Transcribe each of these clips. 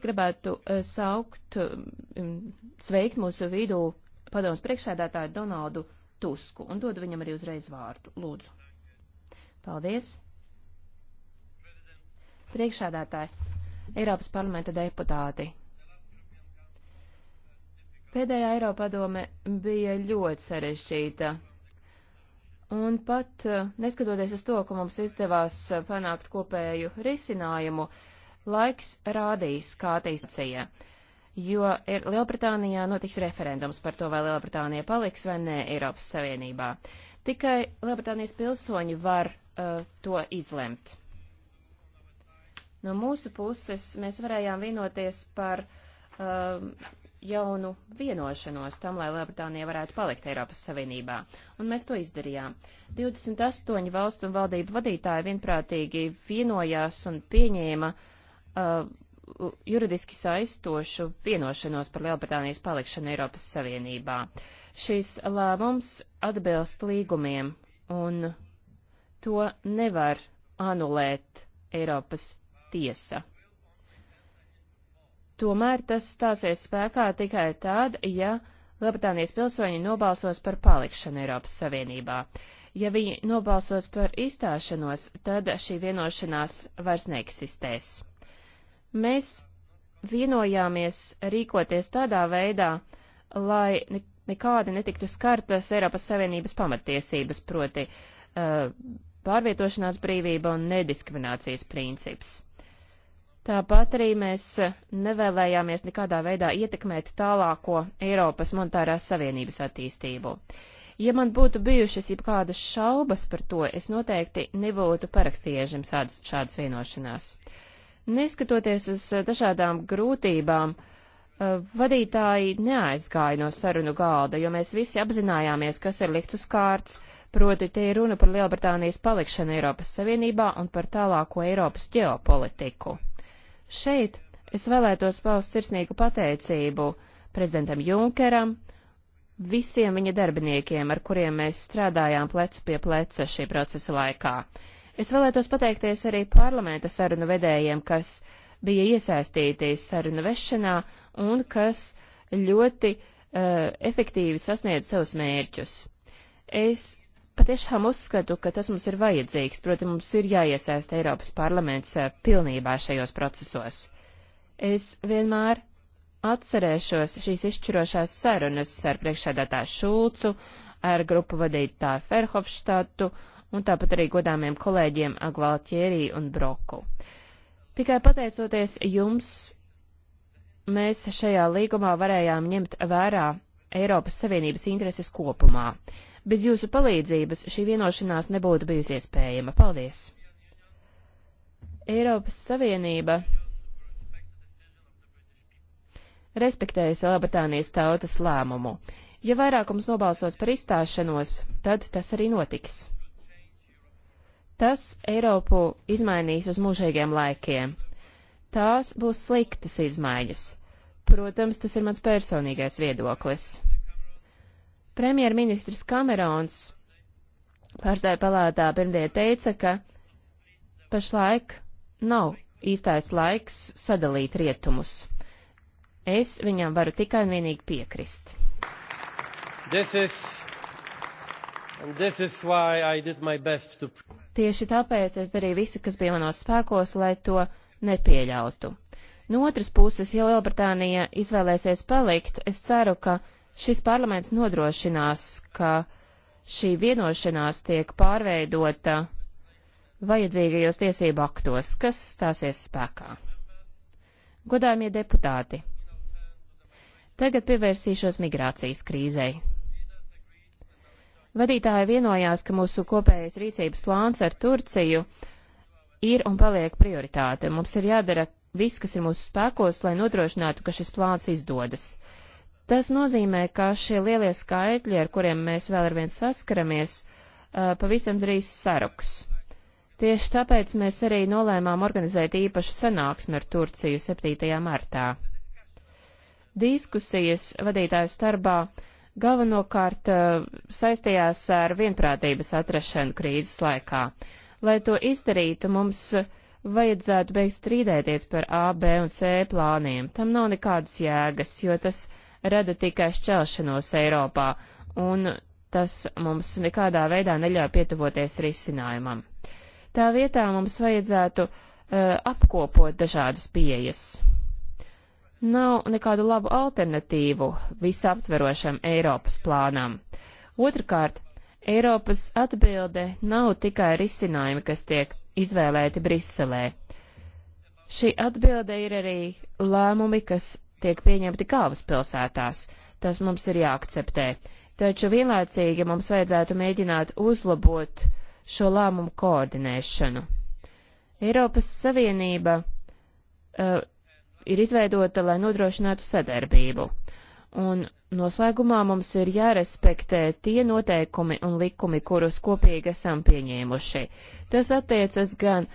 gribētu eh, saukt, um, sveikt mūsu vidū padomus priekšsēdētāju Donaldu Tusku un dodu viņam arī uzreiz vārdu. Lūdzu. Paldies. Priekšsēdētāji, Eiropas parlamenta deputāti. Pēdējā Eiropadome bija ļoti sarežģīta. Un pat eh, neskatoties uz to, ka mums izdevās eh, panākt kopēju risinājumu, uh, Laiks rādīs, kā attīstīcija, jo Lielbritānijā notiks referendums par to, vai Lielbritānija paliks vai nē Eiropas Savienībā. Tikai Lielbritānijas pilsoņi var uh, to izlemt. No mūsu puses mēs varējām vienoties par uh, jaunu vienošanos tam, lai Lielbritānija varētu palikt Eiropas Savienībā, un mēs to izdarījām. 28 valstu un valdību vadītāji vienprātīgi vienojās un pieņēma uh, uh, juridiski saistošu vienošanos par Lielbritānijas palikšanu Eiropas Savienībā. Šis lēmums atbilst līgumiem, un to nevar anulēt Eiropas tiesa. Tomēr tas stāsies spēkā tikai tad, ja Lielbritānijas pilsoņi nobalsos par palikšanu Eiropas Savienībā. Ja viņi nobalsos par izstāšanos, tad šī vienošanās vairs neeksistēs. Mēs vienojāmies rīkoties tādā veidā, lai nekādi netiktu skartas Eiropas Savienības pamatiesības, proti uh, pārvietošanās brīvība un nediskriminācijas princips. Tāpat arī mēs nevēlējāmies nekādā veidā ietekmēt tālāko Eiropas monetārās savienības attīstību. Ja man būtu bijušas jau kādas šaubas par to, es noteikti nebūtu parakstījušiem šādas, šādas vienošanās. Uh, Neskatoties uz eh, dažādām grūtībām, eh, vadītāji neaizgāja no sarunu galda, jo mēs visi apzinājāmies, kas ir likts uz kārts, proti te ir runa par Lielbritānijas palikšanu Eiropas Savienībā un par tālāko Eiropas ģeopolitiku. Šeit es vēlētos paust sirsnīgu pateicību prezidentam Junkeram, visiem viņa darbiniekiem, ar kuriem mēs strādājām plecu pie pleca šī procesa laikā. Es vēlētos pateikties arī parlamenta sarunu vedējiem, kas bija iesaistīti sarunu vešanā un kas ļoti uh, efektīvi sasniedz savus mērķus. Es patiešām uzskatu, ka tas mums ir vajadzīgs, proti mums ir jāiesaista Eiropas parlaments uh, pilnībā šajos procesos. Es vienmēr atcerēšos šīs izšķirošās sarunas ar priekšsēdētāju Šulcu, ar grupu vadītāju Ferhofštatu, uh, un tāpat arī godāmiem kolēģiem Agvaltierī un Broku. Tikai pateicoties jums, mēs šajā līgumā varējām ņemt vērā Eiropas Savienības intereses kopumā. Bez jūsu palīdzības šī vienošanās nebūtu bijusi iespējama. Paldies! Eiropas Savienība respektēja Lielbritānijas tautas lēmumu. Ja vairākums nobalsos par izstāšanos, tad tas arī notiks. Tas Eiropu izmainīs uz mūžīgiem laikiem. Tās būs sliktas izmaiņas. Protams, tas ir mans personīgais viedoklis. Premjerministrs Kamerons pārstāja palātā pirmdien teica, ka pašlaik nav īstais laiks sadalīt rietumus. Es viņam varu tikai un vienīgi piekrist. This is To... Tieši tāpēc es darīju visu, kas bija manos spēkos, lai to nepieļautu. No otras puses, ja Lielbritānija izvēlēsies palikt, es ceru, ka šis parlaments nodrošinās, ka šī vienošanās tiek pārveidota vajadzīgajos tiesību aktos, kas stāsies spēkā. Godājumie deputāti, tagad pievērsīšos migrācijas krīzei. Vadītāji vienojās, ka mūsu kopējais rīcības plāns ar Turciju ir un paliek prioritāte. Mums ir jādara viss, kas ir mūsu spēkos, lai nodrošinātu, ka šis plāns izdodas. Tas nozīmē, ka šie lielie skaitļi, ar kuriem mēs vēl ar vien saskaramies, pavisam drīz saruks. Tieši tāpēc mēs arī nolēmām organizēt īpašu sanāksmi ar Turciju 7. martā. Diskusijas vadītāju starpā galvenokārt eh, saistījās ar vienprātības atrašanu krīzes laikā. Lai to izdarītu, mums vajadzētu beigt strīdēties par A, B un C plāniem. Tam nav nekādas jēgas, jo tas rada tikai šķelšanos Eiropā, un tas mums nekādā veidā neļauj pietuvoties risinājumam. Tā vietā mums vajadzētu uh, apkopot dažādas pieejas nav nekādu labu alternatīvu visaptverošam Eiropas plānam. Otrakārt, Eiropas atbilde nav tikai risinājumi, kas tiek izvēlēti Briselē. Šī atbilde ir arī lēmumi, kas tiek pieņemti galvaspilsētās. Tas mums ir jāakceptē. Taču vienlaicīgi mums vajadzētu mēģināt uzlabot šo lēmumu koordinēšanu. Eiropas Savienība uh, ir izveidota, lai nodrošinātu sadarbību. Un noslēgumā mums ir jārespektē tie noteikumi un likumi, kurus kopīgi esam pieņēmuši. Tas attiecas gan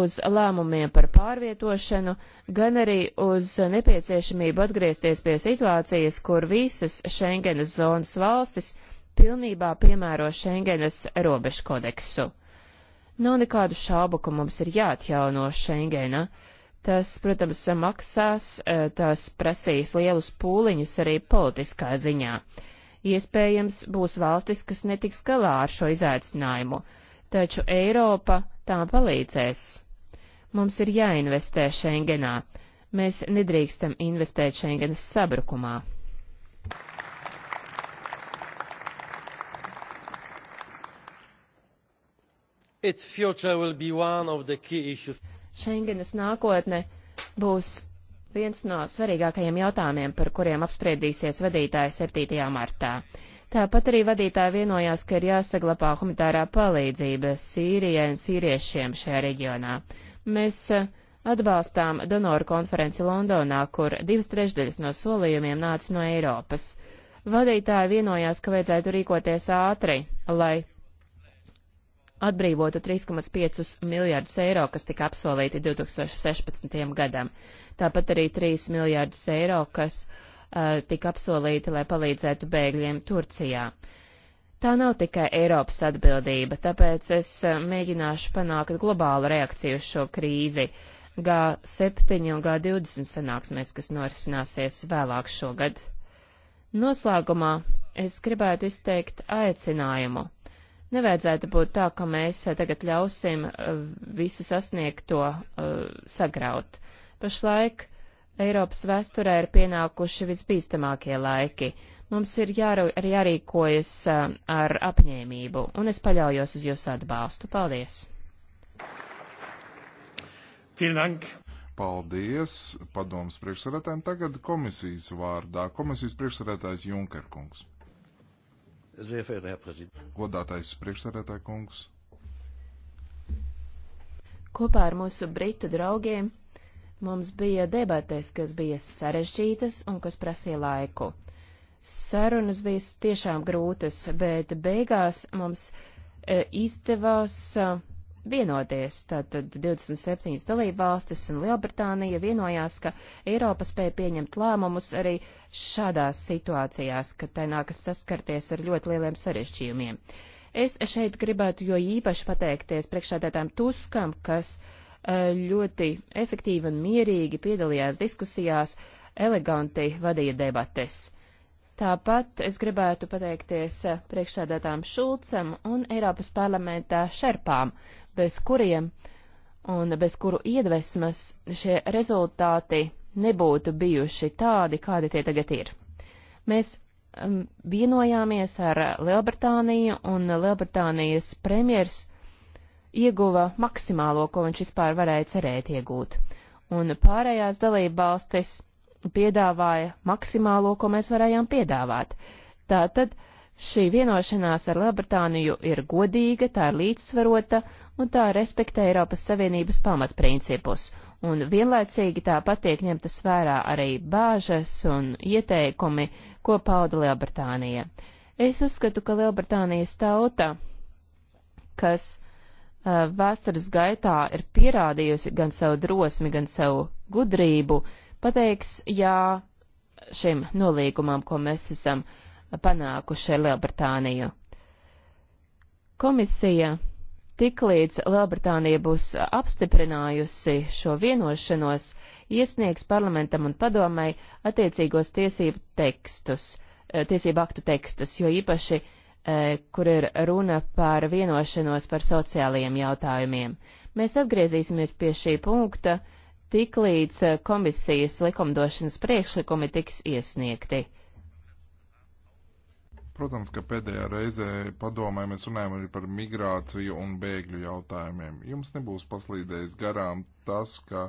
uz lēmumiem par pārvietošanu, gan arī uz nepieciešamību atgriezties pie situācijas, kur visas Schengenas zonas valstis pilnībā piemēro Schengenas robežu kodeksu. Nav nekādu šaubu, ka mums ir jāatjauno Schengena. Tas, protams, maksās, e, tas prasīs lielus pūliņus arī politiskā ziņā. Iespējams, būs valstis, kas netiks galā ar šo izaicinājumu, taču Eiropa tām palīdzēs. Mums ir jāinvestē Schengenā. Mēs nedrīkstam investēt Schengenas sabrukumā. Its future will be one of the key issues. Šengenas nākotne būs viens no svarīgākajiem jautājumiem, par kuriem apspriedīsies vadītāji 7. martā. Tāpat arī vadītāji vienojās, ka ir jāsaglabā humanitārā palīdzība Sīrijai un sīriešiem šajā reģionā. Mēs eh, atbalstām donoru konferenci Londonā, kur divas trešdaļas no solījumiem nāca no Eiropas. Vadītāji vienojās, ka vajadzētu rīkoties ātri, lai atbrīvotu 3,5 miljārdus eiro, kas tika apsolīti 2016. gadam. Tāpat arī 3 miljārdus eiro, kas uh, tika apsolīti, lai palīdzētu bēgļiem Turcijā. Tā nav tikai Eiropas atbildība, tāpēc es uh, mēģināšu panākt globālu reakciju uz šo krīzi G7 un G20 sanāksmēs, kas norisināsies vēlāk šogad. Noslēgumā es gribētu izteikt aicinājumu Nevajadzētu būt tā, ka mēs eh, tagad ļausim eh, visu sasniegto eh, sagraut. Pašlaik Eiropas vēsturē ir pienākuši visbīstamākie laiki. Mums ir jāru, jārīkojas ar apņēmību, un es paļaujos uz jūsu atbalstu. Paldies! Pilnank. Paldies padomas priekšsarētājiem. Tagad komisijas vārdā komisijas priekšsarētājs Junkerkungs. Godātais priekšsēdētāja kungs. Kopā ar mūsu britu draugiem mums bija debates, kas bija sarežģītas un kas prasīja laiku. Sarunas bija tiešām grūtas, bet beigās mums e, izdevās e, vienoties. Tātad 27 dalībvalstis un Lielbritānija vienojās, ka Eiropa spēja pieņemt lēmumus arī šādās situācijās, kad tai nākas saskarties ar ļoti lieliem sarežģījumiem. Es šeit gribētu jo īpaši pateikties priekšādētām Tuskam, kas eh, ļoti efektīvi un mierīgi piedalījās diskusijās, eleganti vadīja debates. Tāpat es gribētu pateikties priekšsēdētājiem Šulcam un Eiropas parlamentā šerpām, bez kuriem un bez kuru iedvesmas šie rezultāti nebūtu bijuši tādi, kādi tie tagad ir. Mēs um, vienojāmies ar Lielbritāniju, un Lielbritānijas premjers ieguva maksimālo, ko viņš vispār varēja cerēt iegūt. Un pārējās dalība valstis piedāvāja maksimālo, ko mēs varējām piedāvāt. Tātad šī vienošanās ar Lielbritāniju ir godīga, tā ir līdzsvarota un tā respektē Eiropas Savienības pamatprincipus, un vienlaicīgi tāpat tiek ņemtas vērā arī bāžas un ieteikumi, ko pauda Lielbritānija. Es uzskatu, ka Lielbritānijas tauta, kas uh, vēstures gaitā ir pierādījusi gan savu drosmi, gan savu gudrību, uh, pateiks jā šim nolīgumam, ko mēs esam panākuši ar Lielbritāniju. Komisija tiklīdz Lielbritānija būs apstiprinājusi šo vienošanos, iesniegs parlamentam un padomai attiecīgos tiesību tekstus, eh, tiesību aktu tekstus, jo īpaši, eh, kur ir runa par vienošanos par sociālajiem jautājumiem. Mēs atgriezīsimies pie šī punkta, uh, tik līdz eh, komisijas likumdošanas priekšlikumi tiks iesniegti. Protams, ka pēdējā reizē padomē mēs runājam arī par migrāciju un bēgļu jautājumiem. Jums nebūs paslīdējis garām tas, ka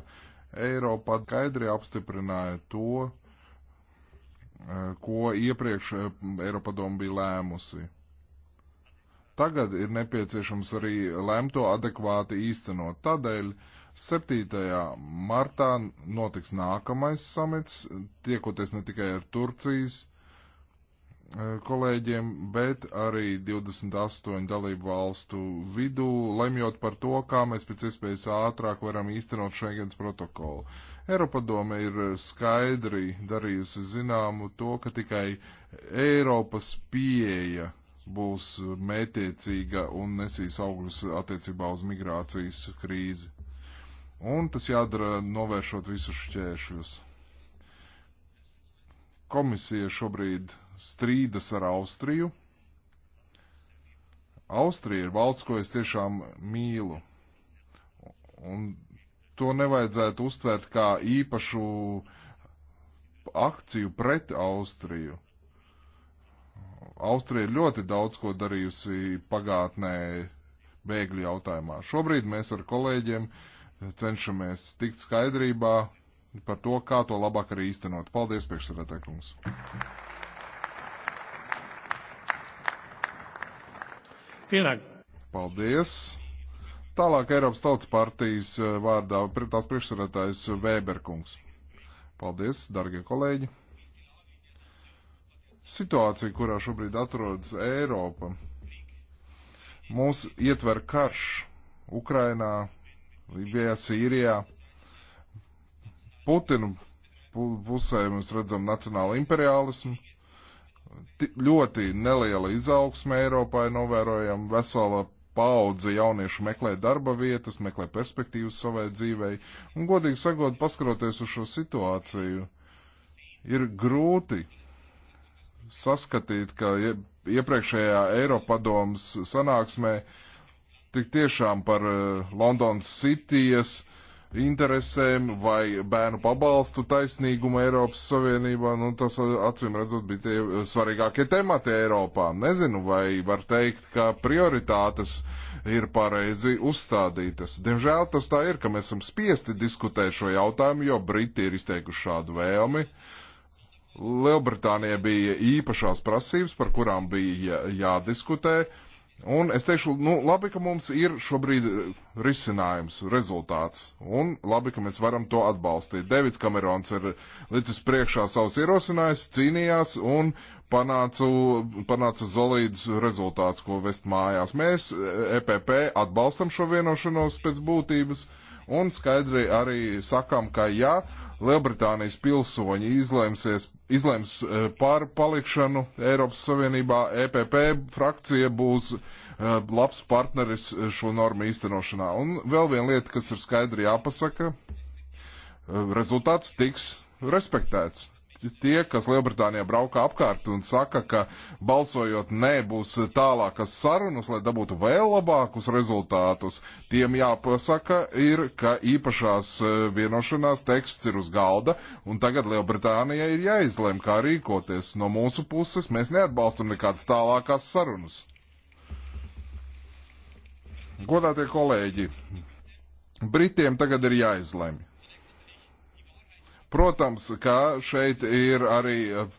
Eiropa skaidri apstiprināja to, eh, ko iepriekš eh, Eiropa doma bija lēmusi tagad ir nepieciešams arī lemto adekvāti īstenot. Tādēļ 7. martā notiks nākamais samits, tiekoties ne tikai ar Turcijas e, kolēģiem, bet arī 28 dalību valstu vidū, lemjot par to, kā mēs pēc iespējas ātrāk varam īstenot Schengens protokolu. Eiropadome ir skaidri darījusi zināmu to, ka tikai Eiropas pieeja būs mētiecīga un nesīs augļus attiecībā uz migrācijas krīzi. Un tas jādara novēršot visus šķēršļus. Komisija šobrīd strīdas ar Austriju. Austrija ir valsts, ko es tiešām mīlu. Un to nevajadzētu uztvert kā īpašu akciju pret Austriju. Austrija ir ļoti daudz ko darījusi pagātnē bēgļu jautājumā. Šobrīd mēs ar kolēģiem uh, cenšamies tikt skaidrībā par to, kā to labāk arī īstenot. Paldies, priekšsēdētāj kungs! Pienāk. Paldies! Tālāk Eiropas Tautas partijas eh, vārdā tās priekšsēdētājs Vēberkungs. Paldies, darbie kolēģi! Situācija, kurā šobrīd atrodas Eiropa, mūs ietver karš Ukrainā, Libijā, Sīrijā. Putinu pusē mēs redzam nacionālu imperialismu. T ļoti neliela izaugsme Eiropā ir novērojama. Vesela paudze jauniešu meklē darba vietas, meklē perspektīvas savai dzīvei. Un, godīgi sakot, paskaroties uz šo situāciju, ir grūti saskatīt, ka iepriekšējā Eiropadomas sanāksmē uh, tik tiešām par eh, Londonas Citijas interesēm vai bērnu pabalstu taisnīgumu Eiropas Savienībā, nu tas eh, acīm redzot bija tie eh, svarīgākie temati Eiropā. Nezinu, vai var teikt, ka prioritātes ir pareizi uzstādītas. Diemžēl tas tā ir, ka mēs esam spiesti diskutēt šo jautājumu, jo Briti ir izteikuši šādu vēlmi. Lielbritānija bija īpašās prasības, par kurām bija jādiskutē. Jā Un es teikšu, nu, labi, ka mums ir šobrīd eh, risinājums, rezultāts, un labi, ka mēs varam to atbalstīt. Devits Kamerons ir licis priekšā savus ierosinājus, cīnījās un panācu, panāca zolīdus rezultāts, ko vest mājās. Mēs, EPP, atbalstam šo vienošanos pēc būtības. Uh, Un skaidri arī sakam, ka ja Lielbritānijas pilsoņi izlēmsies, izlēms eh, par palikšanu Eiropas Savienībā, EPP frakcija būs eh, labs partneris eh, šo normu īstenošanā. Un vēl viena lieta, kas ir skaidri jāpasaka, rezultāts tiks respektēts tie, kas Lielbritānijā braukā apkārt un saka, ka balsojot nē, būs tālākas sarunas, lai dabūtu vēl labākus rezultātus, tiem jāpasaka ir, ka īpašās e, vienošanās teksts ir uz galda, un tagad Lielbritānijai ir jāizlem, kā rīkoties. No mūsu puses mēs neatbalstam nekādas tālākās sarunas. Godātie kolēģi, Britiem tagad ir jāizlemj Protams, ka šeit ir arī eh,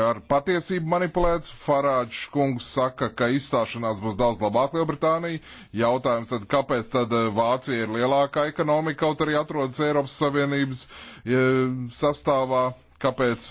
ar patiesību manipulēts. Farāģis kungs saka, ka izstāšanās būs daudz labāk Lielbritānija. Jautājums tad, kāpēc tad eh, Vācija ir lielākā ekonomika, kaut arī atrodas Eiropas Savienības eh, sastāvā? Kāpēc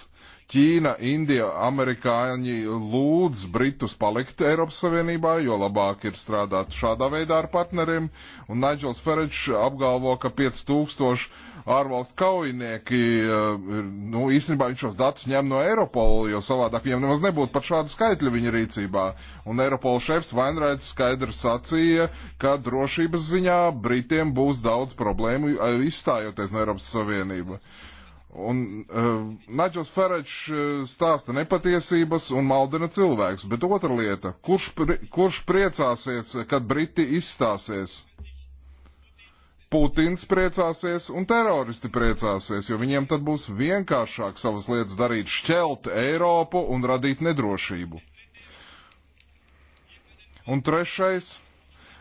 Ķīna, Indija, amerikāņi lūdz Britus palikt Eiropas Savienībā, jo labāk ir strādāt šādā veidā ar partneriem, un Nigels Ferečs apgalvo, ka 5000 ārvalstu kaujinieki, eh, nu, īstenībā viņš šos datus ņem no Eiropola, jo savādāk viņam nemaz nebūtu pat šādu skaitļu viņa rīcībā. Un Eiropola šefs Vainraids skaidri sacīja, ka drošības ziņā Britiem būs daudz problēmu eh, izstājoties no Eiropas Savienības. Un uh, e, Naģels Ferečs uh, stāsta nepatiesības un maldina cilvēkus. Bet otra lieta, kurš, pri, kurš priecāsies, kad Briti izstāsies? Putins priecāsies un teroristi priecāsies, jo viņiem tad būs vienkāršāk savas lietas darīt, šķelt Eiropu un radīt nedrošību. Un trešais,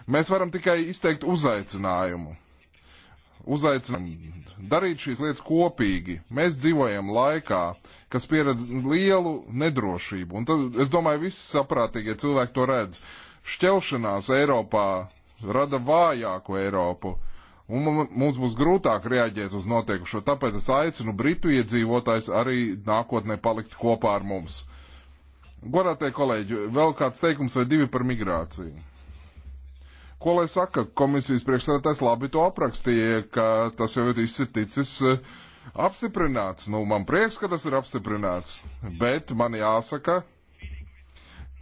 mēs varam tikai izteikt uzaicinājumu uzaicinām darīt šīs lietas kopīgi. Mēs dzīvojam laikā, kas pieredz lielu nedrošību, un tad, es domāju, visi saprātīgie cilvēki to redz. Šķelšanās Eiropā rada vājāku Eiropu, un mums būs grūtāk reaģēt uz notiekušo, tāpēc es aicinu Britu iedzīvotājs arī nākotnē palikt kopā ar mums. Godātie kolēģi, vēl kāds teikums vai divi par migrāciju. Ko lai saka, komisijas priekšsēdētājs labi to aprakstīja, ka tas jau ir izsiticis eh, apstiprināts. Nu, man prieks, ka tas ir apstiprināts, bet man jāsaka,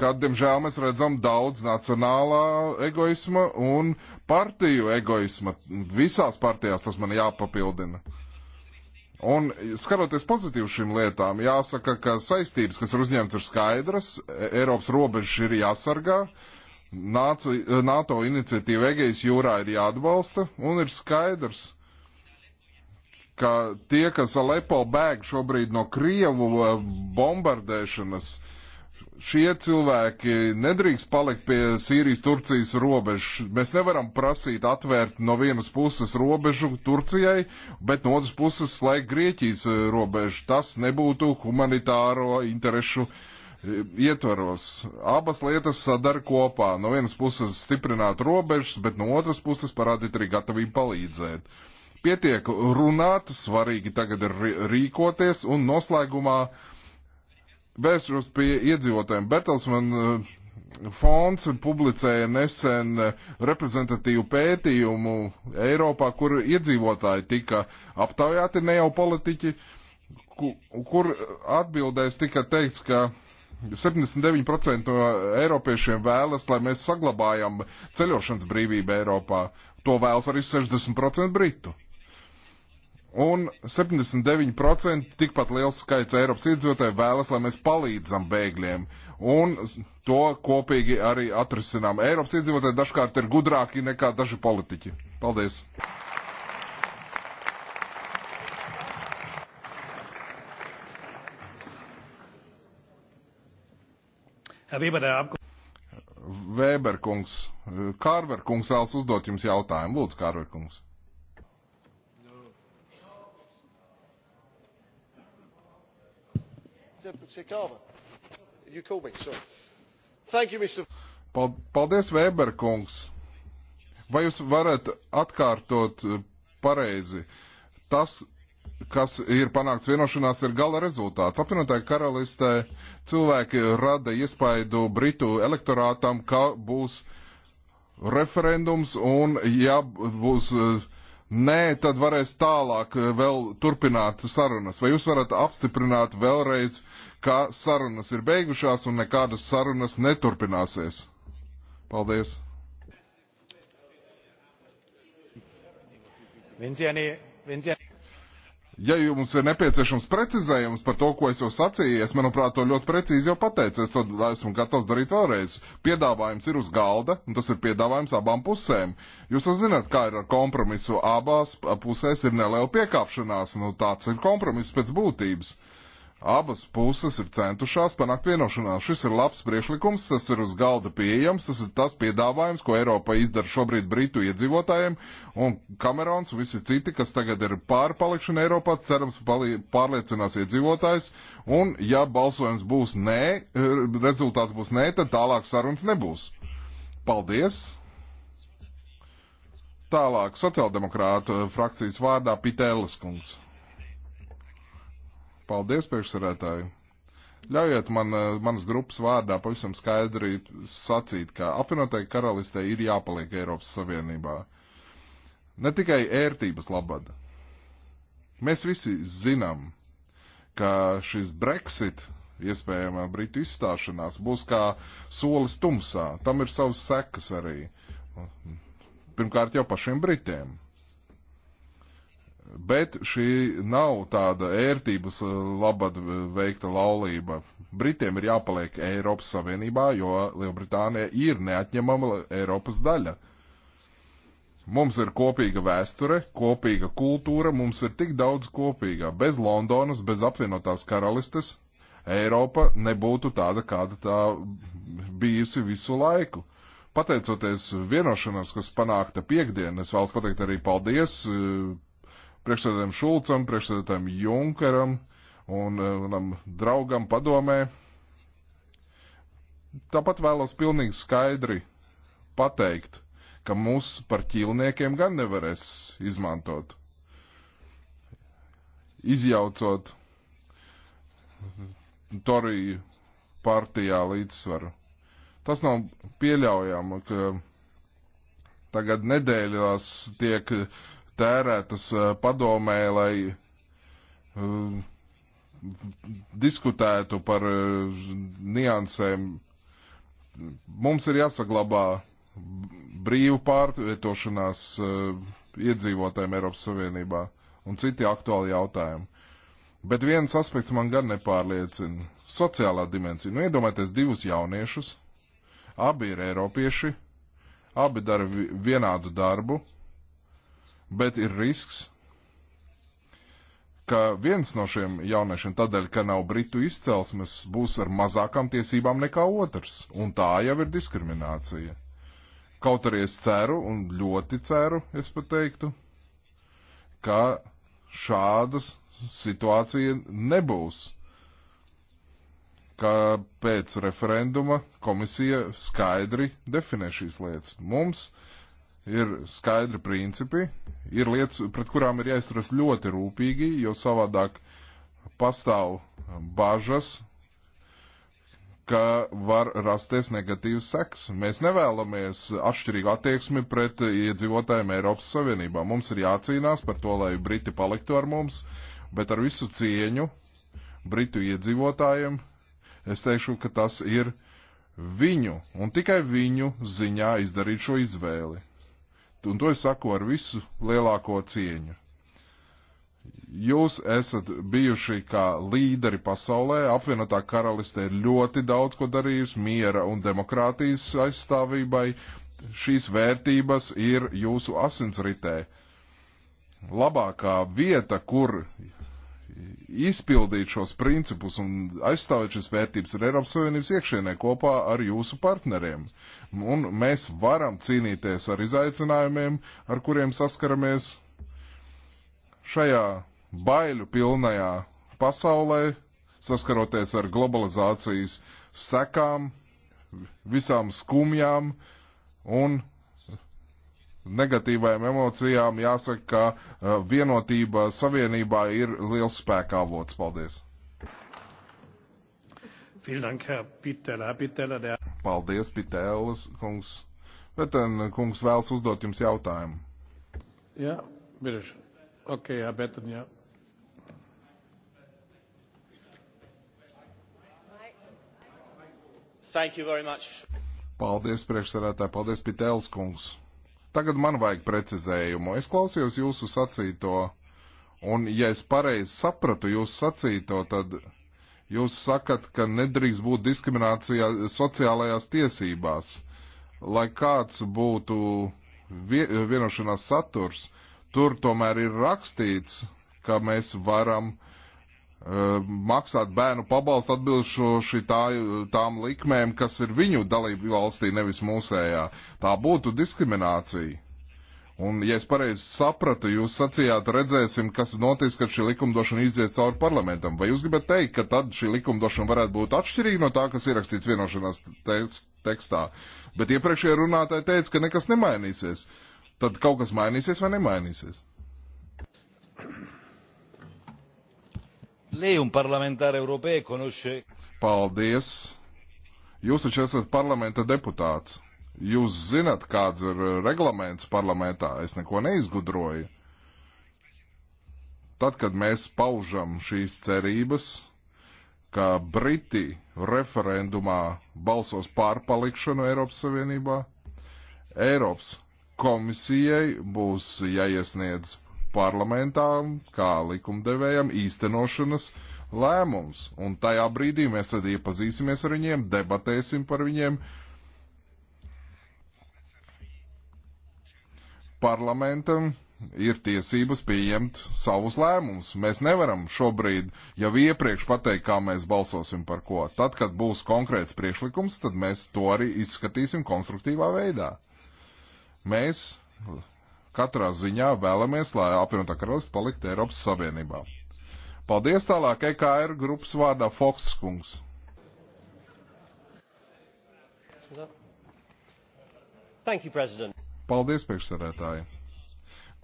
ka, diemžēl, mēs redzam daudz nacionālā egoisma un partiju egoisma. Visās partijās tas man jāpapildina. Un skatoties pozitīvi šīm lietām, jāsaka, ka saistības, kas ir uzņemtas, ir skaidras, e, Eiropas robežas ir jāsargā, uh, NATO, eh, NATO iniciatīva Egejas jūrā ir jāatbalsta un ir skaidrs, ka tie, kas Alepo bēg šobrīd no Krievu eh, bombardēšanas, šie cilvēki nedrīkst palikt pie Sīrijas-Turcijas robežas. Mēs nevaram prasīt atvērt no vienas puses robežu Turcijai, bet no otras puses slēgt Grieķijas eh, robežu. Tas nebūtu humanitāro interešu uh, ietvaros. Abas lietas sadara kopā. No vienas puses stiprināt robežas, bet no otras puses parādīt arī gatavību palīdzēt. Pietiek runāt, svarīgi tagad ir rīkoties un noslēgumā vēršos pie iedzīvotājiem. Bertelsman eh, fonds publicēja nesen eh, reprezentatīvu pētījumu Eiropā, kur iedzīvotāji tika aptaujāti ne jau politiķi, kur atbildēs tika teikts, ka 79% no eiropiešiem vēlas, lai mēs saglabājam ceļošanas brīvību Eiropā. To vēlas arī 60% britu. Un 79% tikpat liels skaits Eiropas iedzīvotāji vēlas, lai mēs palīdzam bēgļiem. Un to kopīgi arī atrisinām. Eiropas iedzīvotāji dažkārt ir gudrāki nekā daži politiķi. Paldies! Vēberkungs, Kārverkungs vēlas uzdot jums jautājumu. Lūdzu, Kārverkungs. Paldies, Vēberkungs. Vai jūs varat atkārtot pareizi? Tas, kas ir panākts vienošanās, ir gala rezultāts. Apvienotāja karalistē cilvēki rada iespaidu Britu elektorātam, ka būs referendums un ja būs nē, tad varēs tālāk vēl turpināt sarunas. Vai jūs varat apstiprināt vēlreiz, ka sarunas ir beigušās un nekādas sarunas neturpināsies? Paldies! Wenn Sie eine, wenn Sie eine Ja jums ir nepieciešams precizējums par to, ko es jau sacīju, es, manuprāt, to ļoti precīzi jau pateicu, es to esmu gatavs darīt vēlreiz. Piedāvājums ir uz galda, un tas ir piedāvājums abām pusēm. Jūs jau zināt, kā ir ar kompromisu. Abās pusēs ir neliela piekāpšanās, nu tāds ir kompromiss pēc būtības. Uh, Abas puses ir centušās panākt vienošanās. Šis ir labs priekšlikums, tas ir uz galda pieejams, tas ir tas piedāvājums, ko Eiropa izdara šobrīd Britu iedzīvotājiem, un Kamerons un visi citi, kas tagad ir pārpalikšana Eiropā, cerams, pārliecinās iedzīvotājs, un ja balsojums būs nē, eh, rezultāts būs nē, tad tālāk sarunas nebūs. Paldies! Tālāk sociāldemokrāta frakcijas vārdā Pitēlis kungs. Paldies, priekšsarētāji! Ļaujiet man eh, manas grupas vārdā pavisam skaidri sacīt, ka apvienotai karalistē ir jāpaliek Eiropas Savienībā. Ne tikai ērtības labad. Mēs visi zinām, ka šis Brexit, iespējamā Britu izstāšanās, būs kā solis tumsā. Tam ir savas sekas arī. Pirmkārt jau pašiem Britiem Bet šī nav tāda ērtības eh, labad veikta laulība. Britiem ir jāpaliek Eiropas Savienībā, jo Lielbritānija ir neatņemama Eiropas daļa. Mums ir kopīga vēsture, kopīga kultūra, mums ir tik daudz kopīgā. Bez Londonas, bez apvienotās karalistes Eiropa nebūtu tāda, kāda tā bijusi visu laiku pateicoties vienošanos, kas panākta piekdien, es vēlos pateikt arī paldies eh, priekšsēdētājiem Šulcam, priekšsēdētājiem Junkaram un eh, manam draugam padomē. Tāpat vēlos pilnīgi skaidri pateikt, ka mūs par ķīlniekiem gan nevarēs izmantot, izjaucot Toriju partijā līdzsvaru. Tas nav pieļaujama, ka tagad nedēļās tiek uh, tērētas eh, padomē, lai eh, diskutētu par eh, niansēm. Mums ir jāsaglabā brīvu pārvietošanās iedzīvotājiem Eiropas Savienībā un citi aktuāli jautājumi. Bet viens aspekts man gan nepārliecina - sociālā dimensija. Nu, iedomājieties divus jauniešus, abi ir eiropieši, abi dara vienādu darbu, bet ir risks, ka viens no šiem jauniešiem tādēļ, ka nav britu izcelsmes, būs ar mazākām tiesībām nekā otrs, un tā jau ir diskriminācija. Kaut arī es ceru, un ļoti ceru, es pat teiktu, ka šādas situācija nebūs ka pēc referenduma komisija skaidri definē šīs lietas. Mums ir skaidri principi, ir lietas, pret kurām ir jāizturas ļoti rūpīgi, jo savādāk pastāv bažas, ka var rasties negatīvs seks. Mēs nevēlamies atšķirīgu attieksmi pret iedzīvotājiem Eiropas Savienībā. Mums ir jācīnās par to, lai Briti paliktu ar mums, bet ar visu cieņu Britu iedzīvotājiem es teikšu, ka tas ir viņu un tikai viņu ziņā izdarīt šo izvēli. Un to es saku ar visu lielāko cieņu. Jūs esat bijuši kā līderi pasaulē, apvienotā karaliste ir ļoti daudz ko darījusi miera un demokrātijas aizstāvībai. Šīs vērtības ir jūsu asinsritē. Labākā vieta, kur izpildīt šos principus un aizstāvēt šīs vērtības ar Eiropas Savienības iekšienē kopā ar jūsu partneriem. Un mēs varam cīnīties ar izaicinājumiem, ar kuriem saskaramies šajā baiļu pilnajā pasaulē, saskaroties ar globalizācijas sekām, visām skumjām un negatīvajām emocijām jāsaka, ka uh, vienotība savienībā ir liels spēka avots. Paldies! Paldies, Pitēlis kungs. Beten uh, kungs vēlas uzdot jums jautājumu. Jā, virš. Ok, jā, Beten, jā. Thank you very much. Paldies, priekšsarētāji, paldies, Pitēlis kungs. Tagad man vajag precizējumu. Es klausījos jūsu sacīto, un ja es pareizi sapratu jūsu sacīto, tad jūs sakat, ka nedrīkst būt diskriminācijā sociālajās tiesībās. Lai kāds būtu vienošanās saturs, tur tomēr ir rakstīts, ka mēs varam Ehm, maksāt bērnu pabalstu atbilstoši tā, tām likmēm, kas ir viņu dalību valstī, nevis mūsējā. Tā būtu diskriminācija. Un, ja es pareizi sapratu, jūs sacījāt, redzēsim, kas notiks, kad šī likumdošana izies cauri parlamentam. Vai jūs gribat teikt, ka tad šī likumdošana varētu būt atšķirīga no tā, kas ierakstīts vienošanās te tekstā? Bet iepriekšējā runātāja teica, ka nekas nemainīsies. Tad kaut kas mainīsies vai nemainīsies? lei un parlamentāri europei conosce. Paldies! Jūs taču esat parlamenta deputāts. Jūs zinat, kāds ir eh, reglaments parlamentā. Es neko neizgudroju. Tad, kad mēs paužam šīs cerības, ka Briti referendumā balsos pār palikšanu Eiropas Savienībā, Eiropas komisijai būs jāiesniedz parlamentām, kā likumdevējam, īstenošanas lēmums. Un tajā brīdī mēs tad iepazīsimies ar viņiem, debatēsim par viņiem. Parlamentam ir tiesības pieņemt savus lēmumus. Mēs nevaram šobrīd jau iepriekš pateikt, kā mēs balsosim par ko. Tad, kad būs konkrēts priekšlikums, tad mēs to arī izskatīsim konstruktīvā veidā. Mēs katrā ziņā vēlamies, lai apvienotā karalists paliktu Eiropas Savienībā. Paldies tālāk EKR grupas vārdā Foks kungs. Thank you, President. Paldies, priekšsarētāji.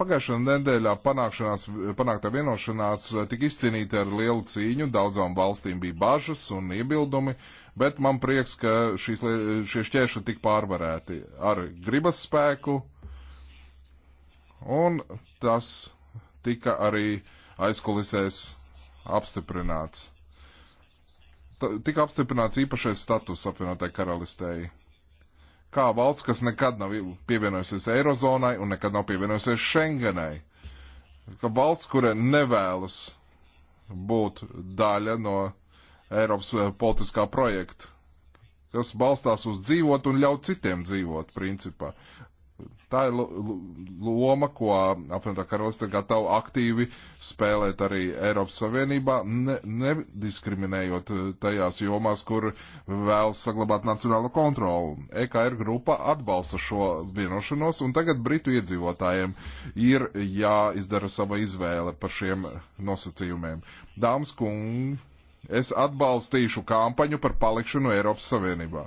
Pagājušā nedēļā panāktā vienošanās tika izcīnīta ar lielu cīņu, daudzām valstīm bija bažas un iebildumi, bet man prieks, ka šīs, šie šķēršļi tika pārvarēti ar gribas spēku, Un tas tika arī aizkulisēs apstiprināts. T tika apstiprināts īpašais status apvienotai karalistei. Kā valsts, kas nekad nav pievienojusies Eirozonai un nekad nav pievienojusies Schengenai. Ka valsts, kura nevēlas būt daļa no Eiropas eh, politiskā projekta, kas balstās uz dzīvot un ļaut citiem dzīvot, principā. Tā ir loma, ko apvienotā karaliste ir gatava aktīvi spēlēt arī Eiropas Savienībā, ne, nediskriminējot tajās jomās, kur vēlas saglabāt nacionālo kontroli. EKR er grupa atbalsta šo vienošanos, un tagad Britu iedzīvotājiem ir jāizdara sava izvēle par šiem nosacījumiem. Dāmas kungi, es atbalstīšu kampaņu par palikšanu Eiropas Savienībā.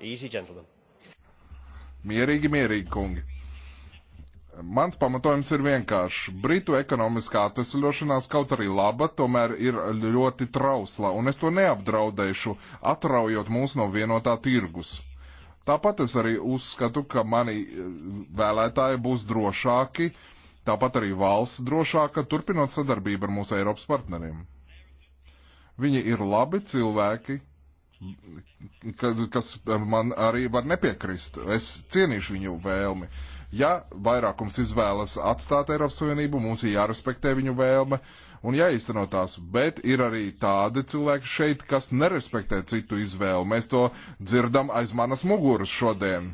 Easy, gentlemen. Mierīgi, mierīgi, kungi. Mans pamatojums ir vienkāršs. Britu ekonomiskā atvesļošanās kaut arī laba, tomēr ir ļoti trausla, un es to neapdraudēšu, atraujot mūs no vienotā tirgus. Tāpat es arī uzskatu, ka mani eh, vēlētāji būs drošāki, tāpat arī valsts drošāka, turpinot sadarbību ar mūsu Eiropas partneriem. Viņi ir labi cilvēki, kas man arī var nepiekrist. Es cienīšu viņu vēlmi. Ja vairākums izvēlas atstāt Eiropas Savienību, mums ir jārespektē viņu vēlme un jāizteno tās. Bet ir arī tādi cilvēki šeit, kas nerespektē citu izvēli. Mēs to dzirdam aiz manas muguras šodien,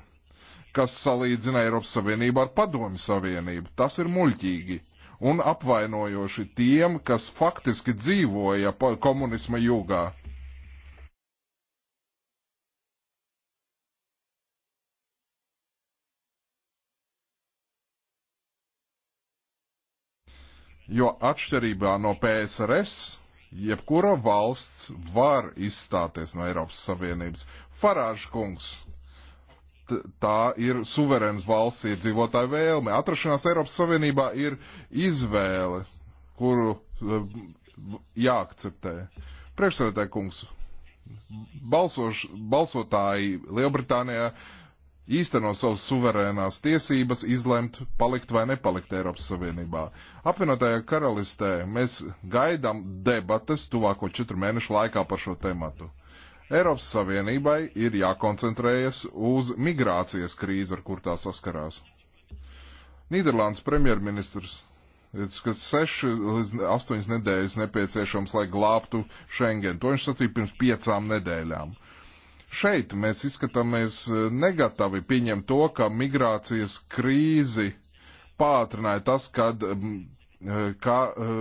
kas salīdzina Eiropas Savienību ar Padomi Savienību. Tas ir muļķīgi un apvainojoši tiem, kas faktiski dzīvoja komunisma jūgā Jo atšķirībā no PSRS, jebkura valsts var izstāties no Eiropas Savienības. Farāžs kungs, tā ir suverēnas valsts iedzīvotāja vēlme. Atrašanās Eiropas Savienībā ir izvēle, kuru eh, jāakceptē. Priekšsēdētāji kungs, balsoš, balsotāji Lielbritānijā uh, īsteno savas suverēnās tiesības izlemt, palikt vai nepalikt Eiropas Savienībā. Apvienotajā karalistē mēs gaidām debates tuvāko četru mēnešu laikā par šo tematu. Eiropas Savienībai ir jākoncentrējas uz migrācijas krīzi, ar kur tā saskarās. Nīderlandes premjerministrs, kas seši līdz astoņas nedēļas nepieciešams, lai glābtu Schengen, to viņš sacīja pirms piecām nedēļām. Uh, Šeit mēs izskatāmies e, negatavi pieņemt to, ka migrācijas krīzi pātrināja tas, kad e, kā e,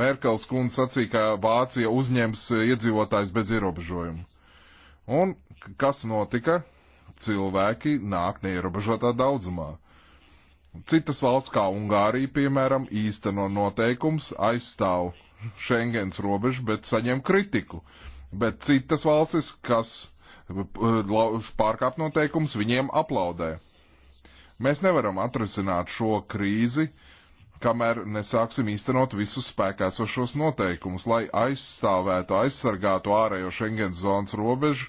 Merkels kundze sacīja, ka Vācija uzņems iedzīvotājs bez ierobežojumu. Un kas notika? Cilvēki nāk neierobežotā daudzumā. Citas valsts, kā Ungārija, piemēram, īsteno noteikums aizstāv Schengens robežu, bet saņem kritiku. Bet citas valstis, kas pārkāpt noteikumus, viņiem aplaudē. Mēs nevaram atrisināt šo krīzi, kamēr nesāksim īstenot visus spēkā esošos noteikumus, lai aizstāvētu, aizsargātu ārējo Schengens zonas robežu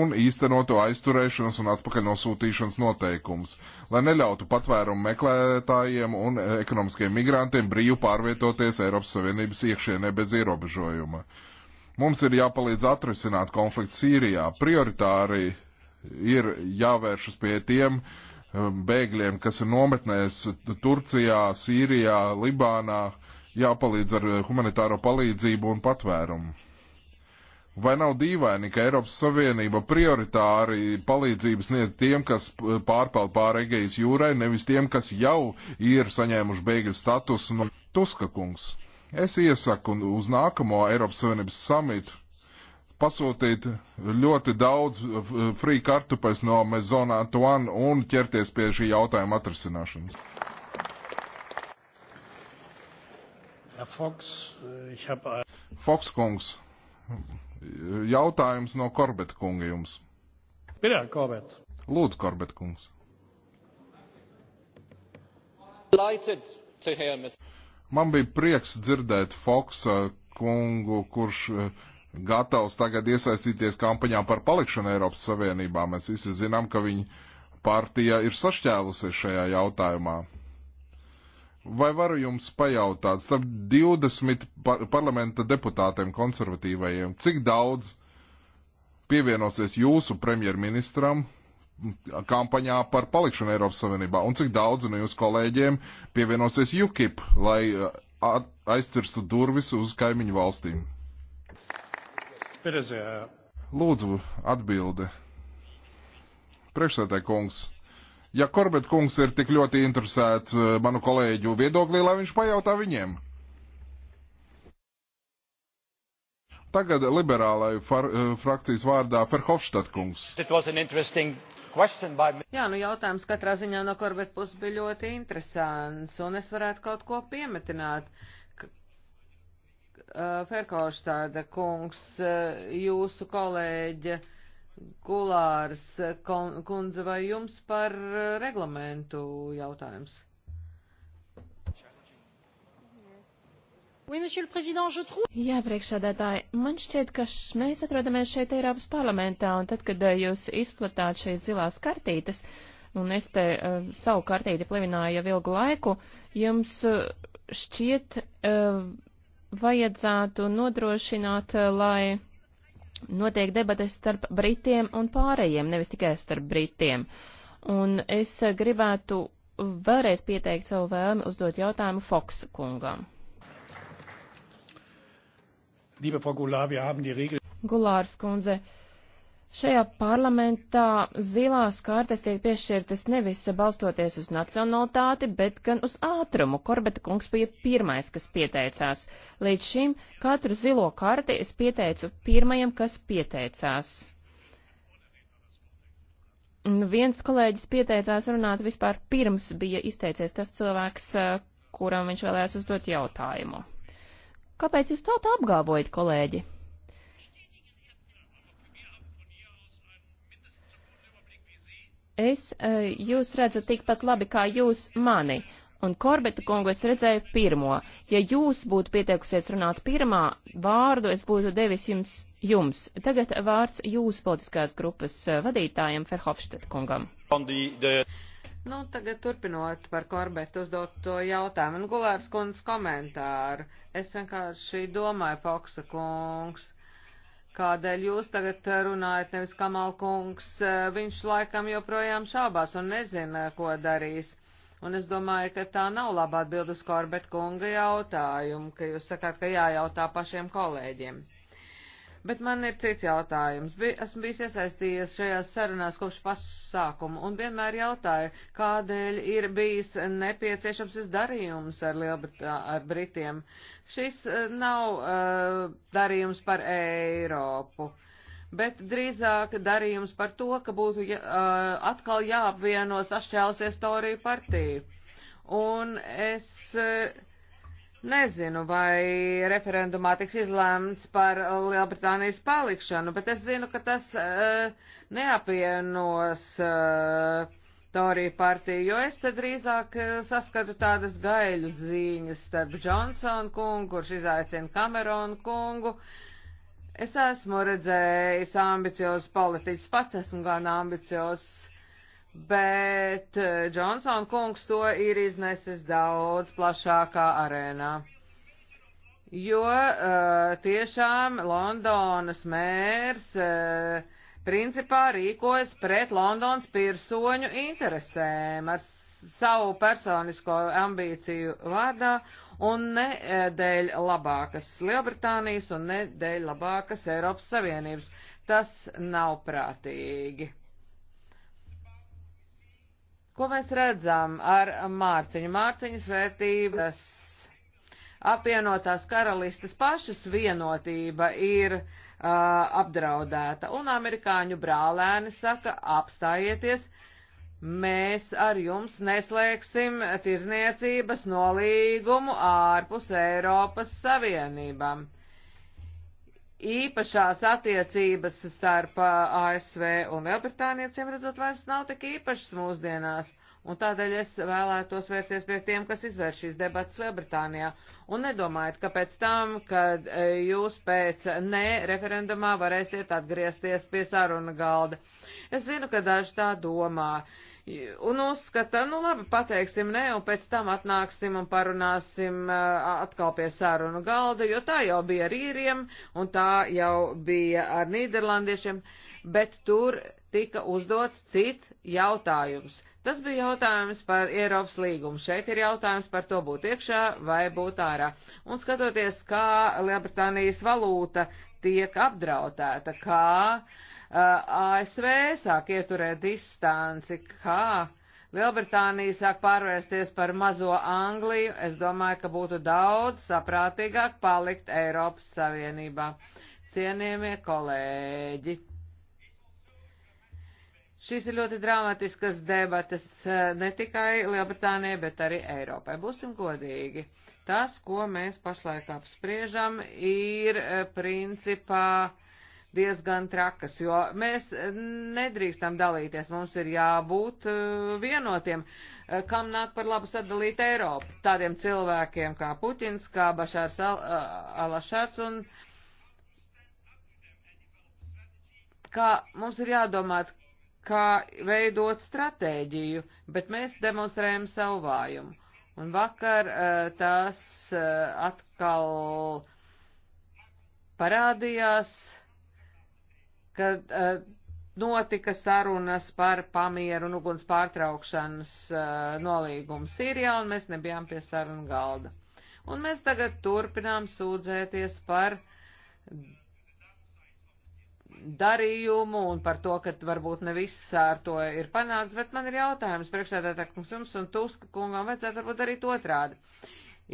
un īstenotu aizturēšanas un atpakaļ nosūtīšanas noteikumus, lai neļautu patvērumu meklētājiem un ekonomiskiem migrantiem brīvi pārvietoties Eiropas Savienības iekšienē bez ierobežojuma. Uh, Mums ir jāpalīdz atrisināt konflikts Sīrijā. Prioritāri ir jāvēršas pie tiem um, bēgļiem, kas ir nometnēs Turcijā, Sīrijā, Libānā, jāpalīdz ar humanitāro palīdzību un patvērumu. Vai nav dīvaini, ka Eiropas Savienība prioritāri palīdzības sniedz tiem, kas pārpeld pāri Egejas jūrai, nevis tiem, kas jau ir saņēmuši bēgļu statusu no Tuska kungs? Es iesaku uz nākamo Eiropas Savienības samitu pasūtīt ļoti daudz eh, frī kartupeļs no Mezona Antoine un ķerties pie šī jautājuma atrisināšanas. Fox, äh, hab... Äh, Fox kungs, jautājums no Korbeta kunga jums. Pirmā Korbeta. Lūdzu, Korbeta kungs. Delighted to hear, Mr. Man bija prieks dzirdēt Foksa kungu, kurš eh, gatavs tagad iesaistīties kampaņā par palikšanu Eiropas Savienībā. Mēs visi zinām, ka viņa partija ir sašķēlusies šajā jautājumā. Vai varu jums pajautāt, starp 20 par parlamenta deputātiem konservatīvajiem, cik daudz pievienosies jūsu premjerministram kampaņā par palikšanu Eiropas Savienībā, un cik daudzi no jūsu kolēģiem pievienosies UKIP, lai uh, aizcirstu durvis uz kaimiņu valstīm? Lūdzu, atbildi. Priekšsētāj kungs, ja Korbet kungs ir tik ļoti interesēts uh, manu kolēģu viedoklī, lai viņš pajautā viņiem. Tagad liberālai far, eh, frakcijas vārdā Ferhofstadt kungs. By... Jā, nu jautājums katrā ziņā no Korbet puses bija ļoti interesants, un es varētu kaut ko piemetināt. Eh, Ferhofstāda kungs, eh, jūsu kolēģe Gulārs kundze, vai jums par reglamentu jautājums? Jā, priekšsādātāji, man šķiet, ka š, mēs atrodamies šeit Eiropas parlamentā, un tad, kad eh, jūs izplatāt šīs zilās kartītes, un es te uh, savu kartīti plivināju jau ilgu laiku, jums uh, šķiet uh, vajadzētu nodrošināt, uh, lai notiek debates starp Britiem un pārējiem, nevis tikai starp Britiem. Un es gribētu vēlreiz pieteikt savu vēlmi uzdot jautājumu Foks kungam liebe Frau Goulart, wir haben die Regel. Gulārs kundze, šajā parlamentā zilās kārtas tiek piešķirtas nevis balstoties uz nacionalitāti, bet gan uz ātrumu. Korbeta kungs bija pirmais, kas pieteicās. Līdz šim katru zilo karti es pieteicu pirmajam, kas pieteicās. Un nu, viens kolēģis pieteicās runāt vispār pirms bija izteicies tas cilvēks, kuram viņš vēlējās uzdot jautājumu. Kāpēc jūs tā tā apgāvojat, kolēģi? Es e, jūs redzu tikpat labi kā jūs mani, un Korbeta kungu es redzēju pirmo. Ja jūs būtu pieteikusies runāt pirmā vārdu, es būtu devis jums jums. Tagad vārds jūs politiskās grupas e, vadītājiem Ferhofštet kungam. The, the... Nu, tagad turpinot par Korbetu uzdoto jautājumu un nu, Gulārs kundas komentāru. Es vienkārši domāju, Foksa kungs, Kādēļ jūs tagad runājat, nevis Kamal kungs? Viņš laikam joprojām šābās un nezina, ko darīs. Un es domāju, ka tā nav laba atbild uz Korbet kunga jautājumu, ka jūs sakāt, ka jājautā pašiem kolēģiem. Bet man ir cits jautājums. Bi esmu bijis iesaistījies šajās sarunās kopš pasākuma un vienmēr jautāju, kādēļ ir bijis nepieciešams šis darījums ar, Lielbritā, ar Britiem. Šis eh, nav uh, darījums par Eiropu, bet drīzāk darījums par to, ka būtu uh, atkal jāapvieno sašķēlusies Toriju partiju. Un es. Uh, Nezinu, vai referendumā tiks izlēmts par Lielbritānijas palikšanu, bet es zinu, ka tas uh, eh, neapvienos uh, eh, Toriju partiju, jo es te drīzāk uh, saskatu tādas gaļu dzīņas starp Džonsonu kungu, kurš izaicina Kameronu kungu. Es esmu redzējis ambiciozs politiķis, pats esmu gan ambiciozs bet eh, Johnson kungs to ir iznesis daudz plašākā arēnā. Jo uh, tiešām Londonas mērs uh, principā rīkojas pret Londonas pirsoņu interesēm ar savu personisko ambīciju vārdā un ne dēļ labākas Lielbritānijas un ne dēļ labākas Eiropas Savienības. Tas nav prātīgi. Ko mēs redzam ar mārciņu? Mārciņas vērtības apvienotās karalistes pašas vienotība ir uh, apdraudēta, un amerikāņu brālēni saka apstājieties, mēs ar jums neslēgsim tirzniecības nolīgumu ārpus Eiropas Savienībām īpašās attiecības starp ASV un Lielbritānieciem, redzot, vairs nav tik īpašas mūsdienās. Un tādēļ es vēlētos vērsties pie tiem, kas izvērš šīs debatas Lielbritānijā. Un nedomājiet, ka pēc tam, kad jūs pēc nē referendumā varēsiet atgriezties pie saruna galda. Es zinu, ka daži tā domā. Uh, un uzskata, nu labi, pateiksim ne, un pēc tam atnāksim un parunāsim atkal pie sarunu galda, jo tā jau bija ar īriem, un tā jau bija ar nīderlandiešiem, bet tur tika uzdots cits jautājums. Tas bija jautājums par Eiropas līgumu. Šeit ir jautājums par to būt iekšā vai būt ārā. Un skatoties, kā Lielbritānijas valūta tiek apdrautēta, kā uh, ASV sāk ieturēt distanci, kā Lielbritānija sāk pārvērsties par mazo Angliju, es domāju, ka būtu daudz saprātīgāk palikt Eiropas Savienībā. Cienījamie kolēģi! Šīs ir ļoti dramatiskas debatas eh, ne tikai Lielbritānijai, bet arī Eiropai. Būsim godīgi. Tas, ko mēs pašlaik apspriežam, ir eh, principā uh, diezgan trakas, jo mēs nedrīkstam dalīties, mums ir jābūt eh, vienotiem, eh, kam nāk par labu sadalīt Eiropu, tādiem cilvēkiem kā Puķins, kā Bašārs eh, Alašāts un kā mums ir jādomāt, kā veidot stratēģiju, bet mēs demonstrējam savu vājumu. Un vakar tas atkal parādījās, uh, kad uh, eh, notika sarunas par pamieru un uguns pārtraukšanas uh, nolīgumu Sīrijā, un mēs nebijām pie sarunu galda. Un mēs tagad turpinām sūdzēties par darījumu un par to, ka varbūt ne viss ar to ir panācis, bet man ir jautājums priekšsēdētājums jums un Tuska kungam vajadzētu varbūt darīt otrādi.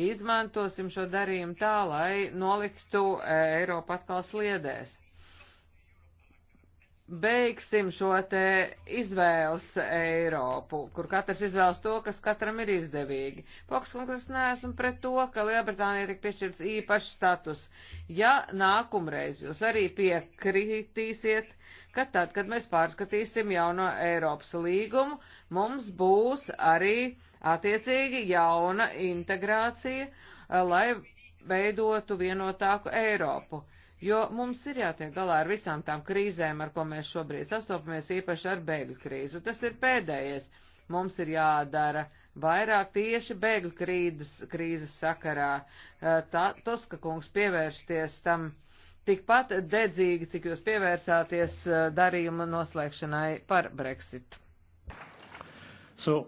Izmantosim šo darījumu tā, lai noliktu eh, Eiropu atkal sliedēs beigsim šo te izvēles Eiropu, kur katrs izvēlas to, kas katram ir izdevīgi. Fokskungs, es neesmu pret to, ka Lielbritānija tik piešķirts īpašs status. Ja nākumreiz jūs arī piekritīsiet, ka tad, kad mēs pārskatīsim jauno Eiropas līgumu, mums būs arī attiecīgi jauna integrācija, lai veidotu vienotāku Eiropu jo mums ir jātiek galā ar visām tām krīzēm, ar ko mēs šobrīd sastopamies, īpaši ar bēgļu krīzu. Tas ir pēdējais. Mums ir jādara vairāk tieši bēgļu krīzes, krīzes sakarā. Tā, Toska kungs pievēršties tam tikpat dedzīgi, cik jūs pievērsāties darījuma noslēgšanai par Brexit. So,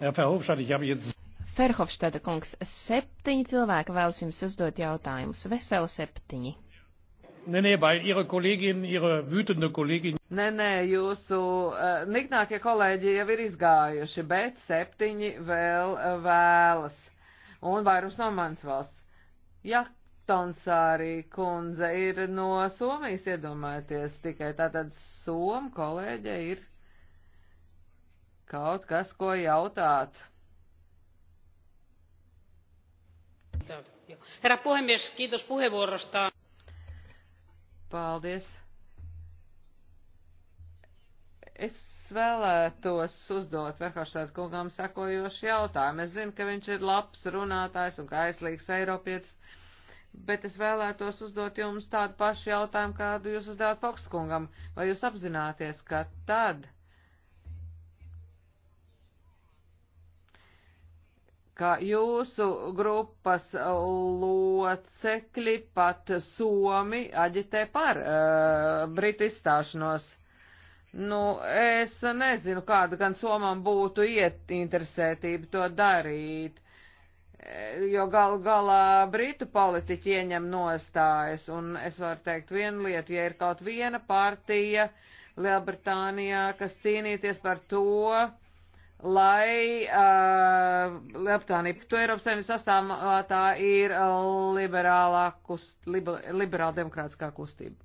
Herr Verhofstadt, ich habe jetzt Ferhofstada kungs, septiņi cilvēki vēlas jums uzdot jautājumus, veseli septiņi. Nē, nē, vai Ihre kolēģin, Ihre wütende kolēģin. Nē, nē, jūsu uh, niknākie kolēģi jau ir izgājuši, bet septiņi vēl uh, vēlas. Un vairums no mans valsts. Jaktonsārī kundze ir no Somijas iedomājieties tikai tātad Somu kolēģe ir kaut kas, ko jautāt. Herra puhemies, kiitos puheenvuorosta. Paldies. Es vēlētos uzdot Verhofstāda kungam sakojošu jautājumu. Es zinu, ka viņš ir labs runātājs un kaislīgs Eiropietis, bet es vēlētos uzdot jums tādu pašu jautājumu, kādu jūs uzdevāt Fokskungam. Vai jūs apzināties, ka tad, ka jūsu grupas locekļi pat Somi aģitē par uh, Britu izstāšanos. Nu, es nezinu, kāda gan Somam būtu ieinteresētība to darīt, eh, jo gal galā Britu politiķi ieņem nostājas, un es varu teikt vienu lietu, ja ir kaut viena partija Lielbritānijā, kas cīnīties par to, lai uh, Lielbritānija, ka to Eiropas Savienības sastāvā uh, tā ir liberālā kust, liber, liberāla demokrātiskā kustība.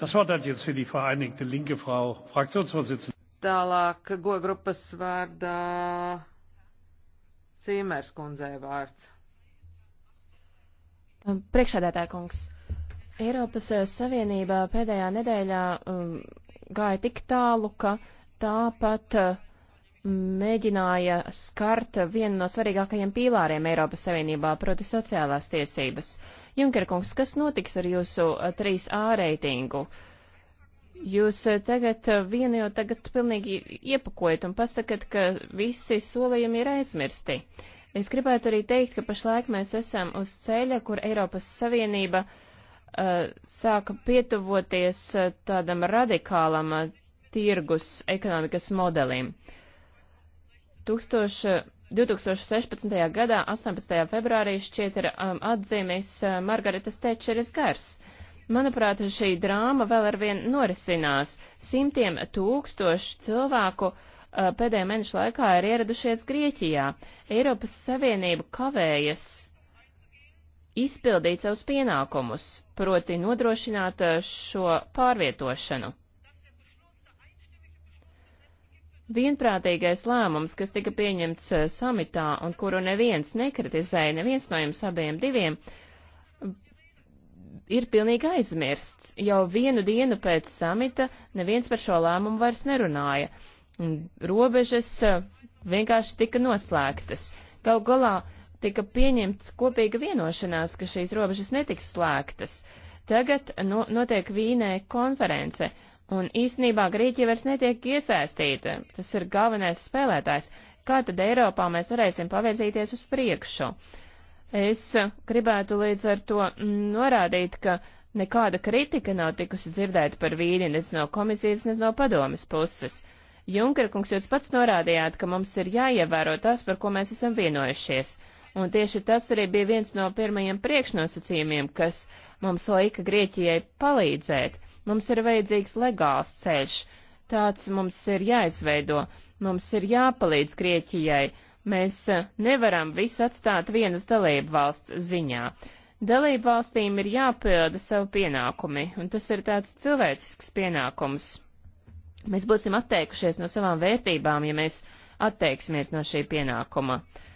Das Wort hat jetzt für die Vereinigte Linke Frau Fraktionsvorsitzende. Tālāk goja grupas vārdā Cīmērs kundzei vārds. Priekšsēdētāja kungs. Eiropas eh, Savienība pēdējā nedēļā um, gāja tik tālu, ka tāpat uh, eh, mēģināja skart vienu no svarīgākajiem pīlāriem Eiropas Savienībā, proti sociālās tiesības. Junkerkungs, kas notiks ar jūsu 3A eh, reitingu? Jūs tagad vienu jau tagad pilnīgi iepakojat un pasakat, ka visi solījumi ir aizmirsti. Es gribētu arī teikt, ka pašlaik mēs esam uz ceļa, kur Eiropas Savienība uh, Uh, sāka pietuvoties uh, tādam radikālam uh, tirgus ekonomikas modelim. 2016. gadā, 18. februārī, šķiet ir um, atzīmējis Margaritas Tečeres gars. Manuprāt, šī drāma vēl arvien norisinās. Simtiem tūkstošu cilvēku uh, pēdējo mēnešu laikā ir ieradušies Grieķijā. Eiropas Savienība kavējas izpildīt savus pienākumus, proti nodrošināt eh, šo pārvietošanu. Vienprātīgais lēmums, kas tika pieņemts eh, samitā un kuru neviens nekritizēja, neviens no jums abiem diviem, ir pilnīgi aizmirsts. Jau vienu dienu pēc samita neviens par šo lēmumu vairs nerunāja. Robežas eh, vienkārši tika noslēgtas. Gal galā tika pieņemts kopīga vienošanās, ka šīs robežas netiks slēgtas. Tagad no, notiek Vīnē konference, un īsnībā Grieķija vairs netiek iesaistīta. Tas ir galvenais spēlētājs. Kā tad Eiropā mēs varēsim pavirzīties uz priekšu? Es gribētu līdz ar to norādīt, ka nekāda kritika nav tikusi dzirdēta par vīni nec no komisijas, nec no padomas puses. Junkerkungs, jūs pats norādījāt, ka mums ir jāievēro tas, par ko mēs esam vienojušies. Un tieši tas arī bija viens no pirmajiem priekšnosacījumiem, kas mums lika Grieķijai palīdzēt. Mums ir vajadzīgs legāls ceļš, tāds mums ir jāizveido, mums ir jāpalīdz Grieķijai. Mēs eh, nevaram visu atstāt vienas dalību valsts ziņā. Dalību valstīm ir jāpilda savu pienākumi, un tas ir tāds cilvēcisks pienākums. Mēs būsim atteikušies no savām vērtībām, ja mēs atteiksimies no šī pienākuma. Uh,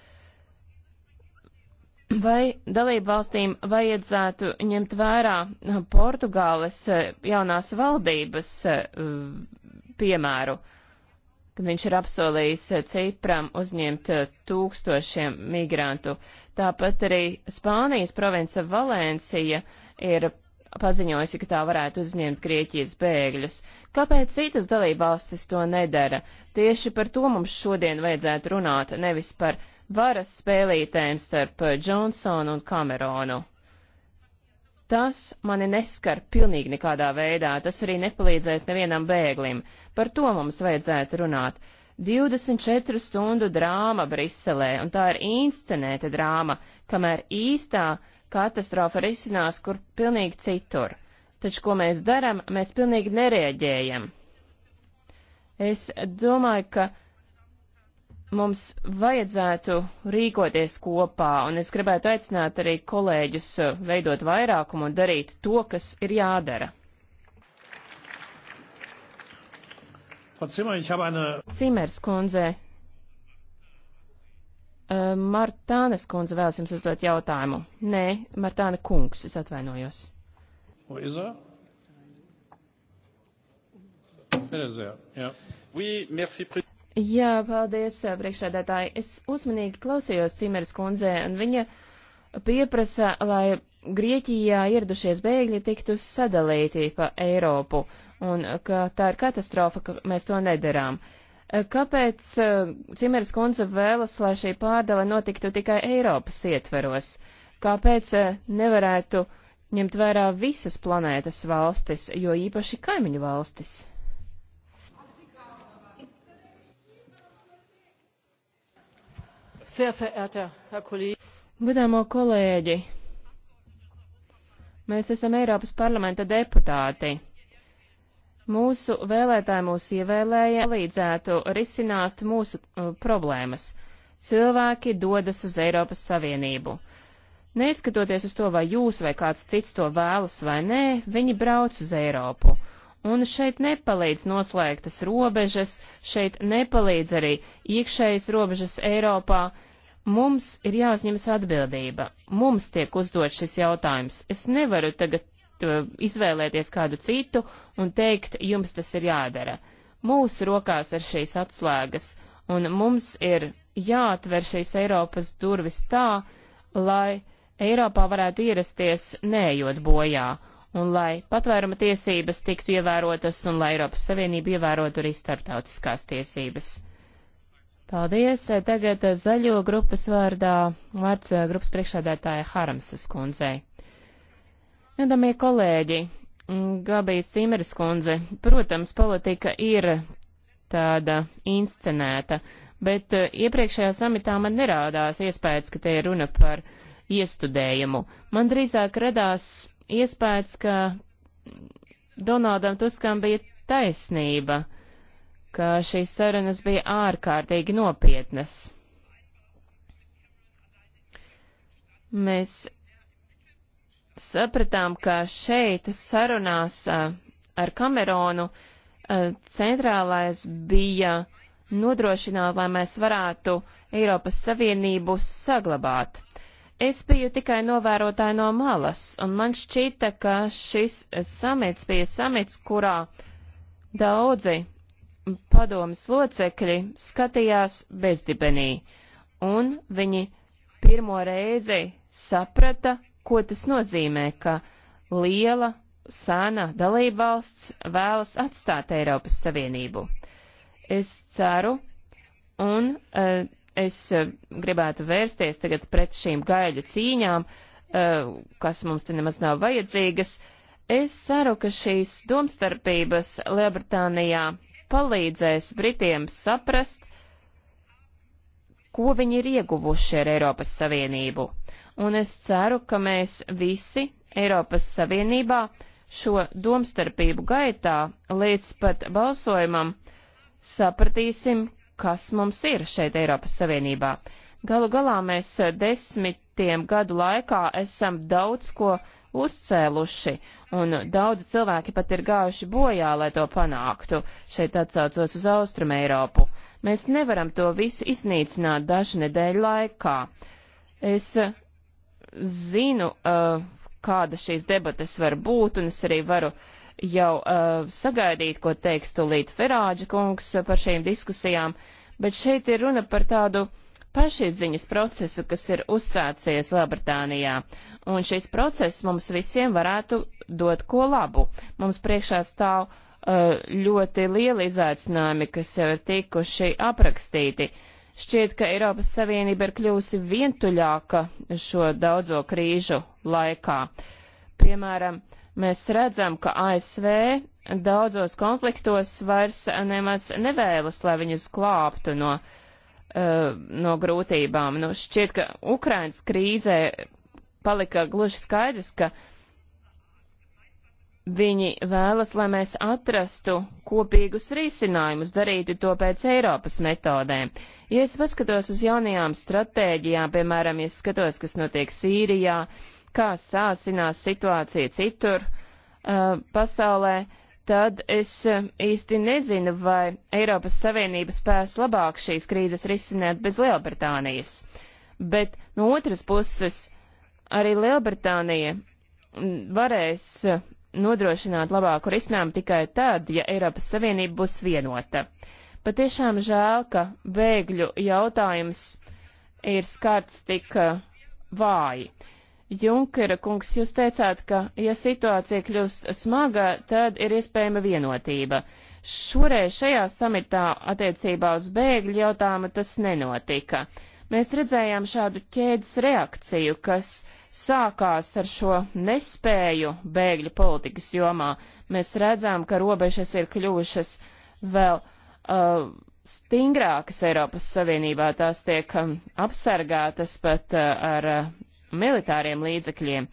Vai dalību valstīm vajadzētu ņemt vērā Portugāles eh, jaunās valdības eh, piemēru, kad viņš ir apsolījis eh, Cipram uzņemt tūkstošiem migrantu? Tāpat arī Spānijas province Valencija ir paziņojusi, ka tā varētu uzņemt Grieķijas bēgļus. Kāpēc citas dalībvalstis to nedara? Tieši par to mums šodien vajadzētu runāt, nevis par varas spēlītēm starp Džonsonu un Kameronu. Tas mani neskar pilnīgi nekādā veidā, tas arī nepalīdzēs nevienam bēglim. Par to mums vajadzētu runāt. 24 stundu drāma Briselē, un tā ir inscenēta drāma, kamēr īstā uh, katastrofa risinās kur pilnīgi citur. Taču, ko mēs daram, mēs pilnīgi nereaģējam. Es domāju, ka mums vajadzētu rīkoties kopā, un es gribētu aicināt arī kolēģus veidot vairākumu un darīt to, kas ir jādara. Cimers kundze, Martānes kundze vēlas jums uzdot jautājumu. Nē, Martāne kungs, es atvainojos. Jā, paldies, priekšsēdētāji. Es uzmanīgi klausījos Cimeres kundzē, un viņa pieprasa, lai Grieķijā ieradušies bēgļi tiktu sadalīti pa Eiropu, un ka tā ir katastrofa, ka mēs to nedarām. Uh, Eh, kāpēc eh, Cimeras kundze vēlas, lai šī pārdala notiktu tikai Eiropas ietveros? Kāpēc eh, nevarētu ņemt vērā visas planētas valstis, jo īpaši kaimiņu valstis? Gudāmo kolēģi, mēs esam Eiropas parlamenta deputāti. Mūsu vēlētāji mūs ievēlēja, palīdzētu risināt mūsu uh, problēmas. Cilvēki dodas uz Eiropas Savienību. Neskatoties uz to, vai jūs vai kāds cits to vēlas vai nē, viņi brauc uz Eiropu. Un šeit nepalīdz noslēgtas robežas, šeit nepalīdz arī iekšējas robežas Eiropā. Mums ir jāuzņemas atbildība. Mums tiek uzdot šis jautājums. Es nevaru tagad Eh, izvēlēties kādu citu un teikt, jums tas ir jādara. Mūsu rokās ir šīs atslēgas, un mums ir jāatver šīs Eiropas durvis tā, lai Eiropā varētu ierasties neejot bojā, un lai patvēruma tiesības tiktu ievērotas, un lai Eiropas Savienība ievērotu arī starptautiskās tiesības. Paldies. Tagad zaļo grupas vārdā vārds eh, grupas priekšādētāja Haramsas kundzei. Nedamie nu, kolēģi, mm, Gabija Cimeres kundze, protams, politika ir tāda inscenēta, bet eh, iepriekšējā samitā man nerādās iespējas, ka te ir runa par iestudējumu. Man drīzāk radās iespējas, ka Donaldam Tuskam bija taisnība, ka šīs sarunas bija ārkārtīgi nopietnas. Mēs sapratām, ka šeit sarunās eh, ar Kameronu eh, centrālais bija nodrošināt, lai mēs varētu Eiropas Savienību saglabāt. Es biju tikai novērotāji no malas, un man šķita, ka šis samits bija samits, kurā daudzi padomas locekļi skatījās bezdibenī, un viņi pirmo reizi saprata, Ko tas nozīmē, ka liela, sena dalībvalsts vēlas atstāt Eiropas Savienību? Es ceru, un uh, es eh, gribētu vērsties tagad pret šīm gaļu cīņām, uh, kas mums te nemaz nav vajadzīgas. Es ceru, ka šīs domstarpības Lielbritānijā palīdzēs Britiem saprast, ko viņi ir ieguvuši ar Eiropas Savienību un es ceru, ka mēs visi Eiropas Savienībā šo domstarpību gaitā līdz pat balsojumam sapratīsim, kas mums ir šeit Eiropas Savienībā. Galu galā mēs desmitiem gadu laikā esam daudz ko uzcēluši, un daudzi cilvēki pat ir gājuši bojā, lai to panāktu. Šeit atsaucos uz Austrum Eiropu. Mēs nevaram to visu iznīcināt dažu nedēļu laikā. Es zinu, uh, kāda šīs debates var būt, un es arī varu jau uh, sagaidīt, ko teiks tūlīt Ferāģa kungs par šīm diskusijām, bet šeit ir runa par tādu pašizziņas procesu, kas ir uzsācies Lielbritānijā, un šis process mums visiem varētu dot ko labu. Mums priekšā stāv uh, ļoti lieli izaicinājumi, kas jau ir tikuši aprakstīti. Uh, Šķiet, ka Eiropas Savienība ir kļūsi vientuļāka šo daudzo krīžu laikā. Piemēram, mēs redzam, ka ASV daudzos konfliktos vairs nemaz nevēlas, lai viņus klāptu no, uh, no grūtībām. Nu, šķiet, ka Ukrainas krīzē palika gluži skaidrs, ka uh, Viņi vēlas, lai mēs atrastu kopīgus risinājumus, darītu to pēc Eiropas metodēm. Ja es paskatos uz jaunajām stratēģijām, piemēram, ja skatos, kas notiek Sīrijā, kā sāsinās situācija citur uh, pasaulē, tad es uh, īsti nezinu, vai Eiropas Savienība spēs labāk šīs krīzes risināt bez Lielbritānijas. Bet no otras puses, arī Lielbritānija varēs uh, nodrošināt labāku risinājumu tikai tad, ja Eiropas Savienība būs vienota. Patiešām žēl, ka bēgļu jautājums ir skārts tik uh, vāji. Junkera kungs, jūs teicāt, ka, ja situācija kļūst smaga, tad ir iespējama vienotība. Šoreiz šajā samitā attiecībā uz bēgļu jautājumu tas nenotika. Uh, Mēs redzējām šādu ķēdes reakciju, kas sākās ar šo nespēju bēgļu politikas jomā. Mēs redzām, ka robežas ir kļuvušas vēl uh, stingrākas Eiropas Savienībā, tās tiek um, apsargātas pat uh, ar uh, militāriem līdzekļiem.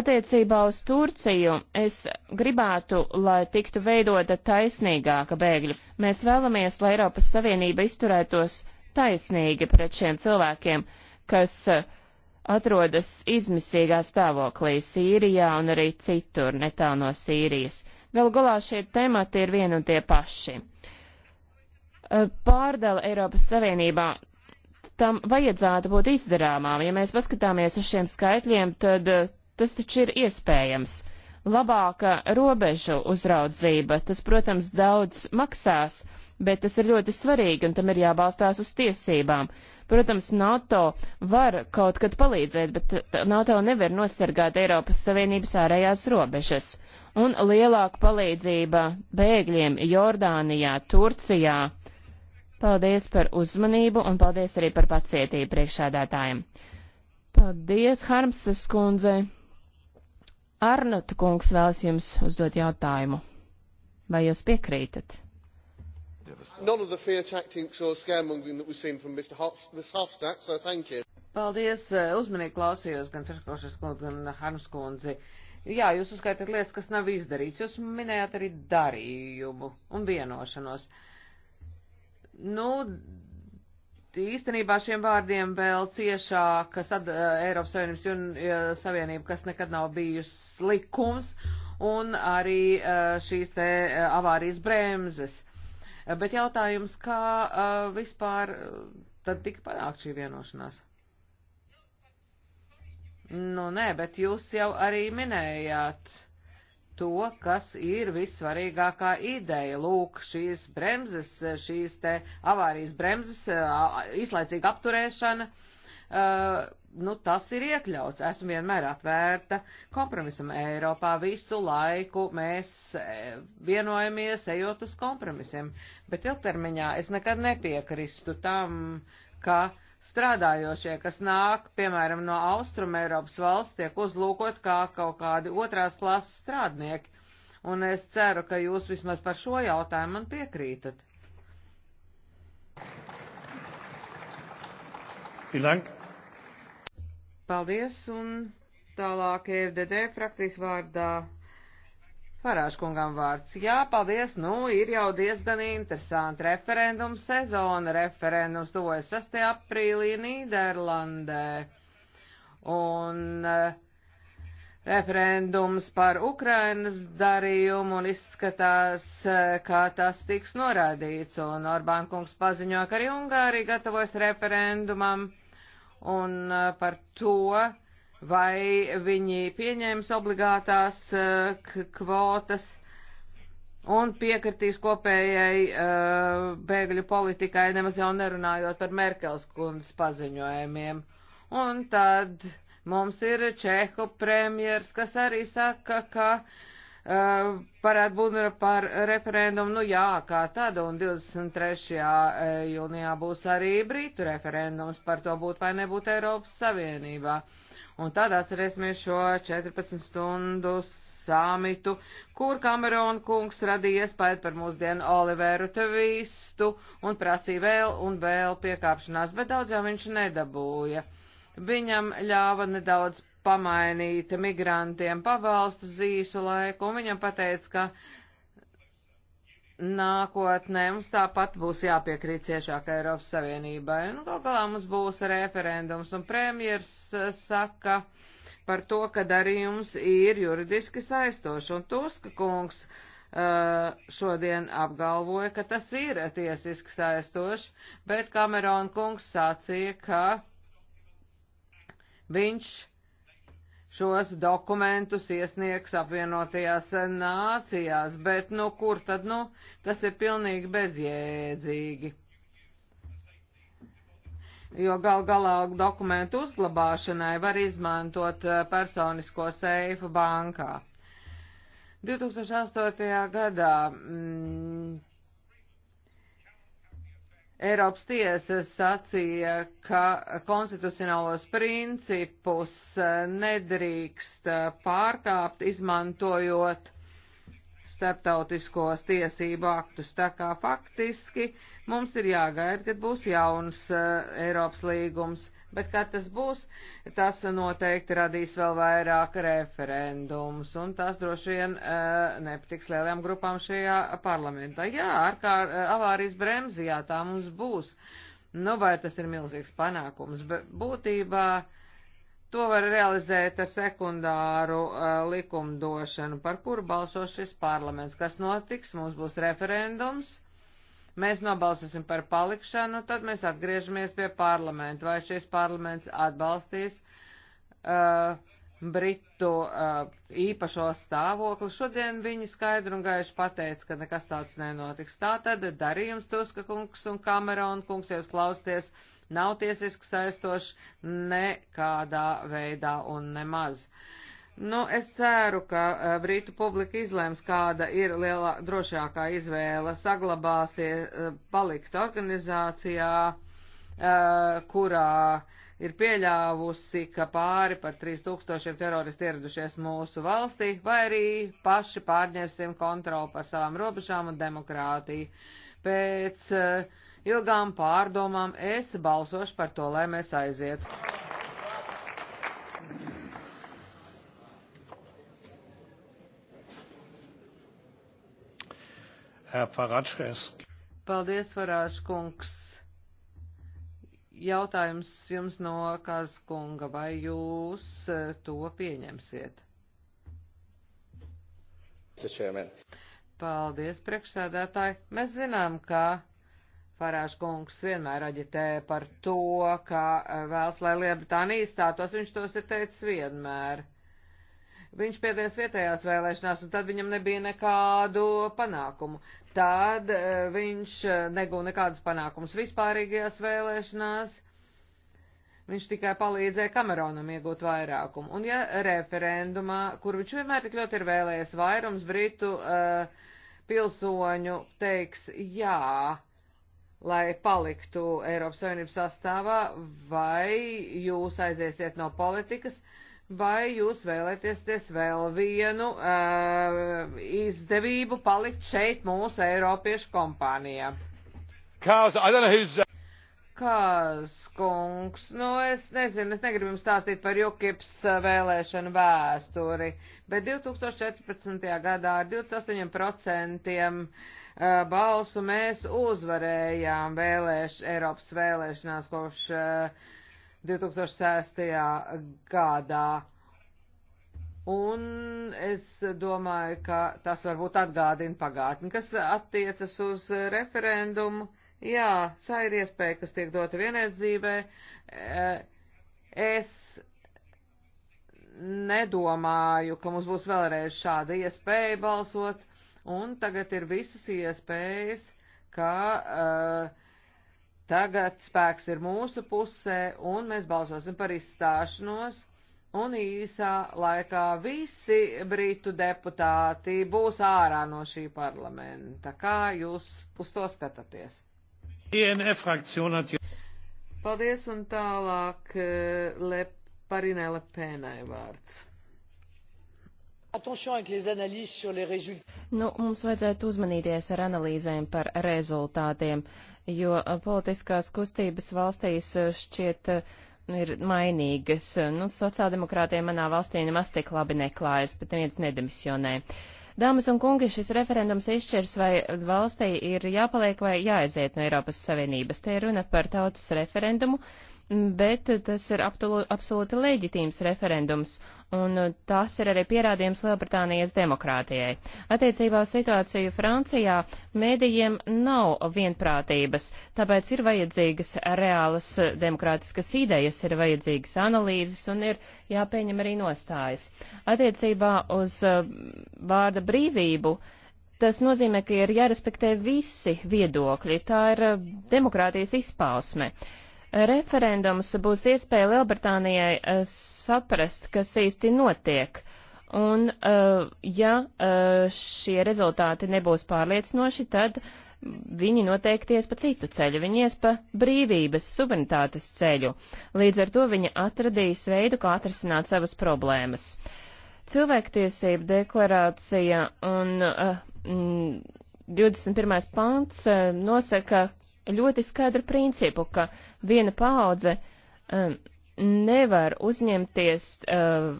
Attiecībā uz Turciju es gribētu, lai tiktu veidota taisnīgāka bēgļu. Mēs vēlamies, lai Eiropas Savienība izturētos taisnīgi pret šiem cilvēkiem, kas eh, atrodas izmisīgā stāvoklī Sīrijā un arī citur netālu no Sīrijas. Galu galā šie temati ir vien un tie paši. Eh, pārdala Eiropas Savienībā tam vajadzētu būt izdarāmām. Ja mēs paskatāmies uz šiem skaitļiem, tad eh, tas taču ir iespējams. Labāka robežu uzraudzība, tas, protams, daudz maksās, bet tas ir ļoti svarīgi un tam ir jābalstās uz tiesībām. Protams, NATO var kaut kad palīdzēt, bet NATO nevar nosargāt Eiropas Savienības ārējās robežas. Un lielāka palīdzība bēgļiem Jordānijā, Turcijā. Paldies par uzmanību un paldies arī par pacietību priekšādātājiem. Paldies, Harmsas kundze. Arnota kungs vēlas jums uzdot jautājumu. Vai jūs piekrītat? none of the fear tactics or scaremongering that we've seen from Mr. Hofstadt, so thank you. Paldies, eh, uzmanīgi klausījos gan Ferkošas kundzi, gan Harms kundzi. Jā, jūs uzskaitāt lietas, kas nav izdarīts. Jūs minējāt arī darījumu un vienošanos. Nu, īstenībā šiem vārdiem vēl ciešāka sad, eh, Eiropas Savienības un uh, Savienība, kas nekad nav bijusi likums, un arī uh, šīs te uh, avārijas bremzes. Uh, Eh, bet jautājums, kā eh, vispār eh, tad tika panākt šī vienošanās? Nu, nē, bet jūs jau arī minējāt to, kas ir vissvarīgākā ideja. Lūk, šīs bremzes, šīs te avārijas bremzes, izlaicīga apturēšana. Uh, nu, tas ir iekļauts. Esmu vienmēr atvērta kompromisam Eiropā. Visu laiku mēs e, vienojamies ejot uz kompromisiem, bet ilgtermiņā es nekad nepiekristu tam, ka strādājošie, kas nāk, piemēram, no Austrum Eiropas valsts, tiek uzlūkot kā kaut kādi otrās klases strādnieki. Un es ceru, ka jūs vismaz par šo jautājumu man piekrītat. Vielen Dank. Paldies, un tālāk e FDD frakcijas vārdā Farāškungam vārds. Jā, paldies, nu, ir jau diezgan interesanti referendum sezona, referendums tuvojas 6. aprīlī Nīderlandē. Un uh, referendums par Ukrainas darījumu un izskatās, eh, kā tas tiks norādīts. Un Orbán kungs paziņo, ka arī Ungārija gatavojas referendumam un uh, par to, vai viņi pieņēmis obligātās uh, kvotas un piekritīs kopējai uh, bēgļu politikai, nemaz jau nerunājot par Merkels kundas paziņojumiem. Un tad mums ir Čehu premjers, kas arī saka, ka uh, Eh, varētu būt nu, par referendumu, nu jā, kā tad, un 23. Eh, jūnijā būs arī Britu referendums par to būt vai nebūt Eiropas Savienībā. Un tad atcerēsimies šo 14 stundu samitu, kur Kamerona kungs radīja iespēju par mūsdienu Oliveru Tevistu un prasīja vēl un vēl piekāpšanās, bet daudz jau viņš nedabūja. Viņam ļāva nedaudz pamainīt migrantiem pabalstu zīšu laiku, un viņam pateica, ka nākotnē mums tāpat būs jāpiekrīt ciešāk Eiropas Savienībai. Un gal galā mums būs referendums, un premjers eh, saka par to, ka darījums ir juridiski saistošs, un Tuska kungs eh, šodien apgalvoja, ka tas ir tiesiski saistoši, bet Kamerona kungs sacīja, ka viņš šos dokumentus iesniegs apvienotajās nācijās, bet nu kur tad nu, tas ir pilnīgi bezjēdzīgi. Jo gal galā dokumentu uzglabāšanai var izmantot eh, personisko seifu bankā. 2008. gadā mm, Eiropas tiesa sacīja, ka konstitucionālos principus eh, nedrīkst eh, pārkāpt, izmantojot starptautiskos tiesību aktus. Tā kā faktiski mums ir jāgaida, kad būs jauns eh, Eiropas līgums. Bet kā tas būs, tas noteikti radīs vēl vairāk referendums, un tas droši vien uh, nepatiks lielajām grupām šajā parlamentā. Jā, ar kā uh, avārijas bremzijā tā mums būs. Nu, vai tas ir milzīgs panākums, bet būtībā to var realizēt ar sekundāru uh, likumdošanu, par kuru balsos šis parlaments. Kas notiks? Mums būs referendums. Uh, mēs nobalsosim par palikšanu, tad mēs atgriežamies pie parlamenta, vai šis parlaments atbalstīs uh, Britu uh, īpašo stāvokli. Šodien viņi skaidri un gaiši pateica, ka nekas tāds nenotiks. Tā tad darījums Tuska kungs un Kamerona kungs, ja jūs klausties, nav tiesiski saistošs nekādā veidā un nemaz. Uh, Nu, es ceru, ka eh, Brītu publika izlēms, kāda ir lielā, drošākā izvēle saglabāsies, eh, palikt organizācijā, eh, kurā ir pieļāvusi, ka pāri par 3000 teroristi ieradušies mūsu valstī, vai arī paši pārņemsim kontroli par savām robežām un demokrātiju. Pēc ilgām pārdomām es balsošu par to, lai mēs aizietu. Paldies, Farāžs kungs. Jautājums jums no Kazkunga, vai jūs eh, to pieņemsiet? Paldies, priekšsēdētāji. Mēs zinām, ka Farāžs kungs vienmēr aģitē par to, ka eh, vēlas, lai Lielbritānija izstātos, viņš tos ir teicis vienmēr. Viņš piedalījās vietējās vēlēšanās, un tad viņam nebija nekādu panākumu. Tad eh, viņš eh, negūna nekādas panākumus vispārīgajās vēlēšanās. Viņš tikai palīdzēja Kameronam iegūt vairākumu. Un ja referendumā, kur viņš vienmēr tik ļoti ir vēlējies, vairums britu uh, pilsoņu teiks jā, lai paliktu Eiropas Savienības sastāvā, vai jūs aiziesiet no politikas, uh, Vai jūs vēlēties vēl vienu uh, izdevību palikt šeit mūsu Eiropiešu kompānijā? Kāds, uh, Kāds kungs, nu es nezinu, es negribu jums stāstīt par Jukips uh, vēlēšanu vēsturi, bet 2014. gadā ar 28% uh, balsu mēs uzvarējām vēlēš, Eiropas vēlēšanās kopš uh, 2006. gadā. Un es domāju, ka tas varbūt atgādina pagātni, kas attiecas uz referendumu. Jā, šā ir iespēja, kas tiek dota vienreiz dzīvē. E, es nedomāju, ka mums būs vēlreiz šāda iespēja balsot, un tagad ir visas iespējas, ka uh, Tagad spēks ir mūsu pusē, un mēs balsosim par izstāšanos, un īsā laikā visi brītu deputāti būs ārā no šī parlamenta. Kā jūs uz to skatāties? Paldies, un tālāk eh, Leparinē Lepenai vārds. Nu, mums vajadzētu uzmanīties ar analīzēm par rezultātiem, jo politiskās kustības valstīs eh, šķiet eh, ir mainīgas. Nu, sociāldemokrātiem manā valstī nemaz tik labi neklājas, bet neviens nedemisionē. Dāmas un kungi, šis referendums izšķirs, vai valstī ir jāpaliek vai jāaiziet no Eiropas Savienības. Te ir runa par tautas referendumu. Uh, bet tas ir absolūti leģitīms referendums, un tas ir arī pierādījums Lielbritānijas demokrātijai. Attiecībā uz situāciju Francijā mēdījiem nav vienprātības, tāpēc ir vajadzīgas reālas demokrātiskas idejas, ir vajadzīgas analīzes un ir jāpieņem arī nostājas. Attiecībā uz uh, vārda brīvību. Tas nozīmē, ka ir jārespektē visi viedokļi, tā ir uh, demokrātijas izpausme. Uh, referendums būs iespēja Lielbritānijai eh, saprast, kas īsti notiek. Un, eh, ja eh, šie rezultāti nebūs pārliecinoši, tad viņi noteikti ies pa citu ceļu, viņi ies pa brīvības, suverenitātes ceļu. Līdz ar to viņi atradīs veidu, kā atrasināt savas problēmas. Cilvēktiesība deklarācija un uh, mm, 21. pants uh, nosaka, ļoti skaidru principu, ka viena paudze um, nevar uzņemties uh,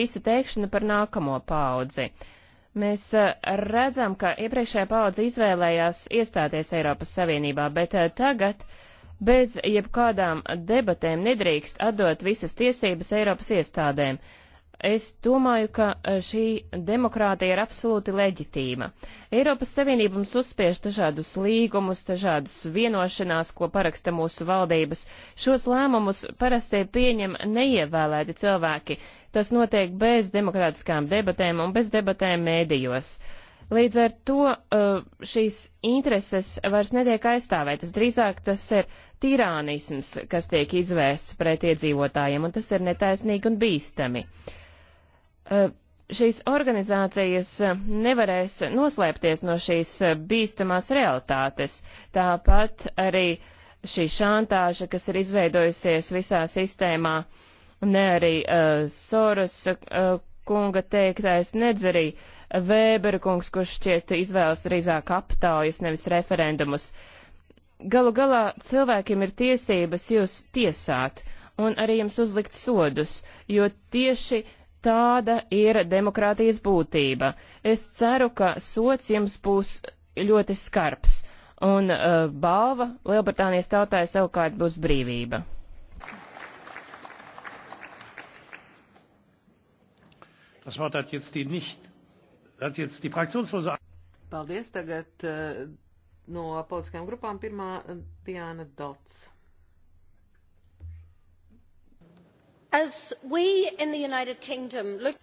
visu teikšanu par nākamo paudzi. Mēs uh, redzam, ka iepriekšējā paudze izvēlējās iestāties Eiropas Savienībā, bet uh, tagad bez jebkādām debatēm nedrīkst atdot visas tiesības Eiropas iestādēm. Uh, Es domāju, ka e, šī demokrātija ir absolūti leģitīma. Eiropas Savienība mums uzspiež dažādus līgumus, dažādus vienošanās, ko paraksta mūsu valdības. Šos lēmumus parasti pieņem neievēlēti cilvēki. Tas notiek bez demokrātiskām debatēm un bez debatēm mēdījos. Līdz ar to e, šīs intereses vairs netiek aizstāvētas. Drīzāk tas ir tirānisms, kas tiek izvērsts pret iedzīvotājiem, un tas ir netaisnīgi un bīstami. Uh, Eh, šīs organizācijas eh, nevarēs noslēpties no šīs eh, bīstamās realitātes. Tāpat arī šī šantāža, kas ir izveidojusies visā sistēmā, ne arī uh, Soros uh, kunga teiktais, nedz arī Vēbera kungs, kurš šķiet izvēlas drīzāk aptaujas, nevis referendumus. Galu galā cilvēkiem ir tiesības jūs tiesāt un arī jums uzlikt sodus, jo tieši uh, Tāda ir demokrātijas būtība. Es ceru, ka sots jums būs ļoti skarbs, un uh, balva Lielbritānijas tautai savukārt būs brīvība. Das Wort hat jetzt die nicht, hat jetzt die Fraktionslose. Paldies, tagad uh, no politiskajām grupām pirmā uh, Diana Dots. Look...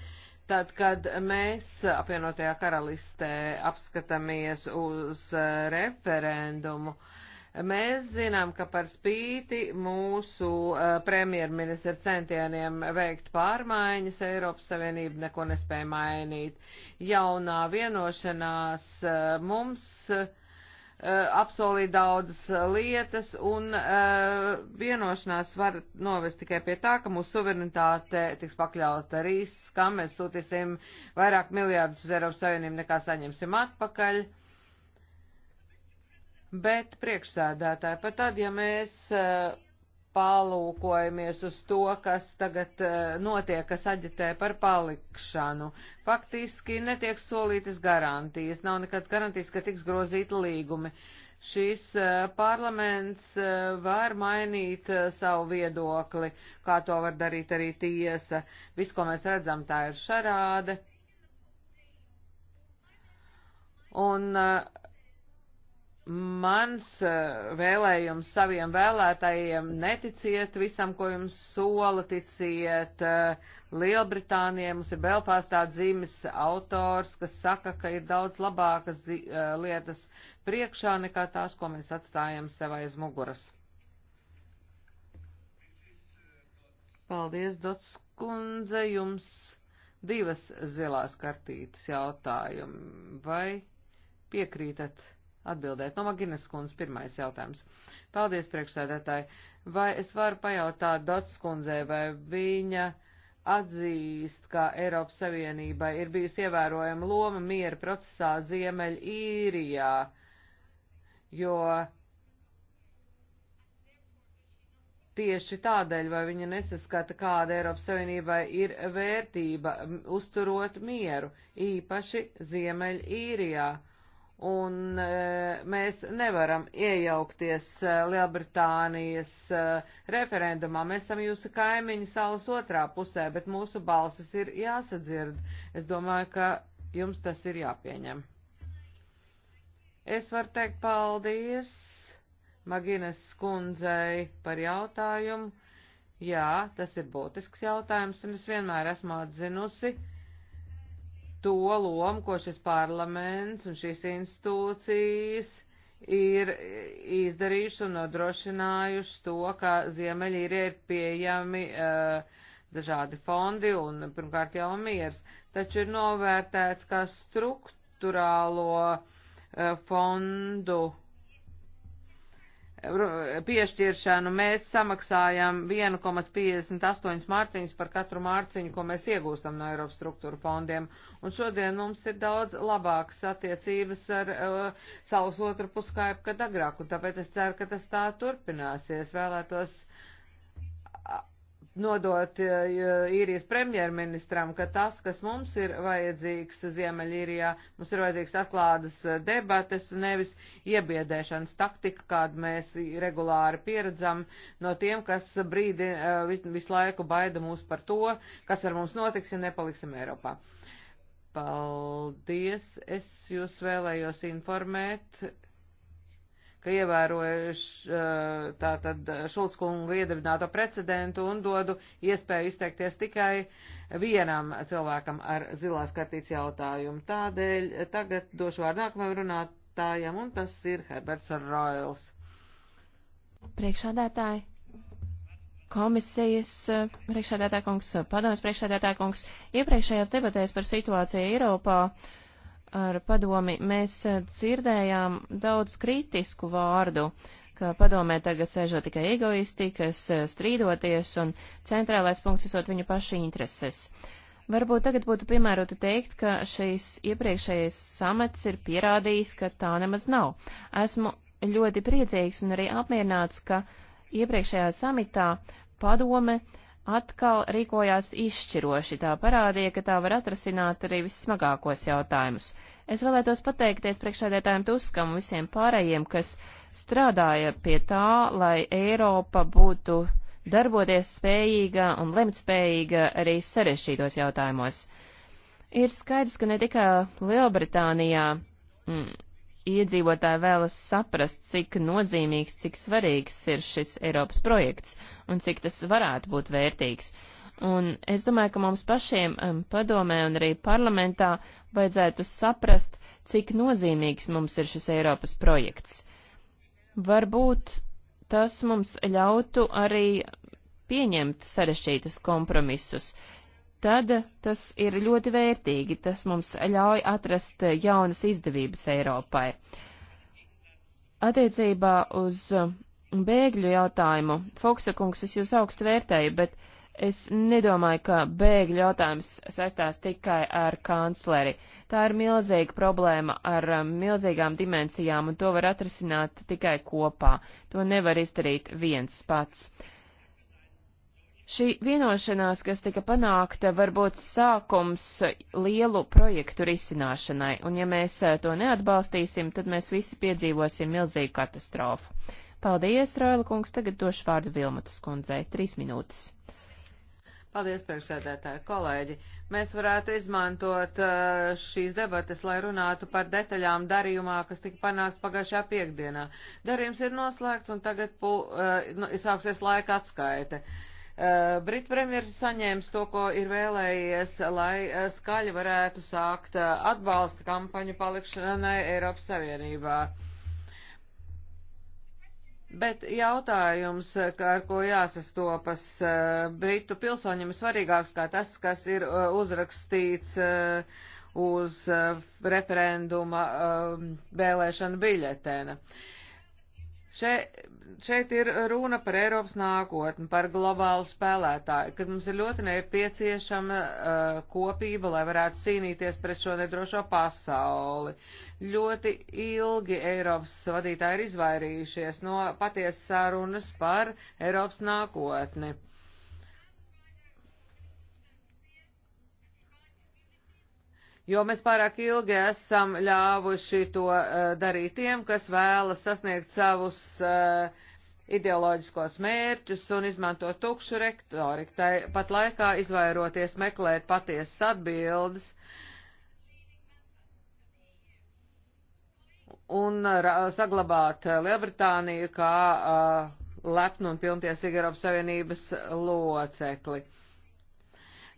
Tad, kad mēs apvienotajā karalistē apskatāmies uz uh, referendumu, mēs zinām, ka par spīti mūsu uh, premjerministra centieniem veikt pārmaiņas Eiropas Savienība neko nespēja mainīt. Jaunā vienošanās uh, mums Eh, apsolīja daudzas eh, lietas, un eh, vienošanās var novest tikai pie tā, ka mūsu suverenitāte tiks pakļauta riskam, mēs sūtīsim vairāk miljārdus uz Eiropas Savienību nekā saņemsim atpakaļ. Bet priekšsēdētāji, pat tad, ja mēs palūkojamies uz to, kas tagad eh, notiek, kas aģitē par palikšanu. Faktiski netiek solītas garantijas, nav nekāds garantijas, ka tiks grozīti līgumi. Šis eh, parlaments eh, var mainīt savu viedokli, kā to var darīt arī tiesa. Viss, ko mēs redzam, tā ir šarāde. Un uh, Mans eh, vēlējums saviem vēlētājiem neticiet visam, ko jums sola, ticiet eh, Lielbritānijai. Mums ir Belfāstā dzīmes autors, kas saka, ka ir daudz labākas eh, lietas priekšā nekā tās, ko mēs atstājam sev aiz muguras. Paldies, Dots kundze, jums divas zilās kartītes jautājumi. Vai piekrītat? atbildēt. No Maginas kundzes pirmais jautājums. Paldies, priekšsēdētāji. Vai es varu pajautāt Dots kundzei, vai viņa atzīst, ka Eiropas Savienībai ir bijusi ievērojama loma miera procesā Ziemeļīrijā, jo Tieši tādēļ, vai viņa nesaskata, kāda Eiropas Savienībai ir vērtība uzturot mieru, īpaši Ziemeļīrijā. īrijā un e, mēs nevaram iejaukties e, Lielbritānijas e, referendumā. Mēs esam jūsu kaimiņi salas otrā pusē, bet mūsu balsis ir jāsadzird. Es domāju, ka jums tas ir jāpieņem. Es varu teikt paldies Magines skundzei par jautājumu. Jā, tas ir būtisks jautājums, un es vienmēr esmu atzinusi, to lomu, ko šis parlaments un šīs institūcijas ir izdarījuši un nodrošinājuši to, ka Ziemeļīrie ir pieejami uh, dažādi fondi un pirmkārt jau miers, taču ir novērtēts kā struktūrālo uh, fondu piešķiršanu mēs samaksājam 1,58 mārciņas par katru mārciņu, ko mēs iegūstam no Eiropas struktūra fondiem. Un šodien mums ir daudz labākas attiecības ar uh, savus otru puskaipu, kad agrāk, un tāpēc es ceru, ka tas tā turpināsies. Vēlētos uh, nodot e, e, īrijas premjerministram, ka tas, kas mums ir vajadzīgs Ziemeļīrijā, mums ir vajadzīgs atklādas e, debates un nevis iebiedēšanas taktika, kādu mēs regulāri pieredzam no tiem, kas brīdi visu laiku baida mūs par to, kas ar mums notiks, ja nepaliksim Eiropā. Paldies! Es jūs vēlējos informēt, ka ievērojuši eh, tātad eh, Šulckungu iedibināto precedentu un dodu iespēju izteikties tikai vienam cilvēkam ar zilās kartītes jautājumu. Tādēļ eh, tagad došu vārdu nākamajam runātājam, un tas ir Herberts Royals. Priekšādētāji, komisijas priekšādētāja kungs, padomas priekšādētāja kungs, iepriekšējās debatēs par situāciju Eiropā. Uh, ar padomi mēs e, dzirdējām daudz kritisku vārdu, ka padomē tagad sēžot tikai egoisti, kas e, strīdoties un centrālais punkts esot viņu pašu intereses. Varbūt tagad būtu piemērota teikt, ka šīs iepriekšējais samets ir pierādījis, ka tā nemaz nav. Esmu ļoti priecīgs un arī apmierināts, ka iepriekšējā samitā padome uh, atkal rīkojās izšķiroši, tā parādīja, ka tā var atrasināt arī vissmagākos jautājumus. Es vēlētos pateikties priekšsēdētājiem Tuskam un visiem pārējiem, kas strādāja pie tā, lai Eiropa būtu darboties spējīga un lemtspējīga arī sarešķītos jautājumos. Ir skaidrs, ka ne tikai Lielbritānijā mm, iedzīvotāji vēlas saprast, cik nozīmīgs, cik svarīgs ir šis Eiropas projekts un cik tas varētu būt vērtīgs. Un es domāju, ka mums pašiem um, padomē un arī parlamentā vajadzētu saprast, cik nozīmīgs mums ir šis Eiropas projekts. Varbūt tas mums ļautu arī pieņemt sarešķītus kompromisus, tad tas ir ļoti vērtīgi. Tas mums ļauj atrast jaunas izdevības Eiropai. Attiecībā uz bēgļu jautājumu, Foksa kungs, es jūs augstu vērtēju, bet es nedomāju, ka bēgļu jautājums saistās tikai ar kancleri. Tā ir milzīga problēma ar um, milzīgām dimensijām, un to var atrisināt tikai kopā. To nevar izdarīt viens pats. Uh, Šī vienošanās, kas tika panākta, var būt sākums lielu projektu risināšanai, un ja mēs eh, to neatbalstīsim, tad mēs visi piedzīvosim milzīgu katastrofu. Paldies, Raila kungs, tagad došu vārdu Vilmatas kundzei, trīs minūtes. Paldies, priekšsēdētāji, kolēģi. Mēs varētu izmantot eh, šīs debates, lai runātu par detaļām darījumā, kas tika panāks pagājušā piekdienā. Darījums ir noslēgts, un tagad pul, uh, eh, nu, sāksies laika atskaite. Uh, Eh, Brit premjeras saņēmis to, ko ir vēlējies, lai eh, skaļi varētu sākt eh, atbalsta kampaņu palikšanai Eiropas Savienībā. Bet jautājums, ar ko jāsastopas Britu pilsoņiem, ir svarīgāks kā tas, kas ir uzrakstīts uz referenduma vēlēšanu biļetēna. Uh, Šeit, šeit ir runa par Eiropas nākotni, par globālu spēlētāju, kad mums ir ļoti nepieciešama uh, kopība, lai varētu cīnīties pret šo nedrošo pasauli. Ļoti ilgi Eiropas vadītāji ir izvairījušies no patiesas sarunas par Eiropas nākotni. Uh, jo mēs pārāk ilgi esam ļāvuši to eh, darīt tiem, kas vēlas sasniegt savus eh, ideoloģiskos mērķus un izmanto tukšu rektoriku, tai pat laikā izvairoties meklēt patiesas atbildes un saglabāt Lielbritāniju kā uh, lepnu un pilntiesīgu Eiropas Savienības locekli.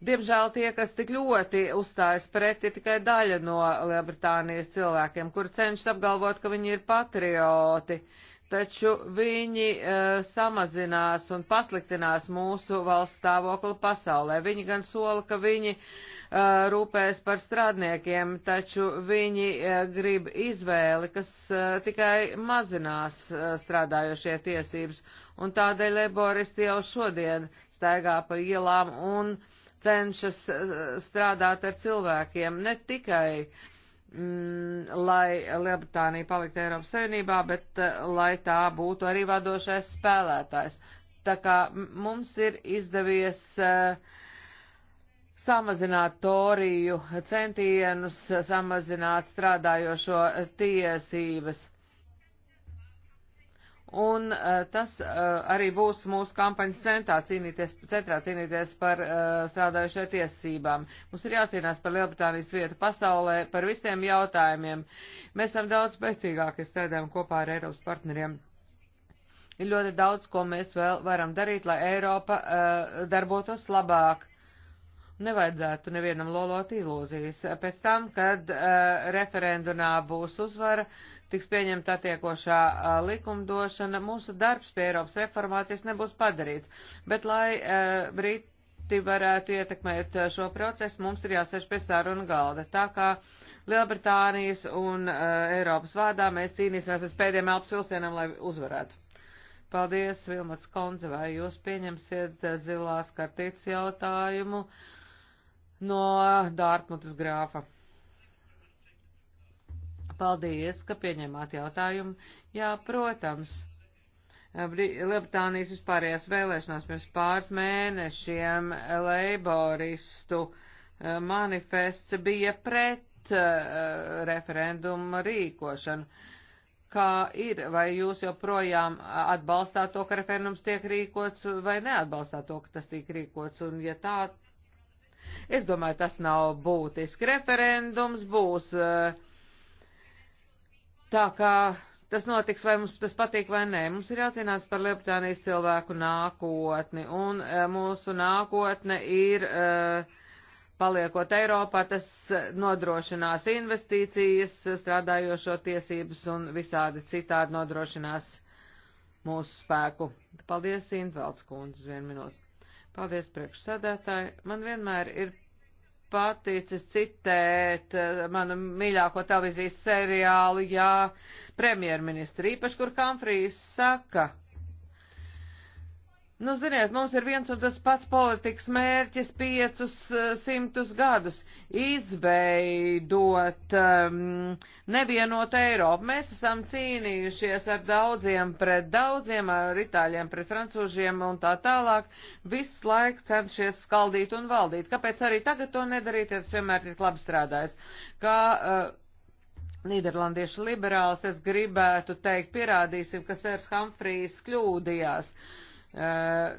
Diemžēl tie, kas tik ļoti uzstājas pret, ir tikai daļa no Lielbritānijas cilvēkiem, kur cenšas apgalvot, ka viņi ir patrioti, taču viņi uh, samazinās un pasliktinās mūsu valsts stāvokli pasaulē. Viņi gan sola, ka viņi uh, rūpēs par strādniekiem, taču viņi uh, grib izvēli, kas uh, tikai mazinās uh, strādājošie tiesības, un tādēļ laboristi jau šodien staigā pa ielām un uh, cenšas eh, strādāt ar cilvēkiem ne tikai, mm, lai Lielbritānija paliktu Eiropas Savienībā, bet eh, lai tā būtu arī vadošais spēlētājs. Tā kā mums ir izdevies uh, samazināt toriju centienus, samazināt strādājošo tiesības. Un uh, tas uh, arī būs mūsu kampaņas centrā cīnīties, centrā cīnīties par uh, strādājušo tiesībām. Mums ir jācīnās par Lielbritānijas vietu pasaulē, par visiem jautājumiem. Mēs esam daudz spēcīgāki strādājam kopā ar Eiropas partneriem. Ir ļoti daudz, ko mēs vēl varam darīt, lai Eiropa uh, darbotos labāk. Nevajadzētu nevienam lolot ilūzijas. Pēc tam, kad uh, referendumā būs uzvara, uh, tiks pieņemta attiekošā a, likumdošana, mūsu darbs pie Eiropas reformācijas nebūs padarīts. Bet, lai a, Briti varētu ietekmēt šo procesu, mums ir jāsēž pie sarunu galda. Tā kā Lielbritānijas un a, Eiropas vārdā mēs cīnīsimies līdz pēdējiem elpas vilcienam, lai uzvarētu. Paldies, Vilmats Konze, vai jūs pieņemsiet zilās kartītes jautājumu no Dārtmutas grāfa? Paldies, ka pieņemāt jautājumu. Jā, protams. Lielbritānijas vispārējās vēlēšanās pirms pāris mēnešiem leiboristu eh, manifests bija pret eh, referendumu rīkošanu. Kā ir, vai jūs joprojām atbalstāt to, ka referendums tiek rīkots, vai neatbalstāt to, ka tas tiek rīkots, un ja tā, es domāju, tas nav būtiski. Referendums būs uh, Tā kā tas notiks, vai mums tas patīk vai nē, mums ir jācīnās par Lielbritānijas cilvēku nākotni, un eh, mūsu nākotne ir, eh, paliekot Eiropā, tas eh, nodrošinās investīcijas, strādājošo tiesības un visādi citādi nodrošinās mūsu spēku. Paldies, Intvelds kundze, vienu minūti. Paldies, priekšsēdētāji. Man vienmēr ir paticis citēt eh, manu mīļāko televīzijas seriālu, jā, premjerministri, īpaši kur Kamfrīs saka, Nu, ziniet, mums ir viens un tas pats politikas mērķis piecus uh, simtus gadus - izveidot um, ehm, nevienotu Eiropu. Mēs esam cīnījušies ar daudziem pret daudziem, ar itāļiem pret francūžiem un tā tālāk. Visu laiku cenšies skaldīt un valdīt. Kāpēc arī tagad to nedarīt, ja tas vienmēr tik labi strādājas? Kā, uh, Nīderlandiešu liberāls, es gribētu teikt, pierādīsim, ka Sērs Hamfrijs kļūdījās. Uh, Eh,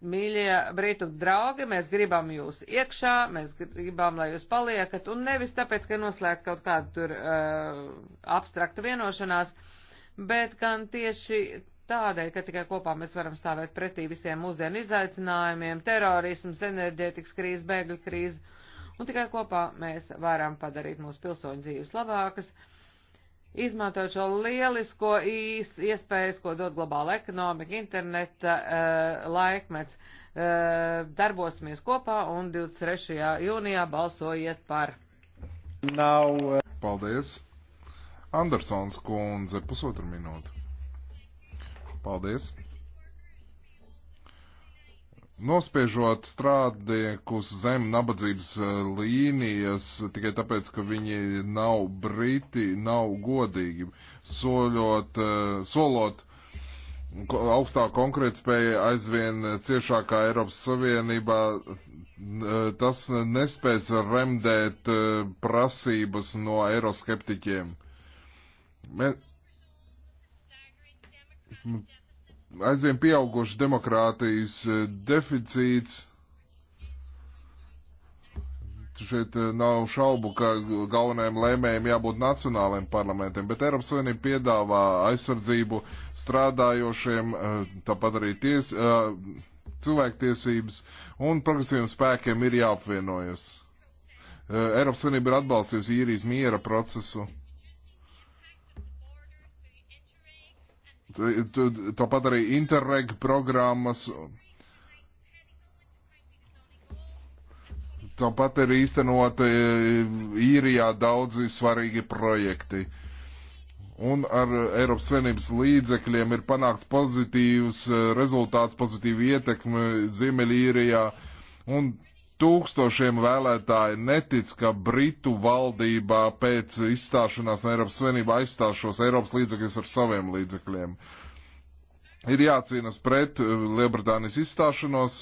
mīļie Britu draugi, mēs gribam jūs iekšā, mēs gribam, lai jūs paliekat, un nevis tāpēc, ka noslēgt kaut kādu tur uh, abstraktu vienošanās, bet gan tieši tādēļ, ka tikai kopā mēs varam stāvēt pretī visiem mūsdienu izaicinājumiem, terorisms, enerģētikas krīze, bēgļu krīze, un tikai kopā mēs varam padarīt mūsu pilsoņu dzīves labākas. Uh, izmantojot šo lielisko īs, iespējas, ko dod globāla ekonomika, interneta uh, laikmets. Uh, darbosimies kopā un 23. jūnijā balsojiet par. Nav. Uh... Paldies. Andersons kundze, pusotru minūtu. Paldies. Nospiežot strādniekus zem nabadzības eh, līnijas tikai tāpēc, ka viņi nav briti, nav godīgi, soļot, eh, solot augstā konkurētspēja aizvien ciešākā Eiropas Savienībā, eh, tas nespēs remdēt prasības no eiroskeptiķiem. Mēs aizvien pieaugušas demokrātijas eh, deficīts. Šeit eh, nav šaubu, ka galvenajiem lēmējiem jābūt nacionālajiem parlamentiem, bet Eiropas Savienība piedāvā aizsardzību strādājošiem, eh, tāpat arī ties, cilvēktiesības, un progresīviem spēkiem ir jāapvienojas. Eiropas Savienība ir atbalstījusi īrijas miera procesu Tāpat arī Interreg programmas. Tāpat ir īstenoti e, īrijā daudzi svarīgi projekti. Un ar Eiropas Savienības līdzekļiem ir panākts pozitīvs e, rezultāts, pozitīva ietekme Ziemeļīrijā. Un tūkstošiem vēlētāji netic, ka Britu valdībā pēc izstāšanās no Eiropas Savienība aizstāšos Eiropas līdzekļus ar saviem līdzekļiem. Ir jācīnas pret eh, Lielbritānijas izstāšanos.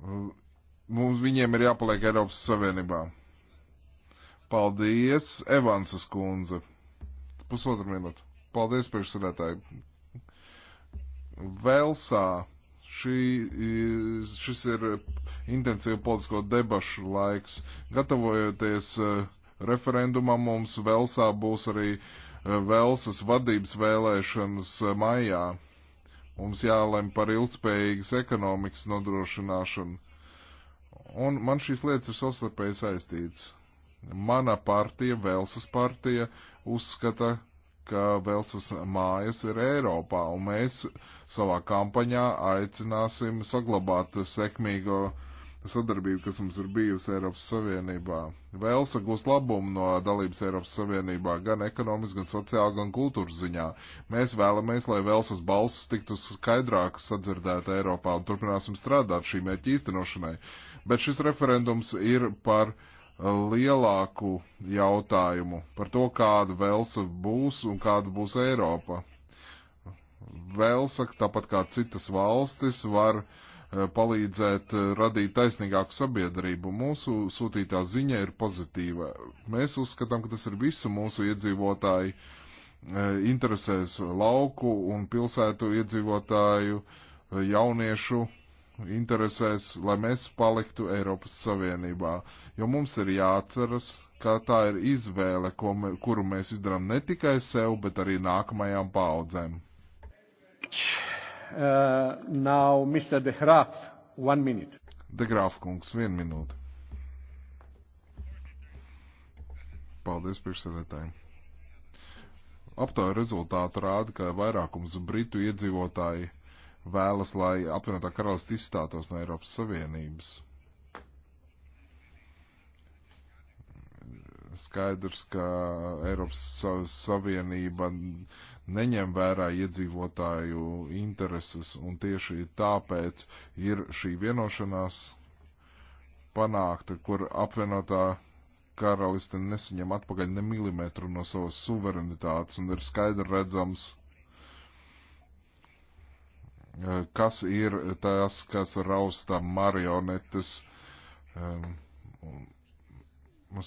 Mums viņiem ir jāpaliek Eiropas Savienībā. Paldies, Evansas kundze. Pusotru minūtu. Paldies, priekšsēdētāji. Velsā Šī, šis ir intensīvu politisko debašu laiks. Gatavojoties e, referendumam, mums Velsā būs arī e, Velsas vadības vēlēšanas e, maijā. Mums jālem par ilgspējīgas ekonomikas nodrošināšanu. Un man šīs lietas ir savstarpēji saistītas. Mana partija, Velsas partija, uzskata, ka Velsas mājas ir Eiropā, un mēs savā kampaņā aicināsim saglabāt sekmīgo sadarbību, kas mums ir bijusi Eiropas Savienībā. Velsa gūs labumu no dalības Eiropas Savienībā gan ekonomiski, gan sociāli, gan kultūras ziņā. Mēs vēlamies, lai Velsas balss tiktu skaidrāk sadzirdēta Eiropā un turpināsim strādāt šī mērķa īstenošanai. Bet šis referendums ir par uh, lielāku jautājumu par to, kāda Velsa būs un kāda būs Eiropa. Velsa, tāpat kā citas valstis, var eh, palīdzēt eh, radīt taisnīgāku sabiedrību. Mūsu sūtītā ziņa ir pozitīva. Mēs uzskatām, ka tas ir visu mūsu iedzīvotāju eh, interesēs lauku un pilsētu iedzīvotāju, jauniešu interesēs, lai mēs paliktu Eiropas Savienībā, jo mums ir jāatceras, ka tā ir izvēle, me, kuru mēs izdarām ne tikai sev, bet arī nākamajām paudzēm. Uh, now, Mr. De Graaf, one minute. De Graaf kungs, vienu minūti. Paldies priekšsēdētājiem. Aptāja rezultāti rāda, ka vairākums britu iedzīvotāji vēlas, lai apvienotā karalista izstātos no Eiropas Savienības. Skaidrs, ka Eiropas Savienība neņem vērā iedzīvotāju intereses, un tieši tāpēc ir šī vienošanās panākta, kur apvienotā karaliste nesaņem atpakaļ ne milimetru no savas suverenitātes, un ir skaidri redzams, kas ir tas, kas rausta marionetes um,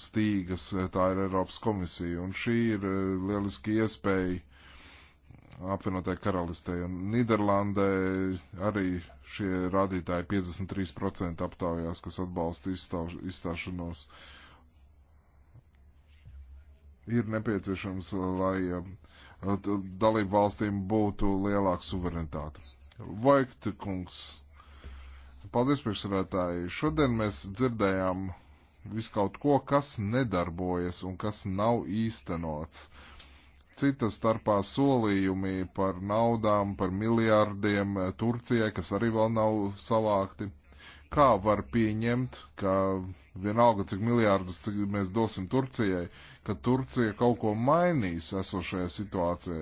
stīgas, tā ir Eiropas komisija. Un šī ir uh, lieliski iespēja apvienotai karalistei. Un Nīderlandē arī šie rādītāji 53% aptaujās, kas atbalsta izstāv, izstāšanos. Ir nepieciešams, lai um, dalību valstīm būtu lielāka suverenitāte. Vaikta kungs. Paldies, priekšsarētāji. Šodien mēs dzirdējām visu kaut ko, kas nedarbojas un kas nav īstenots. Cita starpā solījumi par naudām, par miljārdiem Turcijai, kas arī vēl nav savākti. Kā var pieņemt, ka vienalga, cik miljārdus cik mēs dosim Turcijai, uh, ka Turcija kaut ko mainīs esošajā situācijā.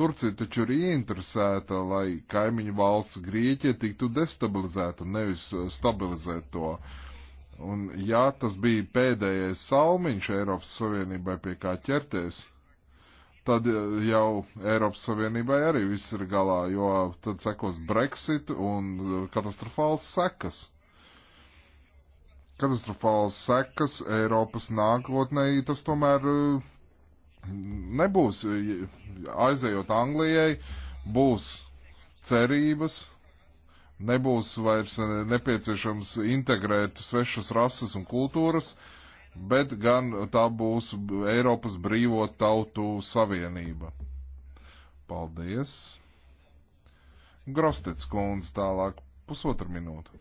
Turcija taču ir ieinteresēta, lai kaimiņu valsts Grieķija tiktu destabilizēta, nevis e, stabilizēt to. Un ja tas bija pēdējais salmiņš Eiropas Savienībai pie kā ķerties, tad e, jau Eiropas Savienībai arī viss ir galā, jo tad sekos Brexit un e, katastrofāls sekas katastrofālas sekas Eiropas nākotnē, tas tomēr eh, nebūs. Eh, aizejot Anglijai, būs cerības, nebūs vairs eh, nepieciešams integrēt svešas rases un kultūras, bet gan tā būs Eiropas brīvo tautu savienība. Paldies! Grostets kundze tālāk pusotru minūtu.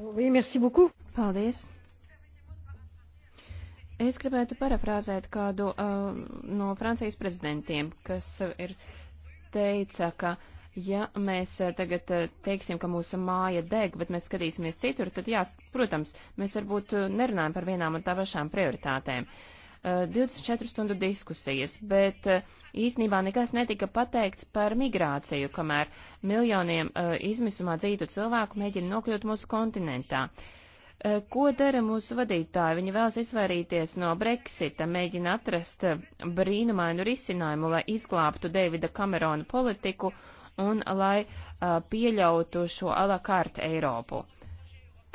Oui, merci beaucoup. Paldies. Es gribētu parafrāzēt kādu uh, no Francijas prezidentiem, kas ir teica, ka ja mēs uh, tagad uh, teiksim, ka mūsu māja deg, bet mēs skatīsimies citur, tad jā, protams, mēs varbūt uh, nerunājam par vienām un tā pašām prioritātēm. Uh, 24 eh, stundu diskusijas, bet eh, īsnībā nekas netika pateikts par migrāciju, kamēr miljoniem eh, izmisumā dzītu cilvēku mēģina nokļūt mūsu kontinentā. Ko dara mūsu vadītāji? Viņi vēlas izvairīties no Brexita, mēģina atrast brīnumainu risinājumu, lai izglābtu Davida Kamerona politiku un lai pieļautu šo alakārtu Eiropu.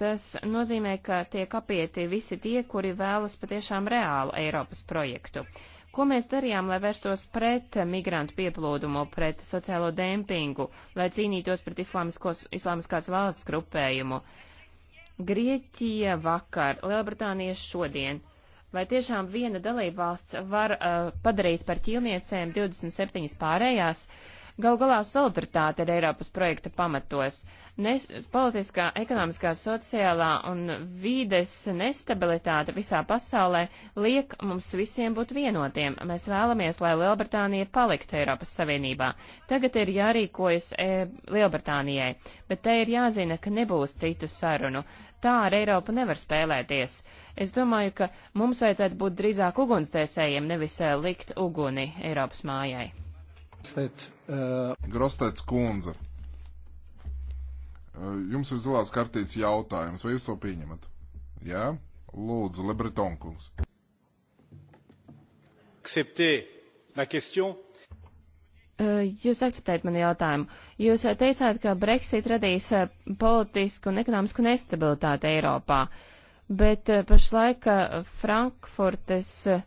Tas nozīmē, ka tiek apieti visi tie, kuri vēlas patiešām reālu Eiropas projektu. Ko mēs darījām, lai vērstos pret migrantu pieplūdumu, pret sociālo dempingu, lai cīnītos pret islāmiskās valsts grupējumu? Grieķija vakar, Lielbritānija šodien. Vai tiešām viena dalībvalsts var uh, padarīt par ķīlniecēm 27 pārējās? Uh, Gal galā solidaritāte ir Eiropas projekta pamatos. Nes, politiskā, ekonomiskā, sociālā un vīdes nestabilitāte visā pasaulē liek mums visiem būt vienotiem. Mēs vēlamies, lai Lielbritānija paliktu Eiropas Savienībā. Tagad ir jārīkojas e, Lielbritānijai, bet te ir jāzina, ka nebūs citu sarunu. Tā ar Eiropu nevar spēlēties. Es domāju, ka mums vajadzētu būt drīzāk ugunsdzēsējiem, nevis e, likt uguni Eiropas mājai. Grostēts uh, kundze. Uh, jums ir zilās kartītes jautājums, vai jūs to pieņemat? Jā? Lūdzu, Lebreton kungs. Uh, jūs akceptējat manu jautājumu. Jūs teicāt, ka Brexit radīs politisku un ekonomisku nestabilitāti Eiropā, bet pašlaik Frankfurtes uh,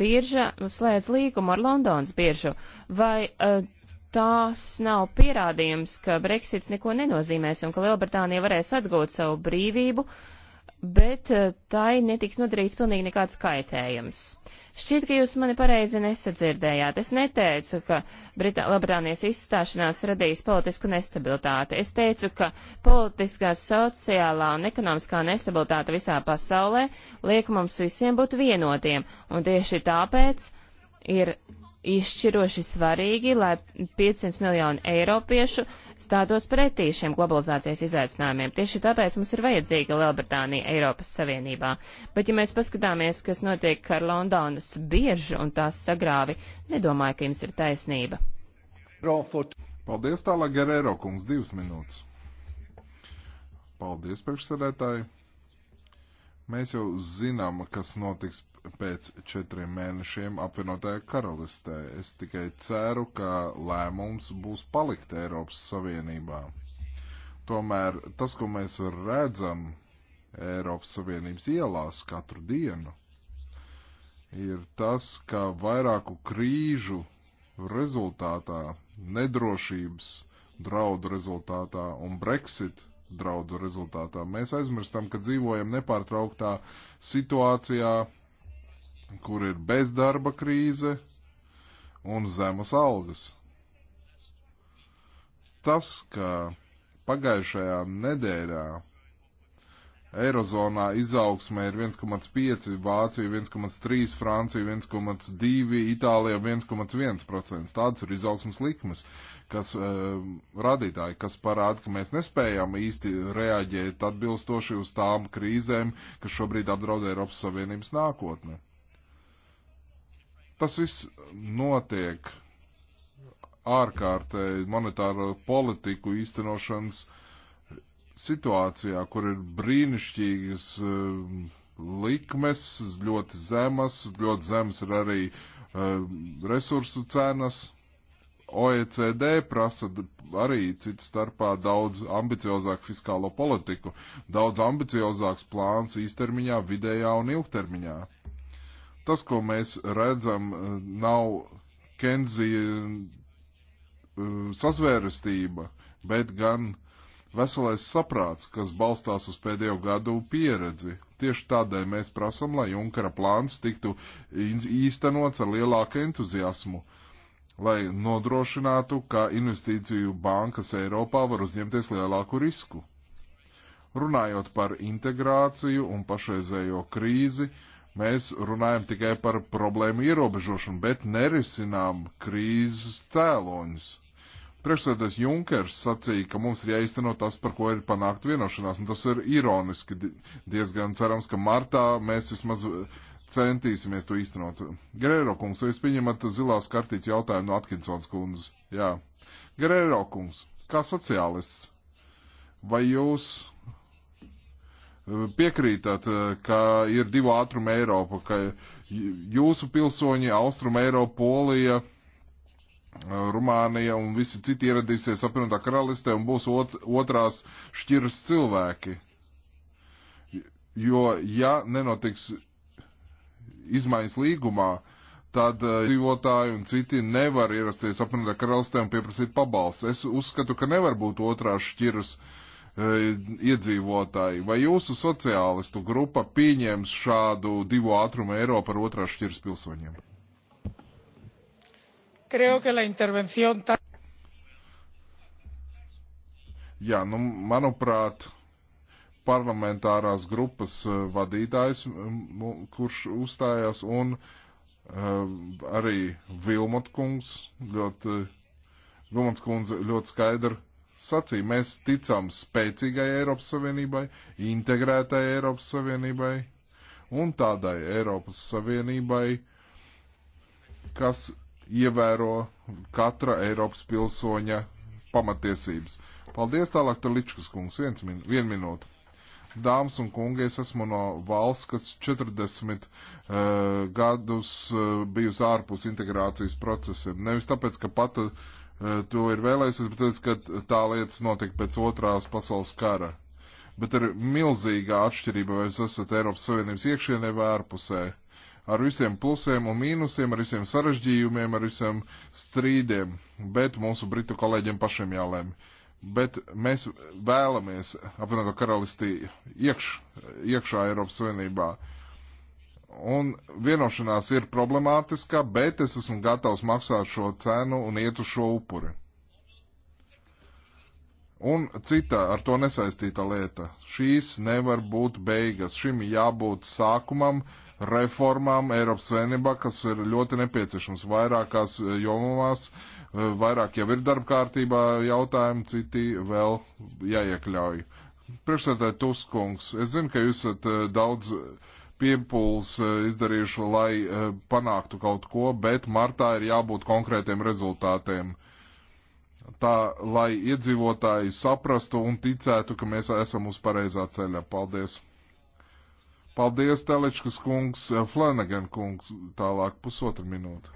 birža slēdz līgumu ar Londonas biržu, vai uh, tās nav pierādījums, ka Brexits neko nenozīmēs un ka Lielbritānija varēs atgūt savu brīvību, uh, bet eh, tai netiks nodarīts pilnīgi nekāds kaitējums. Šķiet, ka jūs mani pareizi nesadzirdējāt. Es neteicu, ka Britā, Labritānijas izstāšanās radīs politisku nestabilitāti. Es teicu, ka politiskā, sociālā un ekonomiskā nestabilitāte visā pasaulē liek mums visiem būt vienotiem, un tieši tāpēc ir izšķiroši svarīgi, lai 500 miljonu eiropiešu stātos pretī šiem globalizācijas izaicinājumiem. Tieši tāpēc mums ir vajadzīga Lielbritānija Eiropas Savienībā. Bet, ja mēs paskatāmies, kas notiek ar Londonas biežu un tās sagrāvi, nedomāju, ka jums ir taisnība. Paldies tālāk, Gerēro kungs, divas minūtes. Paldies, priekšsēdētāji. Mēs jau zinām, kas notiks pēc četriem mēnešiem apvienotajā karalistē. Es tikai ceru, ka lēmums būs palikt Eiropas Savienībā. Tomēr tas, ko mēs redzam Eiropas Savienības ielās katru dienu, ir tas, ka vairāku krīžu rezultātā, nedrošības draudu rezultātā un Brexit draudu rezultātā. Mēs aizmirstam, ka dzīvojam nepārtrauktā situācijā, kur ir bezdarba krīze un zemas algas. Tas, ka pagājušajā nedēļā Eirozonā izaugsme ir 1,5, Vācija 1,3, Francija 1,2, Itālija 1,1%. Tāds ir izaugsmas likmes, kas uh, radītāji, kas parāda, ka mēs nespējam īsti reaģēt atbilstoši uz tām krīzēm, kas šobrīd apdraud Eiropas Savienības nākotni. Tas viss notiek ārkārtēji monetāro politiku īstenošanas situācijā, kur ir brīnišķīgas um, likmes, ļoti zemas, ļoti zemas ir arī um, resursu cenas. OECD prasa arī cits starpā daudz ambiciozāku fiskālo politiku, daudz ambiciozāks plāns īstermiņā, vidējā un ilgtermiņā. Tas, ko mēs redzam, eh, nav Kenzija eh, sasvērstība, bet gan veselais saprāts, kas balstās uz pēdējo gadu pieredzi. Tieši tādēļ mēs prasam, lai Junkara plāns tiktu īstenots ar lielāku entuziasmu, lai nodrošinātu, ka investīciju bankas Eiropā var uzņemties lielāku risku. Runājot par integrāciju un pašreizējo krīzi, uh, Mēs runājam tikai par problēmu ierobežošanu, bet nerisinām krīzes cēloņus. Priekšsēdētājs Junkers sacīja, ka mums ir jāizteno tas, par ko ir panākt vienošanās, un tas ir ironiski. Diezgan cerams, ka martā mēs vismaz eh, centīsimies to īstenot. Gerēro kungs, vai jūs pieņemat zilās kartītes jautājumu no Atkinsons kundzes? Jā. Gerēro kungs, kā sociālists, vai jūs piekrītat, eh, ka ir divu ātrumu Eiropa, ka jūsu pilsoņi, Austrum Eiropa, Polija, eh, Rumānija un visi citi ieradīsies apvienotā karalistē un būs ot otrās šķiras cilvēki. Jo, ja nenotiks izmaiņas līgumā, tad eh, dzīvotāji un citi nevar ierasties apvienotā karalistē un pieprasīt pabalsts. Es uzskatu, ka nevar būt otrās šķiras uh, E, iedzīvotāji. Vai jūsu sociālistu grupa pieņems šādu divu ātrumu Eiropu ar otrā šķirs pilsoņiem? Creo que la intervención ta... Jā, nu, manuprāt, parlamentārās grupas e, vadītājs, kurš uzstājās, un e, arī Vilmot kungs ļoti, Vilmots kundze ļoti skaidri sacīja, mēs ticam spēcīgai Eiropas Savienībai, integrētai Eiropas Savienībai un tādai Eiropas Savienībai, kas ievēro katra Eiropas pilsoņa pamatiesības. Paldies tālāk, Taličkas kungs, viens min, vien minūte. Dāmas un kungi, es esmu no valsts, kas 40 uh, eh, gadus uh, bijusi ārpus integrācijas procesiem. Nevis tāpēc, ka pata uh, Eh, to ir vēlējusies, bet tas, ka tā lietas notika pēc otrās pasaules kara. Bet ir milzīgā atšķirība, vai jūs esat Eiropas Savienības iekšienē vai ārpusē. Ar visiem plusiem un mīnusiem, ar visiem sarežģījumiem, ar visiem strīdiem, bet mūsu britu kolēģiem pašiem jālēm. Bet mēs vēlamies apvienoto karalisti iekš, iekšā Eiropas Savienībā. Uh, Un vienošanās ir problemātiska, bet es esmu gatavs maksāt šo cenu un iet uz šo upuri. Un cita ar to nesaistīta lieta. Šīs nevar būt beigas. Šim jābūt sākumam, reformām Eiropas Savienībā, kas ir ļoti nepieciešams vairākās jomās. Vairāk jau ir darba kārtībā jautājumi, citi vēl jāiekļauj. Priekšsēdētāji Tuskungs, es zinu, ka jūs esat eh, daudz. Uh, piepūles eh, izdarījuši, lai eh, panāktu kaut ko, bet martā ir jābūt konkrētiem rezultātiem. Tā, lai iedzīvotāji saprastu un ticētu, ka mēs esam uz pareizā ceļa. Paldies! Paldies, Telečkas kungs, eh, Flanagan kungs, tālāk pusotra minūte.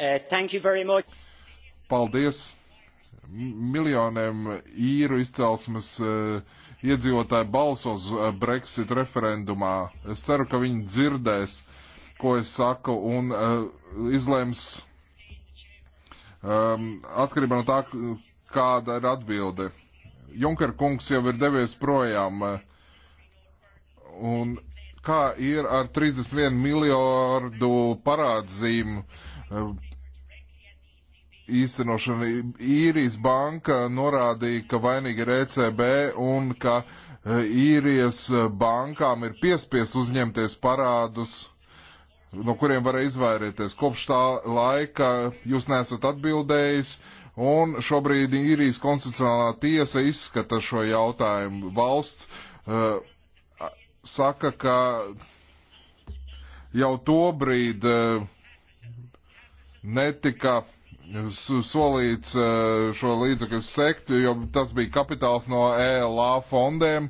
Uh, Paldies! Miljoniem īru izcelsmes uh, iedzīvotāji balsos uh, Brexit referendumā. Es ceru, ka viņi dzirdēs, ko es saku, un uh, izlems um, atkarībā no tā, kāda ir atbilde. Junker kungs jau ir devies projām. Uh, un kā ir ar 31 miljārdu parādzīm uh, īstenošana. Īrijas banka norādīja, ka vainīga ir ECB un ka e, īrijas bankām ir piespiest uzņemties parādus, no kuriem varēja izvairīties. Kopš tā laika jūs nesat atbildējis. Un šobrīd īrijas konstitucionālā tiesa izskata šo jautājumu. Valsts uh, saka, ka jau to brīdi uh, netika solīts eh, šo līdzekļu sekt, jo tas bija kapitāls no ELA fondiem.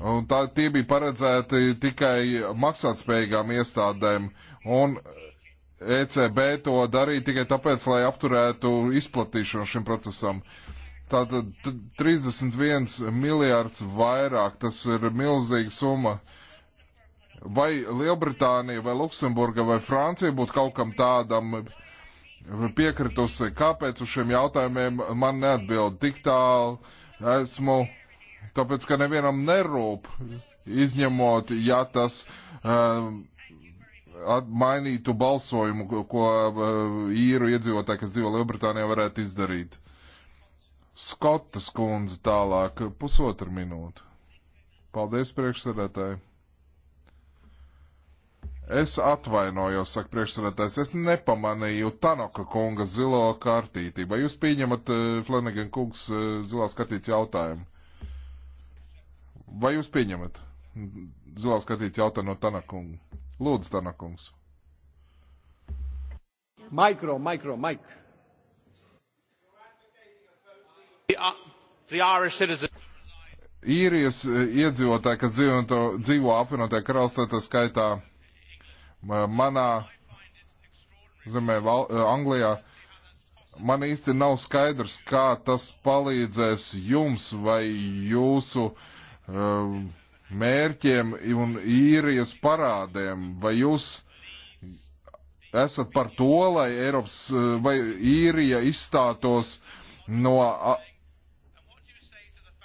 Un tā, tie bija paredzēti tikai maksātspējīgām iestādēm. Un ECB to darīja tikai tāpēc, lai apturētu izplatīšanu šim procesam. Tātad 31 miljārds vairāk, tas ir milzīga summa. Vai Lielbritānija, vai Luksemburga, vai Francija būtu kaut kam tādam uh, piekritusi, kāpēc uz šiem jautājumiem man neatbild tik tālu. Esmu, tāpēc, ka nevienam nerūp, izņemot, ja tas uh, mainītu balsojumu, ko uh, īru iedzīvotāji, kas dzīvo Lielbritānijā, varētu izdarīt. Skotas kundze tālāk, pusotru minūtu. Paldies priekšsarētāji. Es atvainojos, saka priekšsēdētājs, es nepamanīju Tanaka kunga zilo kartīti. Vai jūs pieņemat uh, Flanagan kungs uh, eh, zilās kartītes jautājumu? Vai jūs pieņemat zilās kartītes jautājumu no Tanaka kunga? Lūdzu, Tanaka kungs. Mikro, mikro, mik. Uh, Īrijas eh, iedzīvotāji, kas dzīvo, dzīvo apvienotajā karalstē, tā skaitā Manā zemē, Val eh, Anglijā, man īsti nav skaidrs, kā tas palīdzēs jums vai jūsu uh, mērķiem un īrijas parādēm. Vai jūs esat par to, lai Eiropas eh, vai īrija izstātos no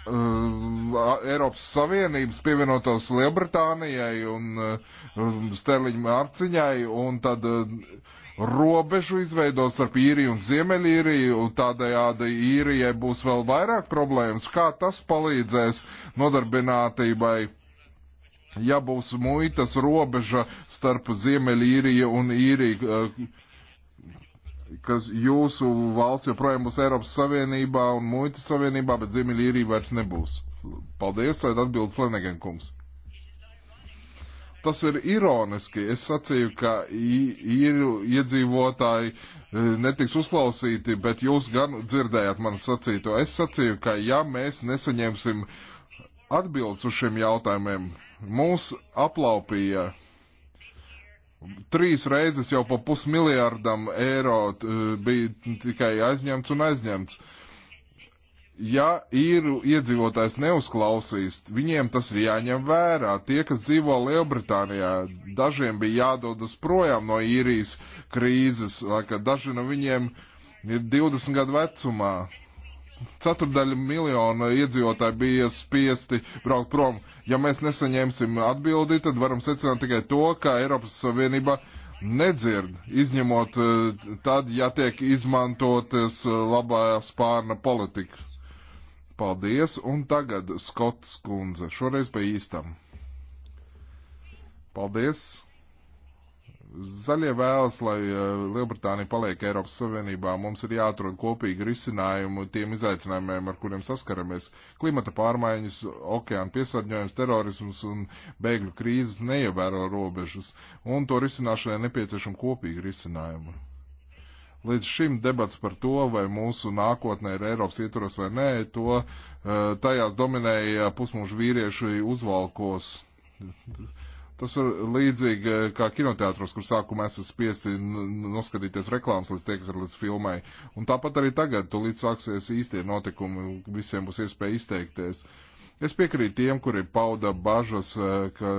Uh, Eiropas Savienības pievienotos Lielbritānijai un uh, Sterliņa Mārciņai, un tad uh, robežu izveidos ar īriju un Ziemeļīriju, un tādējādi īrijai būs vēl vairāk problēmas. Kā tas palīdzēs nodarbinātībai, ja būs muitas robeža starp Ziemeļīriju un īriju? Uh, ka jūsu valsts joprojām būs Eiropas Savienībā un Muitas Savienībā, bet Ziemeļīrija vairs nebūs. Paldies, lai atbild Flanagan kungs. Tas ir ironiski. Es sacīju, ka īru iedzīvotāji e, netiks uzklausīti, bet jūs gan dzirdējāt man sacīto. Es sacīju, ka ja mēs nesaņemsim atbildes uz šiem jautājumiem, mūs aplaupīja Trīs reizes jau pa pusmiljārdam eiro e, bija tikai aizņemts un aizņemts. Ja īru iedzīvotājs neuzklausīs, viņiem tas ir jāņem vērā. Tie, kas dzīvo Lielbritānijā, dažiem bija jādodas projām no īrijas krīzes, lai ka daži no viņiem ir 20 gadu vecumā ceturdaļa miljona iedzīvotāji bija spiesti braukt prom. Ja mēs nesaņemsim atbildi, tad varam secināt tikai to, ka Eiropas Savienība nedzird, izņemot eh, tad, ja tiek izmantotas eh, labā spārna politika. Paldies, un tagad Skots kundze, šoreiz pa īstam. Paldies! Zaļie vēlas, lai eh, Lielbritānija paliek Eiropas Savienībā. Mums ir jāatrod kopīgi risinājumu tiem izaicinājumiem, ar kuriem saskaramies. Klimata pārmaiņas, okeāna piesārņojums, terorisms un bēgļu krīzes neievēro robežas, un to risināšanai nepieciešama kopīga risinājuma. Līdz šim debats par to, vai mūsu nākotnē ir Eiropas ietvaros vai nē, to eh, tajās dominēja pusmužu vīrieši uzvalkos Tas ir līdzīgi eh, kā kinoteātros, kur sākumā esat spiesti noskatīties reklāmas, līdz tiekat līdz filmai. Un tāpat arī tagad, tu līdz sāksies īstie notikumi, visiem būs iespēja izteikties. Es piekrītu tiem, kuri pauda bažas, eh, ka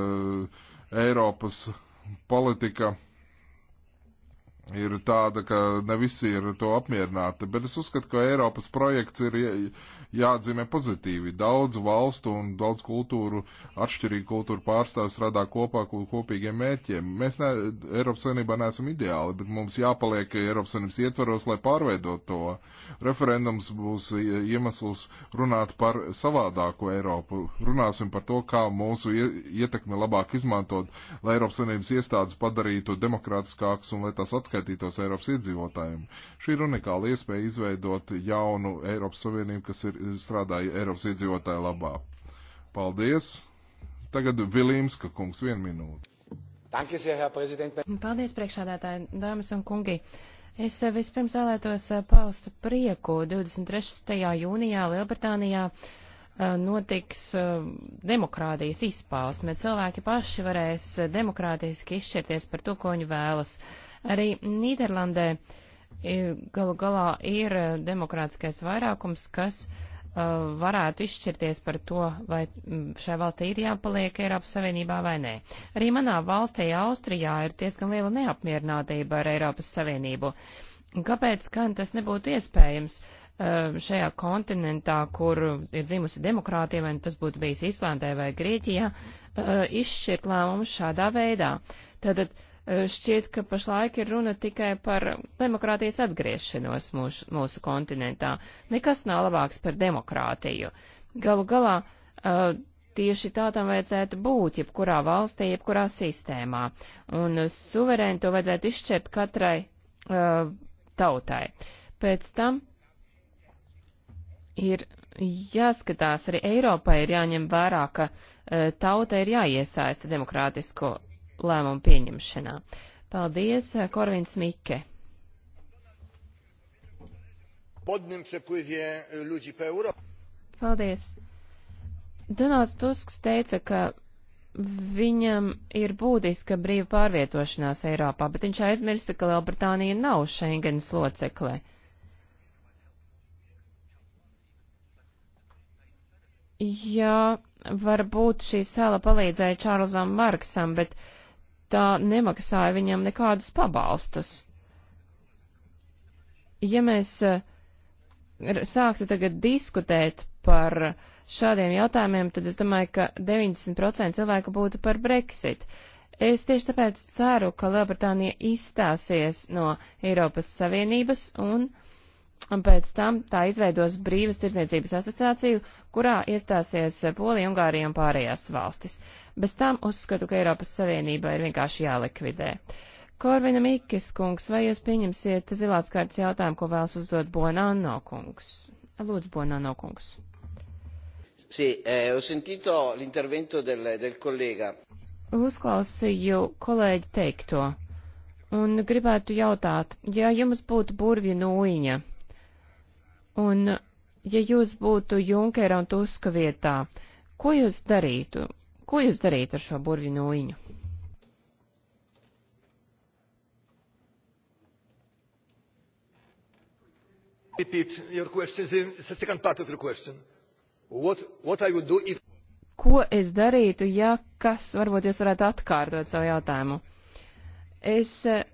Eiropas politika ir tāda, ka ne visi ir to apmierināti, bet es uzskatu, ka Eiropas projekts ir jāatzīmē pozitīvi. Daudz valstu un daudz kultūru, atšķirīgi kultūru pārstāvis radā kopā kopīgiem mērķiem. Mēs ne, Eiropas Savienībā neesam ideāli, bet mums jāpaliek Eiropas Savienības ietvaros, lai pārveidot to. Referendums būs iemesls runāt par savādāko Eiropu. Runāsim par to, kā mūsu ietekmi labāk izmantot, lai Eiropas Savienības iestādes padarītu demokrātiskāks un lai tās atskaitās atskaitītos Eiropas iedzīvotājiem. Šī ir unikāla iespēja izveidot jaunu Eiropas Savienību, kas ir strādāja Eiropas iedzīvotāju labā. Paldies! Tagad Vilīmska kungs, vienu minūti. Paldies, priekšādātāji, dāmas un kungi. Es eh, vispirms vēlētos eh, paust prieku 23. jūnijā Lielbritānijā Eh, notiks eh, demokrātijas izpausme. Cilvēki paši varēs eh, demokrātiski izšķirties par to, ko viņi vēlas. Arī Nīderlandē galu galā ir demokrātiskais vairākums, kas varētu izšķirties par to, vai mm, šai valstī ir jāpaliek Eiropas Savienībā vai nē. Arī manā valstī Austrijā ir diezgan liela neapmierinātība ar Eiropas Savienību. Kāpēc gan tas nebūtu iespējams? Uh, Ehm, šajā kontinentā, kur ir dzimusi demokrātija, vai nu tas būtu bijis Islandē vai Grieķijā, ehm, izšķirt lēmumus šādā veidā. Tātad ehm, šķiet, ka pašlaik ir runa tikai par demokrātijas atgriešanos mūsu, mūsu kontinentā. Nekas nav labāks par demokrātiju. Galu galā tieši tā tam vajadzētu būt, jebkurā valstī, jebkurā sistēmā. Un suverēni to vajadzētu izšķirt katrai uh, tautai. Pēc tam ir jāskatās, arī Eiropai ir jāņem vērā, ka e, tauta ir jāiesaista demokrātisko lēmumu pieņemšanā. Paldies, e, Korvins Mikke. E, Paldies. Donalds Tusks teica, ka viņam ir būtiska brīva pārvietošanās Eiropā, bet viņš aizmirsta, ka Lielbritānija nav Schengens locekle. Jā, varbūt šī sala palīdzēja Čārlzam Marksam, bet tā nemaksāja viņam nekādus pabalstus. Ja mēs eh, sāktu tagad diskutēt par šādiem jautājumiem, tad es domāju, ka 90% cilvēku būtu par Brexit. Es tieši tāpēc ceru, ka Lielbritānija izstāsies no Eiropas Savienības un uh, un pēc tam tā izveidos brīvas tirdzniecības asociāciju, kurā iestāsies Polija, Ungārija un pārējās valstis. Bez tam uzskatu, ka Eiropas Savienība ir vienkārši jālikvidē. Korvina Mikis kungs, vai jūs pieņemsiet zilās kārtas jautājumu, ko vēlas uzdot Bonanno kungs? Lūdzu, Bonanno kungs. Sì, eh, ho sentito l'intervento del, del collega. Uzklausīju kolēģi teikto un gribētu jautāt, ja jums būtu burvju nūjiņa, Un, ja jūs būtu Junkera un Tuska vietā, ko jūs darītu? Ko jūs darītu ar šo burvju nūjiņu? Repeat your question, the second part of your question. What, what I would do if... Ko es darītu, ja kas, varbūt jūs varētu atkārtot savu jautājumu? Es eh,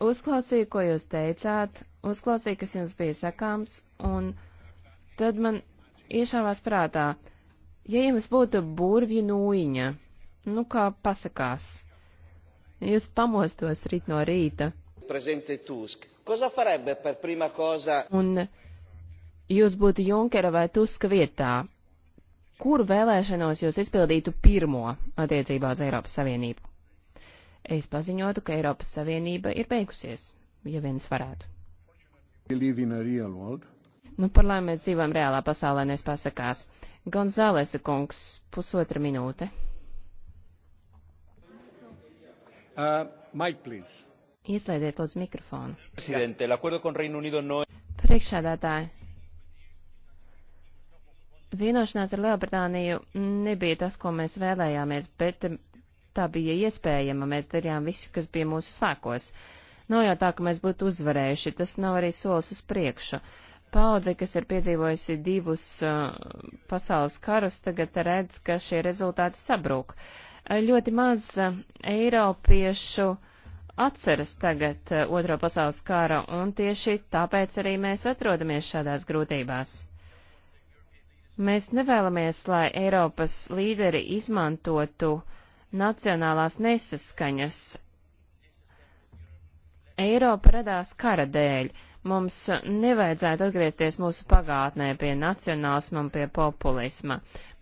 uzklausīju, ko jūs teicāt, uzklausīju, kas jums bija sakāms, un tad man iešāvās prātā, ja jums būtu burvju nūjiņa, nu kā pasakās, jūs pamostos rīt no rīta. Un jūs būtu Junkera vai Tuska vietā, kuru vēlēšanos jūs izpildītu pirmo attiecībā uz Eiropas Savienību? Es paziņotu, ka Eiropas Savienība ir beigusies, ja viens varētu. Nu, par lai mēs dzīvojam reālā pasaulē, nevis pasakās. Gonzālesa kungs, pusotra minūte. Uh, Mike, please. Ieslēdziet, lūdzu, mikrofonu. No... Priekšsēdētāji, vienošanās ar Lielbritāniju nebija tas, ko mēs vēlējāmies, bet tā bija iespējama. Mēs darījām visu, kas bija mūsu spēkos. Uh, Nav jau tā, ka mēs būtu uzvarējuši, tas nav arī solis uz priekšu. Paudze, kas ir piedzīvojusi divus uh, pasaules karus, tagad redz, ka šie rezultāti sabrūk. Uh, ļoti maz uh, eiropiešu atceras tagad uh, otro pasaules kara, un tieši tāpēc arī mēs atrodamies šādās grūtībās. Mēs nevēlamies, lai Eiropas līderi izmantotu nacionālās nesaskaņas, Eiropa radās kara dēļ. Mums nevajadzētu atgriezties mūsu pagātnē pie nacionālisma un pie populisma.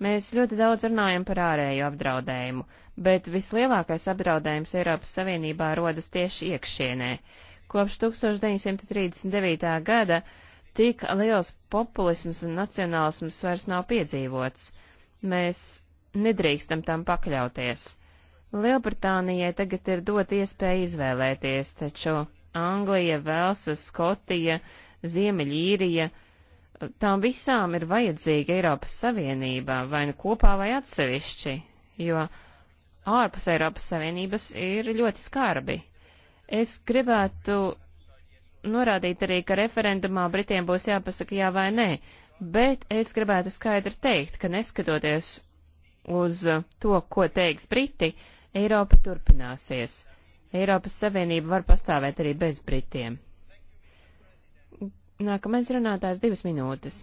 Mēs ļoti daudz runājam par ārēju apdraudējumu, bet vislielākais apdraudējums Eiropas Savienībā rodas tieši iekšienē. Kopš 1939. gada tik liels populisms un nacionālisms vairs nav piedzīvots. Mēs nedrīkstam tam pakļauties. Lielbritānijai tagad ir dot iespēja izvēlēties, taču Anglija, Velsa, Skotija, Ziemeļīrija, tām visām ir vajadzīga Eiropas Savienība, vai nu kopā vai atsevišķi, jo ārpus Eiropas Savienības ir ļoti skarbi. Es gribētu norādīt arī, ka referendumā Britiem būs jāpasaka jā vai nē, bet es gribētu skaidri teikt, ka neskatoties uz to, ko teiks Briti, Eiropa turpināsies. Eiropas Savienība var pastāvēt arī bez Britiem. Nākamais runātājs divas minūtes.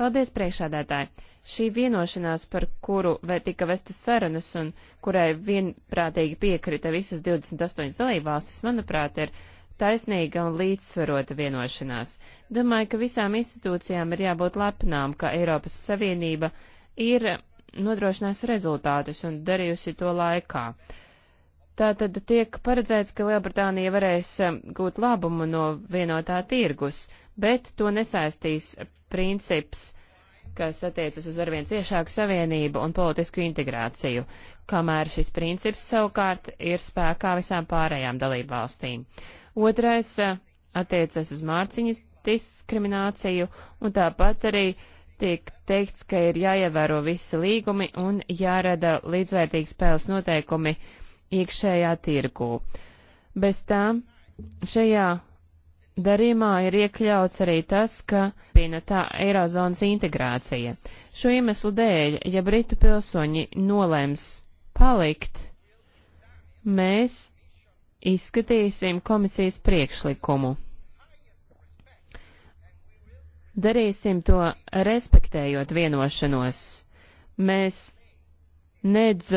Paldies, priekšādētāji! Šī vienošanās, par kuru vē tika vestas sarunas un kurai vienprātīgi piekrita visas 28 dalībvalstis, manuprāt, ir taisnīga un līdzsvarota vienošanās. Domāju, ka visām institūcijām ir jābūt lepnām, ka Eiropas Savienība ir nodrošinās rezultātus un darījusi to laikā. Tātad tiek paredzēts, ka Lielbritānija varēs um, gūt labumu no vienotā tirgus, bet to nesaistīs princips, kas attiecas uz arvien ciešāku savienību un politisku integrāciju, kamēr šis princips savukārt ir spēkā visām pārējām dalību valstīm. Otrais uh, attiecas uz mārciņas diskrimināciju un tāpat arī uh, tiek teikts, ka ir jāievēro visi līgumi un jārada līdzvērtīgi spēles noteikumi iekšējā tirgū. Bez tām šajā darījumā ir iekļauts arī tas, ka piena tā Eirozonas integrācija. Šo iemeslu dēļ, ja Britu pilsoņi nolems palikt, mēs izskatīsim komisijas priekšlikumu. Darīsim to respektējot vienošanos. Mēs nedz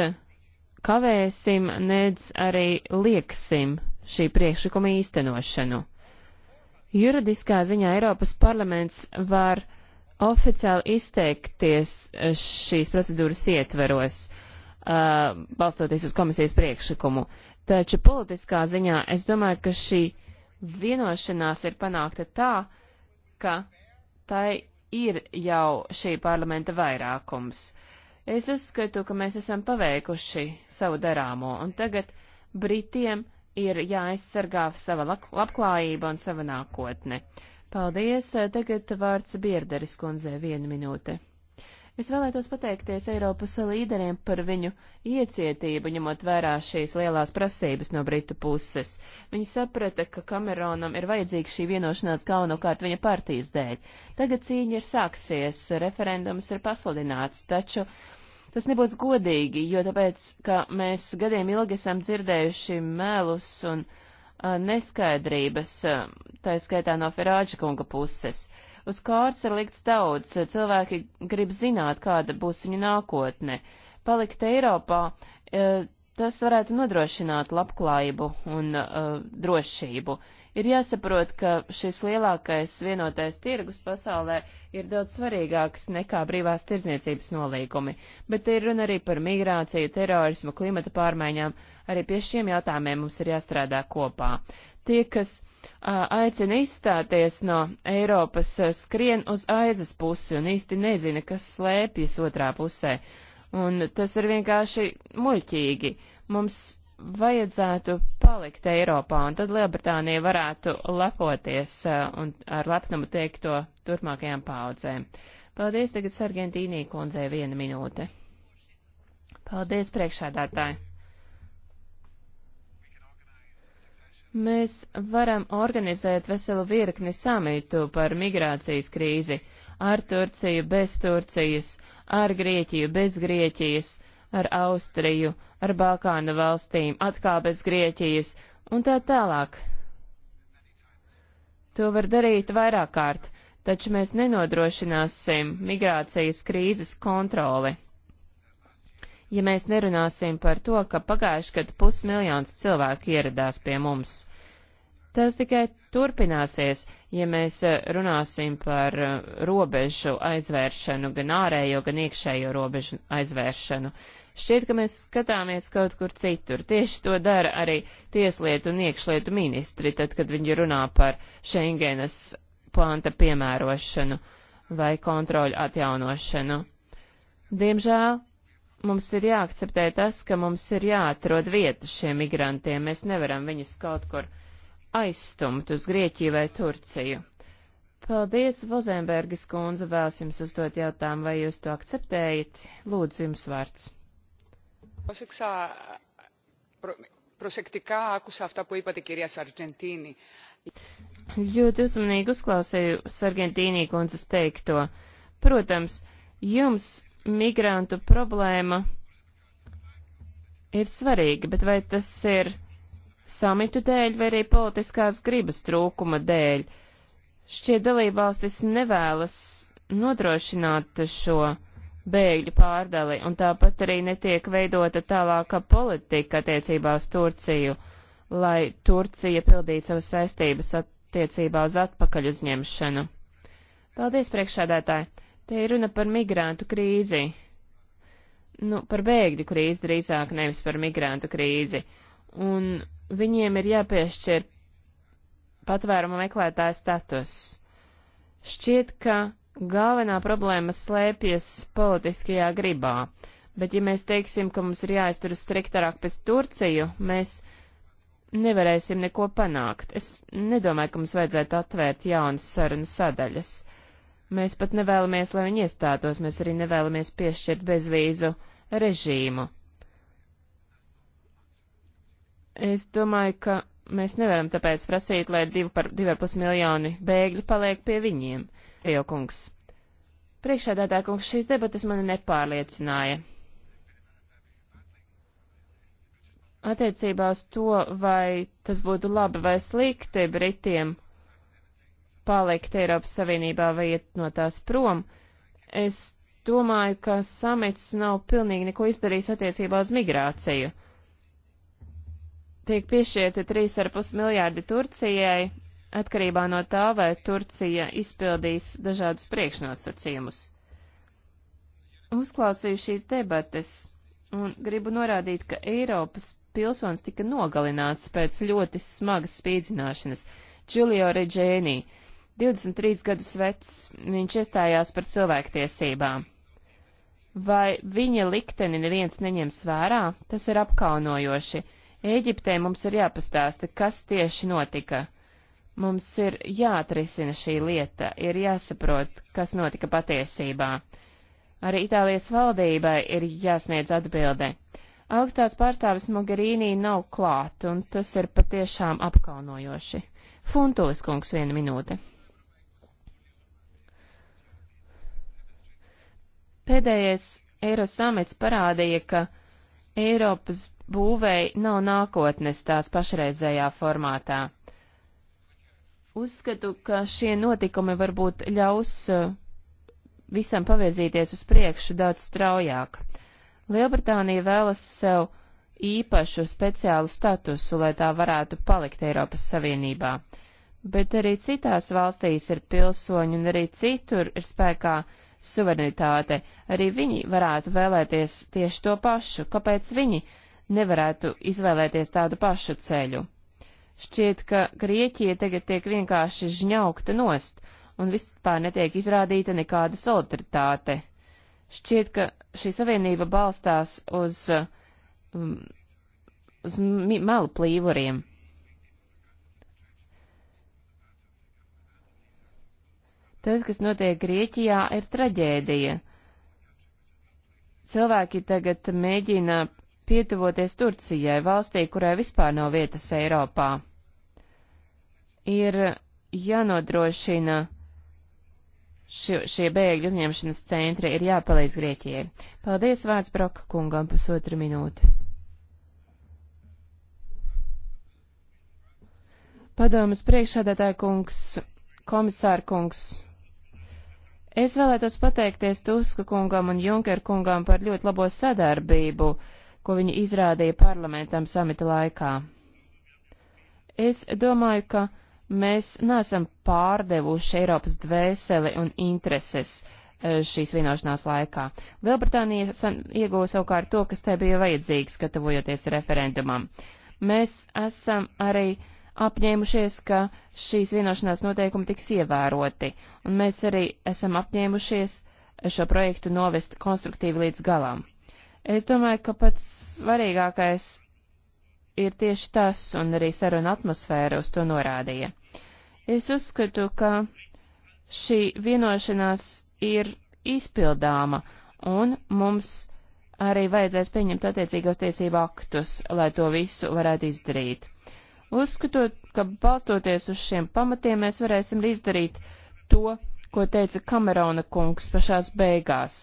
kavēsim, nedz arī lieksim šī priekšlikuma īstenošanu. Juridiskā ziņā Eiropas parlaments var oficiāli izteikties šīs procedūras ietveros, uh, balstoties uz komisijas priekšlikumu. Taču politiskā ziņā es domāju, ka šī vienošanās ir panākta tā, ka tai ir jau šī parlamenta vairākums. Es uzskatu, ka mēs esam paveikuši savu darāmo, un tagad Britiem ir jāaizsargā sava labklājība un sava nākotne. Paldies, tagad vārds Bierderis kundzē viena minūte. Es vēlētos pateikties Eiropas līderiem par viņu iecietību, ņemot vērā šīs lielās prasības no Britu puses. Viņi saprata, ka Kameronam ir vajadzīga šī vienošanās galvenokārt viņa partijas dēļ. Tagad cīņa ir sāksies, referendums ir pasludināts, taču. Tas nebūs godīgi, jo tāpēc, ka mēs gadiem ilgi esam dzirdējuši mēlus un uh, neskaidrības, tā skaitā no Ferāģa kunga puses. Uh, Uz kārtas ir likts daudz, cilvēki grib zināt, kāda būs viņu nākotne. Palikt Eiropā, e, tas varētu nodrošināt labklājību un uh, drošību. Ir jāsaprot, ka šis lielākais vienotais tirgus pasaulē ir daudz svarīgāks nekā brīvās tirdzniecības nolīgumi, bet ir runa arī par migrāciju, terorismu, klimata pārmaiņām Arī pie šiem jautājumiem mums ir jāstrādā kopā. Tie, kas aicina izstāties no Eiropas, skrien uz aizas pusi un īsti nezina, kas slēpjas otrā pusē. Un tas ir vienkārši muļķīgi. Mums vajadzētu palikt Eiropā, un tad Lielbritānija varētu lepoties un ar lepnumu teikt to turpmākajām paudzēm. Paldies tagad Sargentīnī kundzei viena minūte. Paldies priekšādātāji. Mēs varam organizēt veselu virkni samītu par migrācijas krīzi ar Turciju bez Turcijas, ar Grieķiju bez Grieķijas, ar Austriju, ar Balkānu valstīm, atkal bez Grieķijas un tā tālāk. To var darīt vairāk kārt, taču mēs nenodrošināsim migrācijas krīzes kontroli ja mēs nerunāsim par to, ka pagājuši gadu pusmiljons cilvēku ieradās pie mums. Tas tikai turpināsies, ja mēs eh, runāsim par eh, robežu aizvēršanu, gan ārējo, gan iekšējo robežu aizvēršanu. Šķiet, ka mēs skatāmies kaut kur citur. Tieši to dara arī tieslietu un iekšlietu ministri, tad, kad viņi runā par Schengenas planta piemērošanu vai kontroļu atjaunošanu. Diemžēl mums ir jāakceptē tas, ka mums ir jāatrod vieta šiem migrantiem. Mēs nevaram viņus kaut kur aizstumt uz Grieķiju vai Turciju. Paldies, Vozembergis kundze, vēlas jums uzdot jautājumu, vai jūs to akceptējat? Lūdzu, jums vārds. Ļoti uzmanīgi uzklausīju Sargentīnī kundzes teikto. Protams, jums migrantu problēma ir svarīga, bet vai tas ir samitu dēļ vai arī politiskās gribas trūkuma dēļ? Šķiet dalībvalstis nevēlas nodrošināt šo bēgļu pārdali, un tāpat arī netiek veidota tālāka politika attiecībā uz Turciju, lai Turcija pildītu savas saistības attiecībā uz atpakaļ uzņemšanu. Paldies, priekšsēdētāji! Te ir runa par migrantu krīzi. Nu, par bēgļu krīzi drīzāk, nevis par migrantu krīzi. Un viņiem ir jāpiešķir patvēruma meklētāja status. Šķiet, ka galvenā problēma slēpjas politiskajā gribā, bet ja mēs teiksim, ka mums ir jāizturas striktāk pēc Turciju, mēs nevarēsim neko panākt. Es nedomāju, ka mums vajadzētu atvērt jaunas sarunu sadaļas. Uh, Mēs pat nevēlamies, lai viņi iestātos, mēs arī nevēlamies piešķirt bezvīzu režīmu. Es domāju, ka mēs nevaram tāpēc prasīt, lai 2,5 miljoni bēgļi paliek pie viņiem. Jo kungs, priekšādātā kungs, šīs debatas mani nepārliecināja. Attiecībā uz to, vai tas būtu labi vai slikti Britiem palikt Eiropas Savienībā vai iet no tās prom. Es domāju, ka samits nav pilnīgi neko izdarījis attiecībā uz migrāciju. Tiek piešķirti 3,5 miljārdi Turcijai, atkarībā no tā, vai Turcija izpildīs dažādus priekšnosacījumus. Uzklausīju šīs debates un gribu norādīt, ka Eiropas pilsonis tika nogalināts pēc ļoti smagas spīdzināšanas. Giulio Reģēnī, 23 gadus vecs viņš iestājās par cilvēktiesībām. Vai viņa likteni neviens neņems vērā? Tas ir apkaunojoši. Ēģiptē mums ir jāpastāsta, kas tieši notika. Mums ir jāatrisina šī lieta, ir jāsaprot, kas notika patiesībā. Arī Itālijas valdībai ir jāsniedz atbilde. Augstās pārstāvis Mogherīnī nav klāt, un tas ir patiešām apkaunojoši. Funtulis kungs viena minūte. Pēdējais Eiro samits parādīja, ka Eiropas būvēi nav nākotnes tās pašreizējā formātā. Uzskatu, ka šie notikumi varbūt ļaus uh, visam pavirzīties uz priekšu daudz straujāk. Lielbritānija vēlas sev īpašu speciālu statusu, lai tā varētu palikt Eiropas Savienībā, bet arī citās valstīs ir pilsoņi un arī citur ir spēkā suverenitāte, arī viņi varētu vēlēties tieši to pašu, kāpēc viņi nevarētu izvēlēties tādu pašu ceļu. Šķiet, ka Grieķija tagad tiek vienkārši žņaukta nost, un vispār netiek izrādīta nekāda solidaritāte. Šķiet, ka šī savienība balstās uz, um, uz melu plīvuriem. Tas, kas notiek Grieķijā, ir traģēdija. Cilvēki tagad mēģina pietuvoties Turcijai, valstī, kurai vispār nav vietas Eiropā. Ir jānodrošina ši, šie bēgļu uzņemšanas centri, ir jāpalīdz Grieķijai. Paldies vārds Broka kungam pusotra minūte. Padomas priekšsēdētāja kungs, komisāra kungs, Es vēlētos pateikties Tuska kungam un Junker kungam par ļoti labo sadarbību, ko viņi izrādīja parlamentam samita laikā. Es domāju, ka mēs neesam pārdevuši Eiropas dvēseli un intereses e, šīs vienošanās laikā. Lielbritānija ieguva savukārt to, kas tai bija vajadzīgs, gatavojoties referendumam. Mēs esam arī uh, apņēmušies, ka šīs vienošanās noteikumi tiks ievēroti, un mēs arī esam apņēmušies šo projektu novest konstruktīvi līdz galam. Es domāju, ka pats svarīgākais ir tieši tas, un arī saruna atmosfēra uz to norādīja. Es uzskatu, ka šī vienošanās ir izpildāma, un mums arī vajadzēs pieņemt attiecīgos tiesību aktus, lai to visu varētu izdarīt. Uzskatot, ka balstoties uz šiem pamatiem mēs varēsim izdarīt to, ko teica Kamerona kungs pašās beigās.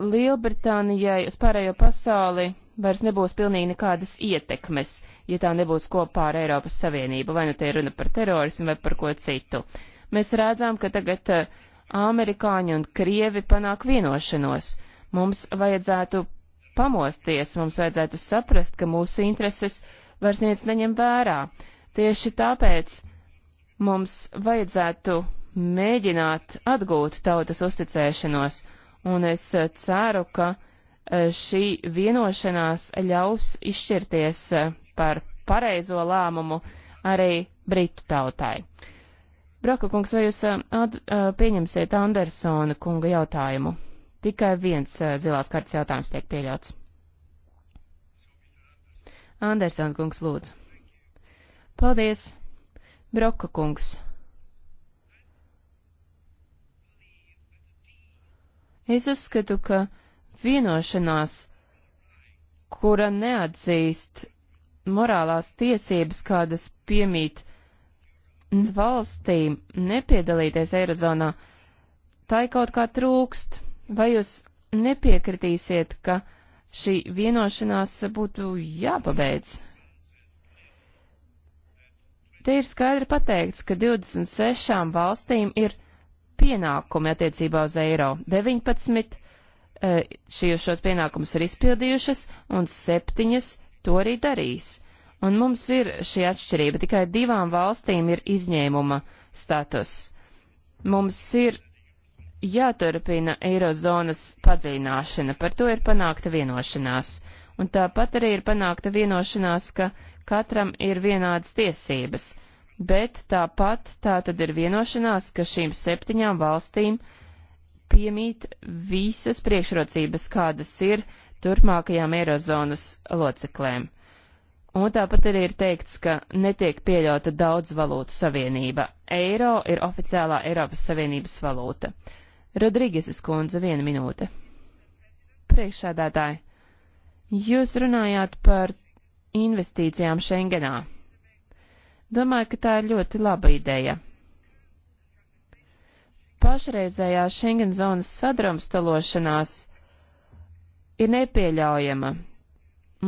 Lielbritānijai uz pārējo pasauli vairs nebūs pilnīgi nekādas ietekmes, ja tā nebūs kopā ar Eiropas Savienību, vai nu te ir runa par terorismu vai par ko citu. Mēs redzam, ka tagad eh, amerikāņi un krievi panāk vienošanos. Mums vajadzētu pamosties, mums vajadzētu saprast, ka mūsu intereses vairs neviens neņem vērā. Tieši tāpēc mums vajadzētu mēģināt atgūt tautas uzticēšanos, un es eh, ceru, ka eh, šī vienošanās ļaus izšķirties eh, par pareizo lēmumu arī Britu tautai. Broka kungs, vai jūs at, pieņemsiet Andersona kunga jautājumu? Tikai viens eh, zilās kartas jautājums tiek pieļauts. Andersona kungs lūdzu. Paldies, Broka kungs. Es uzskatu, ka vienošanās, kura neatzīst morālās tiesības, kādas piemīt valstīm nepiedalīties Eirozonā, tai kaut kā trūkst. Vai jūs nepiekritīsiet, ka šī vienošanās būtu jāpabeidz? Te ir skaidri pateikts, ka 26 valstīm ir pienākumi attiecībā uz eiro. 19 eh, šī šos pienākumus ir izpildījušas, un 7 to arī darīs. Un mums ir šī atšķirība, tikai divām valstīm ir izņēmuma status. Mums ir jāturpina eirozonas padziļināšana, par to ir panākta vienošanās. Un tāpat arī ir panākta vienošanās, ka katram ir vienādas tiesības, bet tāpat tā tad ir vienošanās, ka šīm septiņām valstīm piemīt visas priekšrocības, kādas ir turpmākajām eirozonas loceklēm. Un tāpat arī ir teikts, ka netiek pieļauta daudz valūtu savienība. Eiro ir oficiālā Eiropas Savienības valūta. Rodrīgeses kundze, viena minūte. Priekšsēdētāji, jūs runājāt par investīcijām Schengenā. Domāju, ka tā ir ļoti laba ideja. Pašreizējā Schengen zonas sadrumstalošanās ir nepieļaujama.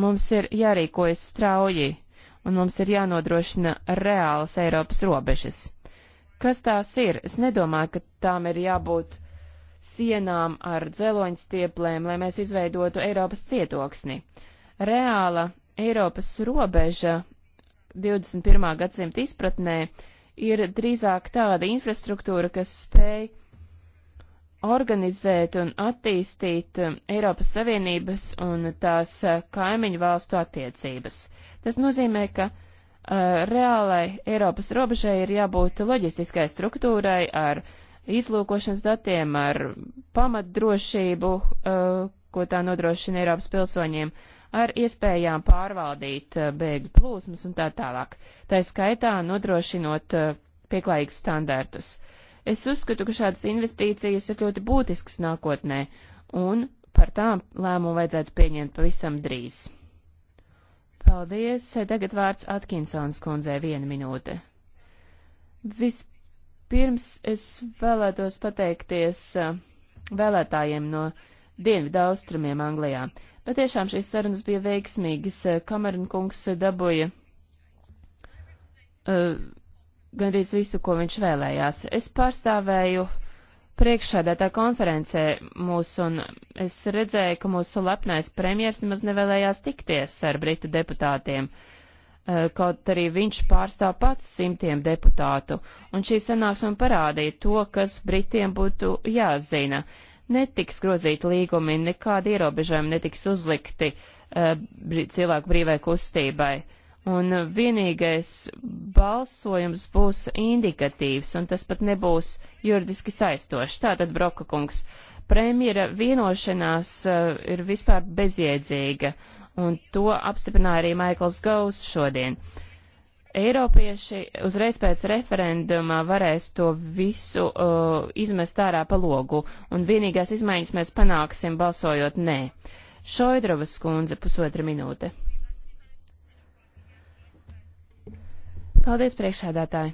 Mums ir jārīkojas strauji, un mums ir jānodrošina reālas Eiropas robežas. Kas tās ir? Es nedomāju, ka tām ir jābūt sienām ar dzeloņstieplēm, lai mēs izveidotu Eiropas cietoksni. Reāla Eiropas robeža 21. gadsimta izpratnē ir drīzāk tāda infrastruktūra, kas spēj organizēt un attīstīt Eiropas Savienības un tās kaimiņu valstu attiecības. Tas nozīmē, ka uh, reālai Eiropas robežai ir jābūt loģistiskai struktūrai ar uh, izlūkošanas datiem, ar pamatdrošību, uh, ko tā nodrošina Eiropas pilsoņiem, ar iespējām pārvaldīt uh, bēgļu plūsmas un tā tālāk. Tā skaitā nodrošinot uh, pieklājīgus standartus. Es uzskatu, ka šādas investīcijas ir ļoti būtiskas nākotnē, un par tām lēmumu vajadzētu pieņemt pavisam drīz. Paldies! Tagad vārds Atkinsons kundzei viena minūte. Vispār Pirms es vēlētos pateikties vēlētājiem no dienvidu austrumiem Anglijā. Patiešām šīs sarunas bija veiksmīgas. Kamerun kungs dabūja uh, gandrīz visu, ko viņš vēlējās. Es pārstāvēju priekšsādētā konferencē mūs, un es redzēju, ka mūsu lepnais premjers nemaz nevēlējās tikties ar britu deputātiem. Uh, Eh, kaut arī viņš pārstāv pats simtiem deputātu, un šī sanāksme parādīja to, kas Britiem būtu jāzina. Netiks grozīti līgumi, nekādi ierobežojumi netiks uzlikti uh, cilvēku brīvai kustībai. Un vienīgais balsojums būs indikatīvs, un tas pat nebūs juridiski saistošs. Tātad, Broka kungs, premjera vienošanās uh, ir vispār bezjēdzīga, un to apstiprināja arī Maikls Gaus šodien. Eiropieši uzreiz pēc referenduma varēs to visu uh, izmest ārā pa logu, un vienīgās izmaiņas mēs panāksim balsojot nē. Šoidrovas skundze pusotra minūte. Paldies, priekšsēdētāji.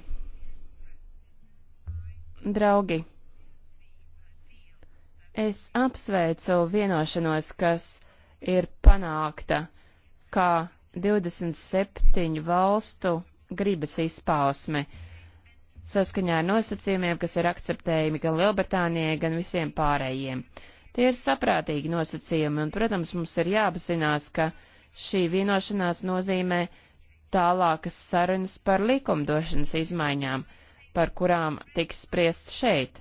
Draugi, es apsveicu vienošanos, kas ir panākta kā 27 valstu gribas izpausme saskaņā ar nosacījumiem, kas ir akceptējami gan Lielbritānijai, gan visiem pārējiem. Tie ir saprātīgi nosacījumi, un, protams, mums ir jāapzinās, ka šī vienošanās nozīmē tālākas sarunas par likumdošanas izmaiņām, par kurām tiks spriest šeit.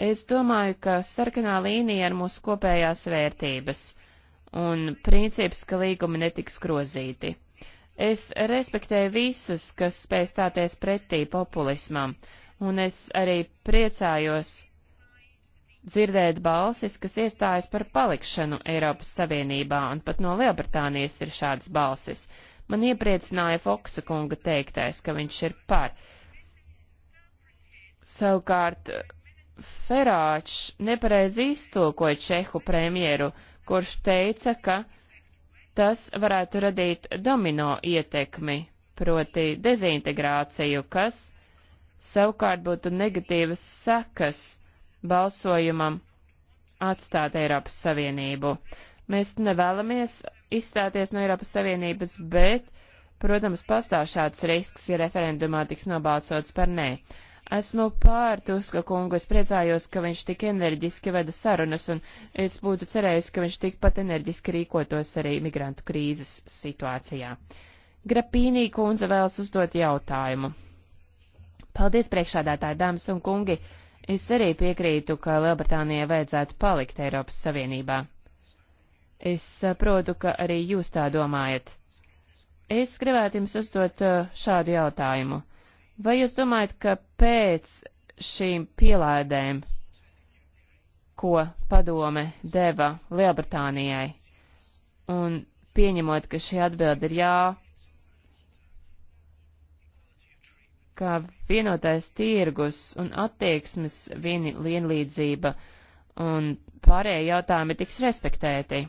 Es domāju, ka sarkanā līnija ir mūsu kopējās vērtības un princips, ka līgumi netiks grozīti. Es respektēju visus, kas spēj stāties pretī populismam, un es arī priecājos dzirdēt balsis, kas iestājas par palikšanu Eiropas Savienībā, un pat no Lielbritānijas ir šādas balsis. Man iepriecināja Foksa kunga teiktais, ka viņš ir par. Savukārt, Ferāčs nepareizi iztulkoja Čehu premjeru, uh, kurš teica, ka tas varētu radīt domino ietekmi, proti dezintegrāciju, kas savukārt būtu negatīvas sekas balsojumam atstāt Eiropas Savienību. Mēs nevēlamies izstāties no Eiropas Savienības, bet, protams, pastāv šāds risks, ja referendumā tiks nobalsots par nē. Esmu pār Tuska kungu, es priecājos, ka viņš tik enerģiski veda sarunas, un es būtu cerējis, ka viņš tikpat enerģiski rīkotos arī migrantu krīzes situācijā. Grapīnī kundze vēlas uzdot jautājumu. Paldies priekšādātāji, dāmas un kungi! Es arī piekrītu, ka Lielbritānijai vajadzētu palikt Eiropas Savienībā. Es saprotu, ka arī jūs tā domājat. Es gribētu jums uzdot uh, šādu jautājumu. Vai jūs domājat, ka pēc šīm pielaidēm, ko padome deva Lielbritānijai, un pieņemot, ka šī atbilde ir jā, kā vienotais tirgus un attieksmes vien, vienlīdzība un pārējie jautājumi tiks respektēti.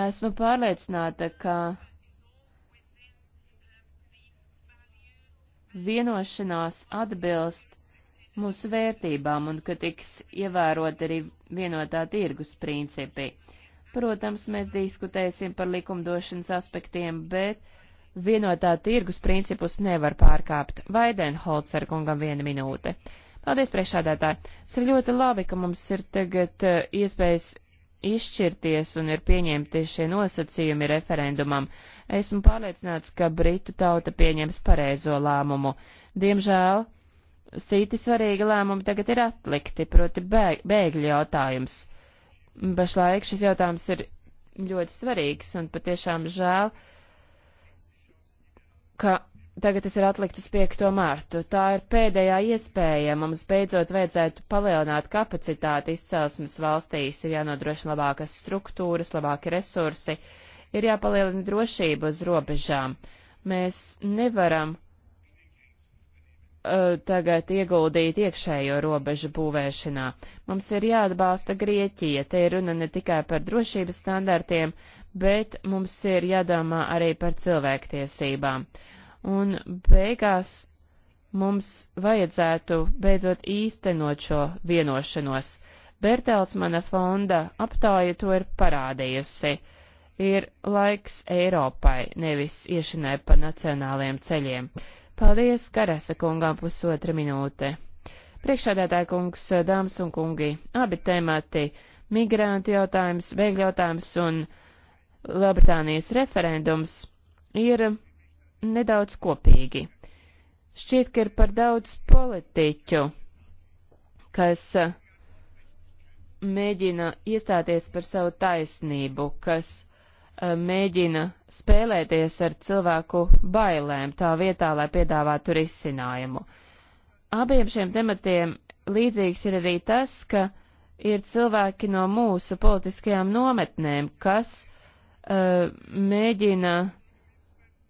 Esmu pārliecināta, ka vienošanās atbilst mūsu vērtībām un ka tiks ievērot arī vienotā tirgus principi. Protams, mēs diskutēsim par likumdošanas aspektiem, bet vienotā tirgus principus nevar pārkāpt. Vaidenholcer kungam viena minūte. Paldies, priekšādātāji! Tas ir ļoti labi, ka mums ir tagad eh, iespējas izšķirties un ir pieņemti šie nosacījumi referendumam, esmu pārliecināts, ka Britu tauta pieņems pareizo lēmumu. Diemžēl sīti svarīgi lēmumi tagad ir atlikti, proti bēg, bēgļu jautājums. Pašlaik šis jautājums ir ļoti svarīgs un patiešām žēl, ka tagad tas ir atlikts uz 5. mārtu. Tā ir pēdējā iespēja. Mums beidzot vajadzētu palielināt kapacitāti izcelsmes valstīs, ir jānodrošina labākas struktūras, labāki resursi, ir jāpalielina drošība uz robežām. Mēs nevaram uh, tagad ieguldīt iekšējo robežu būvēšanā. Mums ir jāatbalsta Grieķija, te ir runa ne tikai par drošības standartiem, bet mums ir jādomā arī par cilvēktiesībām. Uh, un beigās mums vajadzētu beidzot īstenot šo vienošanos. Bertelsmana fonda aptāja to ir parādījusi. Ir laiks Eiropai, nevis iešanai pa nacionāliem ceļiem. Paldies, Karasa kungām pusotra minūte. Priekšādātāja kungs, dāmas un kungi, abi temati - migrantu jautājums, bēgļu jautājums un Lielbritānijas referendums - ir nedaudz kopīgi. Šķiet, ka ir par daudz politiķu, kas eh, mēģina iestāties par savu taisnību, kas eh, mēģina spēlēties ar cilvēku bailēm tā vietā, lai piedāvātu risinājumu. Abiem šiem tematiem līdzīgs ir arī tas, ka ir cilvēki no mūsu politiskajām nometnēm, kas uh, mēģina uh,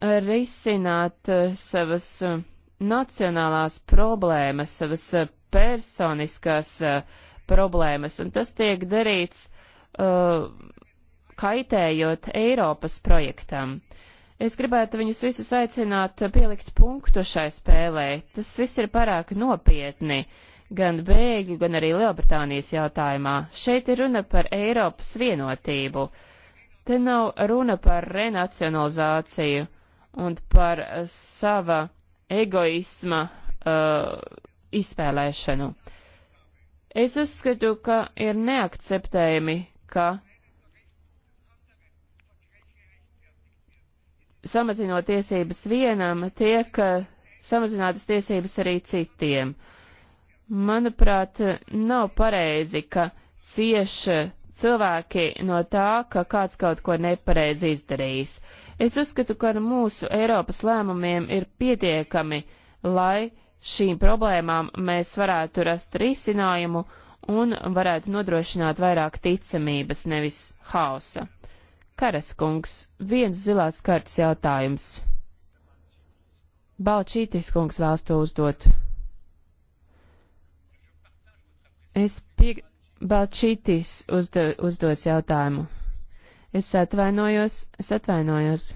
risināt eh, savas eh, nacionālās problēmas, savas eh, personiskās problēmas, un tas tiek darīts uh, kaitējot Eiropas projektam. Es gribētu viņus visus aicināt pielikt punktu šai spēlē. Tas viss ir pārāk nopietni, gan bēgļu, gan arī Lielbritānijas jautājumā. Šeit ir runa par Eiropas vienotību. Te nav runa par renacionalizāciju un par sava egoisma uh, izspēlēšanu. Es uzskatu, ka ir neakceptējami, ka samazinot tiesības vienam, tiek uh, samazinātas tiesības arī citiem. Manuprāt, nav pareizi, ka cieši cilvēki no tā, ka kāds kaut ko nepareizi izdarījis. Uh, Es uzskatu, ka ar mūsu Eiropas lēmumiem ir pietiekami, lai šīm problēmām mēs varētu rast risinājumu un varētu nodrošināt vairāk ticamības, nevis hausa. Karaskungs, viens zilās kartas jautājums. Balčītis kungs vēlas to uzdot. Es pie... Balčītis uzdo, uzdos jautājumu. Es atvainojos, es atvainojos.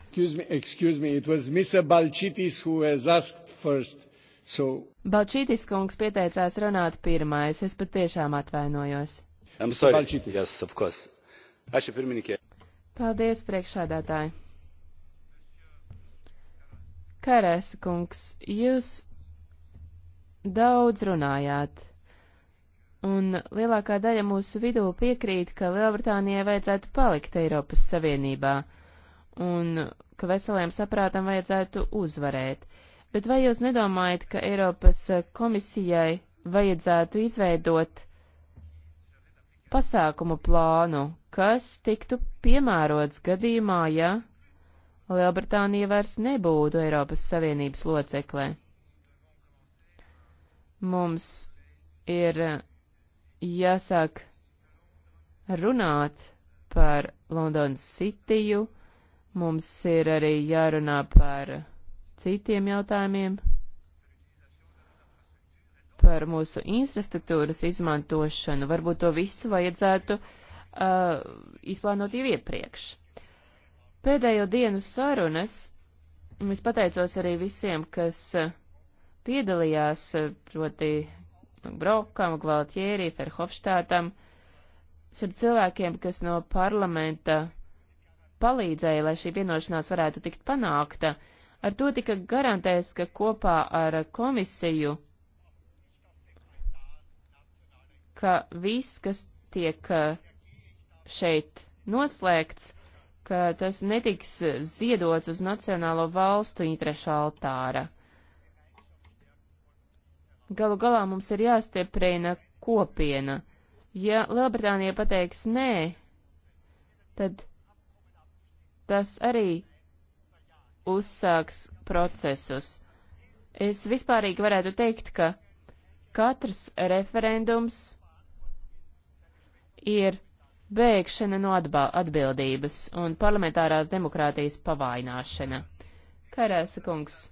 Excuse me, excuse me, it was Mr. Balčitis who has asked first, so. Balčitis kungs pieteicās runāt pirmais, es patiešām atvainojos. I'm sorry, Balčitis. Yes, of course. Ačiū pirmininkė. Paldies, priekšādātāji. Karas kungs, jūs daudz runājāt un lielākā daļa mūsu vidū piekrīt, ka Lielbritānijai vajadzētu palikt Eiropas Savienībā, un ka veseliem saprātam vajadzētu uzvarēt. Bet vai jūs nedomājat, ka Eiropas komisijai vajadzētu izveidot pasākumu plānu, kas tiktu piemērots gadījumā, ja Lielbritānija vairs nebūtu Eiropas Savienības loceklē? Mums ir jāsāk runāt par Londonas Cityju, mums ir arī jārunā par citiem jautājumiem, par mūsu infrastruktūras izmantošanu. Varbūt to visu vajadzētu uh, izplānot jau iepriekš. Pēdējo dienu sarunas es pateicos arī visiem, kas uh, piedalījās, uh, proti Brokam, Gvaltjērī, Ferhofštātam, šiem cilvēkiem, kas no parlamenta palīdzēja, lai šī vienošanās varētu tikt panākta, ar to tika garantēts, ka kopā ar komisiju, ka viss, kas tiek eh, šeit noslēgts, ka tas netiks ziedots uz nacionālo valstu interešu altāra. Galu galā mums ir jāstieprina kopiena. Ja Lielbritānija pateiks nē, tad tas arī uzsāks procesus. Es vispārīgi varētu teikt, ka katrs referendums ir bēgšana no atbildības un parlamentārās demokrātijas pavaināšana. Karēsa kungs.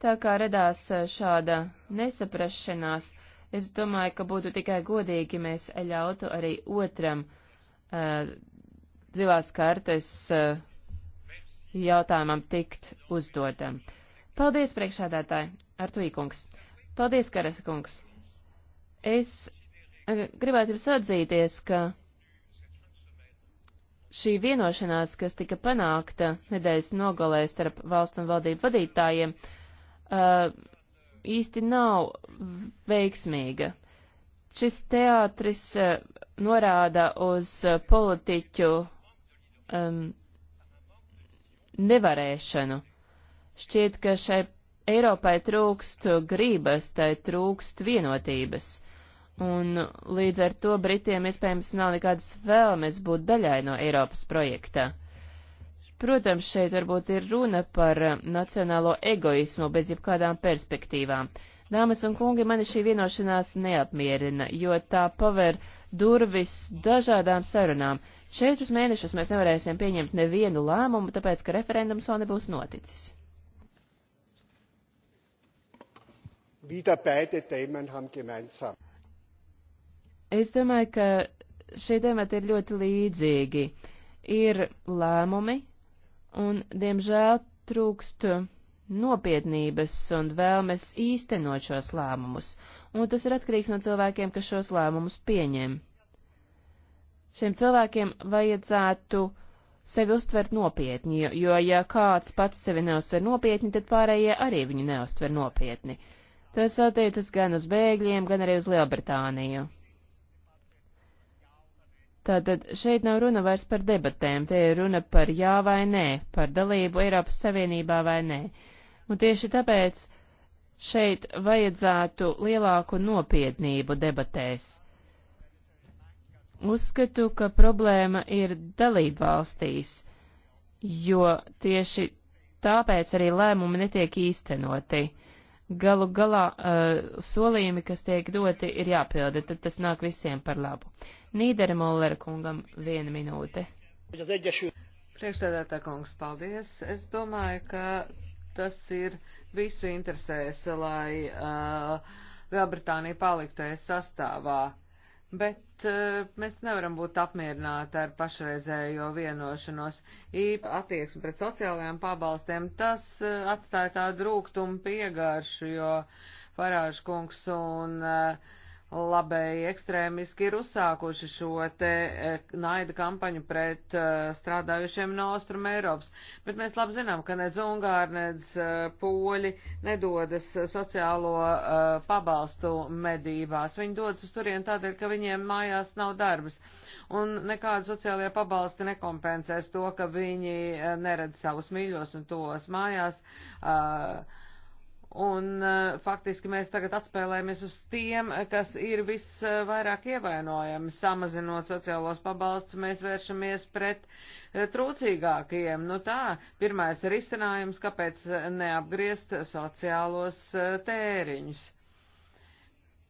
Tā kā redās eh, šāda nesaprašanās, es domāju, ka būtu tikai godīgi mēs ļautu arī otram uh, zilās kartes uh, jautājumam tikt uzdotam. Paldies, priekšādātāji, Artuīkungs. Paldies, Karasakungs. Es uh, gribētu jums atzīties, ka šī vienošanās, kas tika panākta nedēļas nogalē starp valstu un valdību vadītājiem, uh, uh, īsti nav veiksmīga. Šis teātris uh, norāda uz uh, politiķu um, nevarēšanu. Šķiet, ka šai Eiropai trūkst grības, tai trūkst vienotības, un līdz ar to Britiem iespējams nav nekādas vēlmes būt daļai no Eiropas projekta. Uh, Protams, šeit varbūt ir runa par eh, nacionālo egoismu bez jebkādām perspektīvām. Dāmas un kungi, mani šī vienošanās neapmierina, jo tā paver durvis dažādām sarunām. Četrus mēnešus mēs nevarēsim pieņemt nevienu lēmumu, tāpēc, ka referendums vēl nebūs noticis. wieder beide Themen haben gemeinsam. Es domāju, ka šie temati ir ļoti līdzīgi. Ir lēmumi, un, diemžēl, trūkst nopietnības un vēlmes īstenot šos lēmumus, un tas ir atkarīgs no cilvēkiem, kas šos lēmumus pieņem. Šiem cilvēkiem vajadzētu sevi uztvert nopietni, jo, ja kāds pats sevi neuztver nopietni, tad pārējie arī viņu neuztver nopietni. Tas attiecas gan uz bēgļiem, gan arī uz Lielbritāniju. Tātad šeit nav runa vairs par debatēm, te ir runa par jā vai nē, par dalību Eiropas Savienībā vai nē. Un tieši tāpēc šeit vajadzētu lielāku nopietnību debatēs. Uzskatu, ka problēma ir dalību valstīs, jo tieši tāpēc arī lēmumi netiek īstenoti galu galā uh, solījumi, kas tiek doti, ir jāpilda, tad tas nāk visiem par labu. Nīdera Mollera kungam viena minūte. Priekšsēdētā kungs, paldies. Es domāju, ka tas ir visu interesēs, lai uh, Lielbritānija paliktu es sastāvā. Bet uh, mēs nevaram būt apmierināti ar pašreizējo vienošanos. Īpa attieksme pret sociālajām pabalstiem, tas uh, atstāja tādu rūgtumu piegaršu, jo Farāžu kungs un uh, labēji ekstrēmiski ir uzsākuši šo te eh, naida kampaņu pret eh, strādājušiem no Austrum Eiropas. Bet mēs labi zinām, ka nedz Ungāri, nedz eh, Poļi nedodas sociālo pabalstu medībās. Viņi dodas uz turien tādēļ, ka viņiem mājās nav darbs. Un nekāda sociālajā pabalsti nekompensēs to, ka viņi neredz savus mīļos un tos mājās. Uh, Un eh, faktiski mēs tagad atspēlējamies uz tiem, kas ir visvairāk ievainojami. Samazinot sociālos pabalstus, mēs vēršamies pret eh, trūcīgākajiem. Nu tā, pirmais risinājums, kāpēc neapgriezt sociālos eh, tēriņus.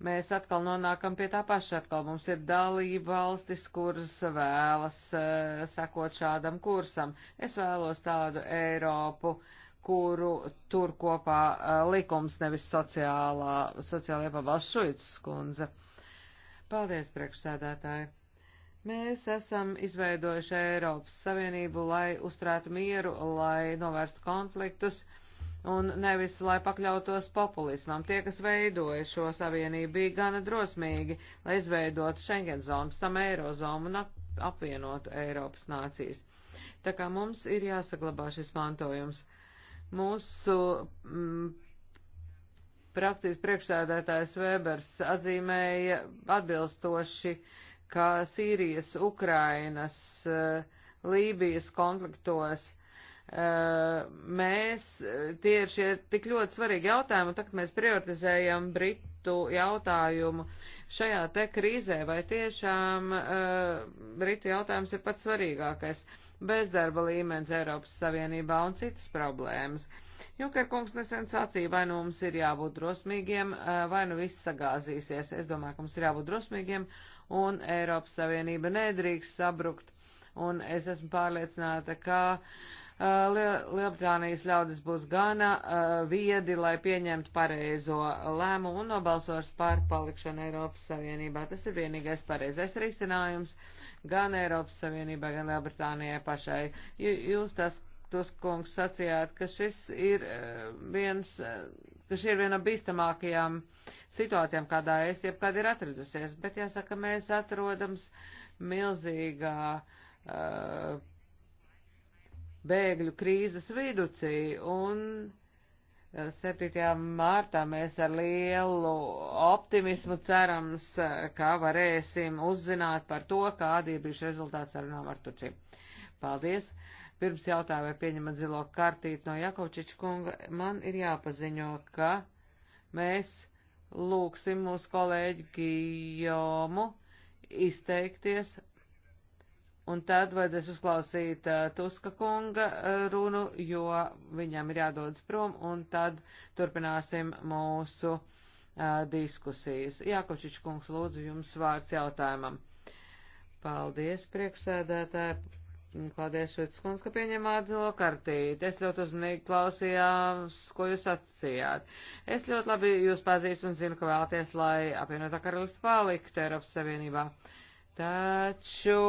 Mēs atkal nonākam pie tā paša, atkal mums ir dalība valstis, kuras vēlas sekot šādam kursam. Es vēlos tādu Eiropu. Uh, kuru tur kopā likums, nevis sociālā, sociālajā pavalšuits skundze. Paldies, priekšsēdētāji! Mēs esam izveidojuši Eiropas Savienību, lai uzturētu mieru, lai novērstu konfliktus un nevis, lai pakļautos populismam. Tie, kas veidoja šo savienību, bija gana drosmīgi, lai izveidotu Schengen zonu, tam Eirozonu un apvienotu Eiropas nācijas. Tā kā mums ir jāsaglabā šis mantojums. Mūsu mm, frakcijas priekšsēdētājs Vēbers atzīmēja atbilstoši, ka Sīrijas, Ukrainas, eh, Lībijas konfliktos eh, mēs, eh, tie ir šie tik ļoti svarīgi jautājumi, un tagad mēs prioritizējam Britu jautājumu šajā te krīzē, vai tiešām Britu jautājums ir pats svarīgākais bezdarba līmenis Eiropas Savienībā un citas problēmas. Junker kungs nesen sacīja, vai nu mums ir jābūt drosmīgiem, vai nu viss sagāzīsies. Es domāju, ka mums ir jābūt drosmīgiem, un Eiropas Savienība nedrīkst sabrukt. Un es esmu pārliecināta, ka Lielbritānijas ļaudis būs gana viedi, lai pieņemtu pareizo lēmumu un nobalsos par palikšanu Eiropas Savienībā. Tas ir vienīgais pareizais risinājums. Uh, gan Eiropas Savienībā, gan Lielbritānijai pašai. Jūs tas, tos kungs sacījāt, ka šis ir eh, viens, eh, ka šī ir viena bīstamākajām situācijām, kādā es jebkad ir atradusies, bet jāsaka, mēs atrodams milzīgā uh, bēgļu krīzes viducī un 7. mārtā mēs ar lielu optimismu cerams, ka varēsim uzzināt par to, kādi ir bijuši rezultāti sarunām ar Turciju. Paldies! Pirms jautāju, vai pieņemat zilo kartīti no Jakovčiča kunga, man ir jāpaziņo, ka mēs lūksim mūsu kolēģi Gijomu izteikties Un tad vajadzēs uzklausīt uh, Tuska kunga uh, runu, jo viņam ir jādodas prom, un tad turpināsim mūsu uh, diskusijas. Jākočiņš kungs, lūdzu, jums vārds jautājumam. Paldies, priekšsēdētāji. Paldies, Švickunds, ka pieņemāt zilo kartīti. Es ļoti uzmanīgi klausījās, ko jūs sacījāt. Es ļoti labi jūs pazīstu un zinu, ka vēlaties, lai apvienotā karalista paliktu Eiropas Savienībā. Taču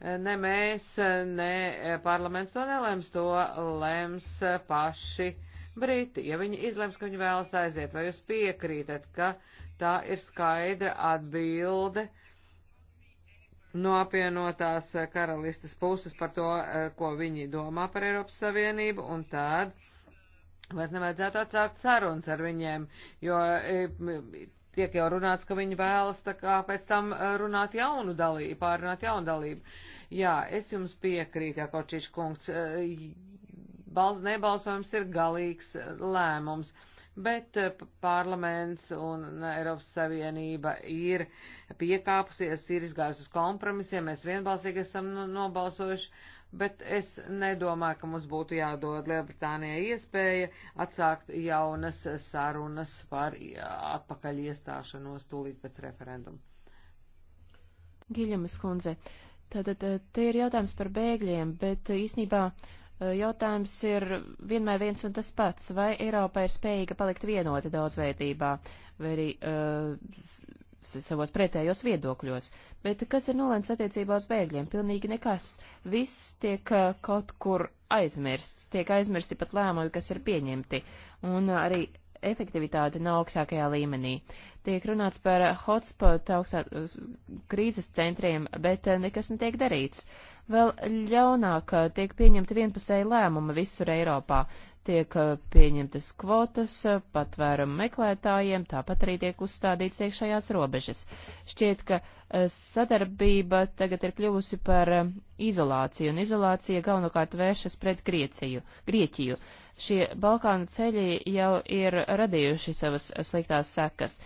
Ne mēs, ne parlaments to nelems, to lems paši Briti. Ja viņi izlems, ka viņi vēlas aiziet, vai jūs piekrītat, ka tā ir skaidra atbilde no apvienotās karalistes puses par to, ko viņi domā par Eiropas Savienību, un tād vairs nevajadzētu atsākt sarunas ar viņiem, jo tiek jau runāts, ka viņi vēlas tā kā pēc tam eh, runāt jaunu dalību, pārrunāt jaunu dalību. Jā, es jums piekrītu, Jakočiš kungs, eh, balz, nebalsojums ir galīgs eh, lēmums, bet parlaments un Eiropas Savienība ir piekāpusies, ir izgājusi uz kompromisiem, mēs vienbalsīgi esam nobalsojuši. No bet es nedomāju, ka mums būtu jādod Lielbritānijai iespēja atsākt jaunas sarunas par atpakaļ iestāšanos tūlīt pēc referendumu. Giļamas kundze, tātad eh, te ir jautājums par bēgļiem, bet īsnībā eh, jautājums ir vienmēr viens un tas pats, vai Eiropa ir spējīga palikt vienota daudzveidībā, vai arī uh, savos pretējos viedokļos. Bet kas ir nolēmts attiecībā uz bēgļiem? Pilnīgi nekas. Viss tiek eh, kaut kur aizmirsts, tiek aizmirsti pat lēmumi, kas ir pieņemti. Un eh, arī efektivitāte nav augstākajā līmenī. Tiek runāts par hotspot augstā krīzes centriem, bet eh, nekas netiek darīts. Vēl ļaunāk tiek pieņemti vienpusēji lēmumi visur Eiropā tiek eh, pieņemtas kvotas eh, patvērumu meklētājiem, tāpat arī tiek uzstādīts iekšējās robežas. Šķiet, ka eh, sadarbība tagad ir kļuvusi par izolāciju, un izolācija galvenokārt vēršas pret Grieciju, Grieķiju. Šie Balkānu ceļi jau ir radījuši savas sliktās sekas.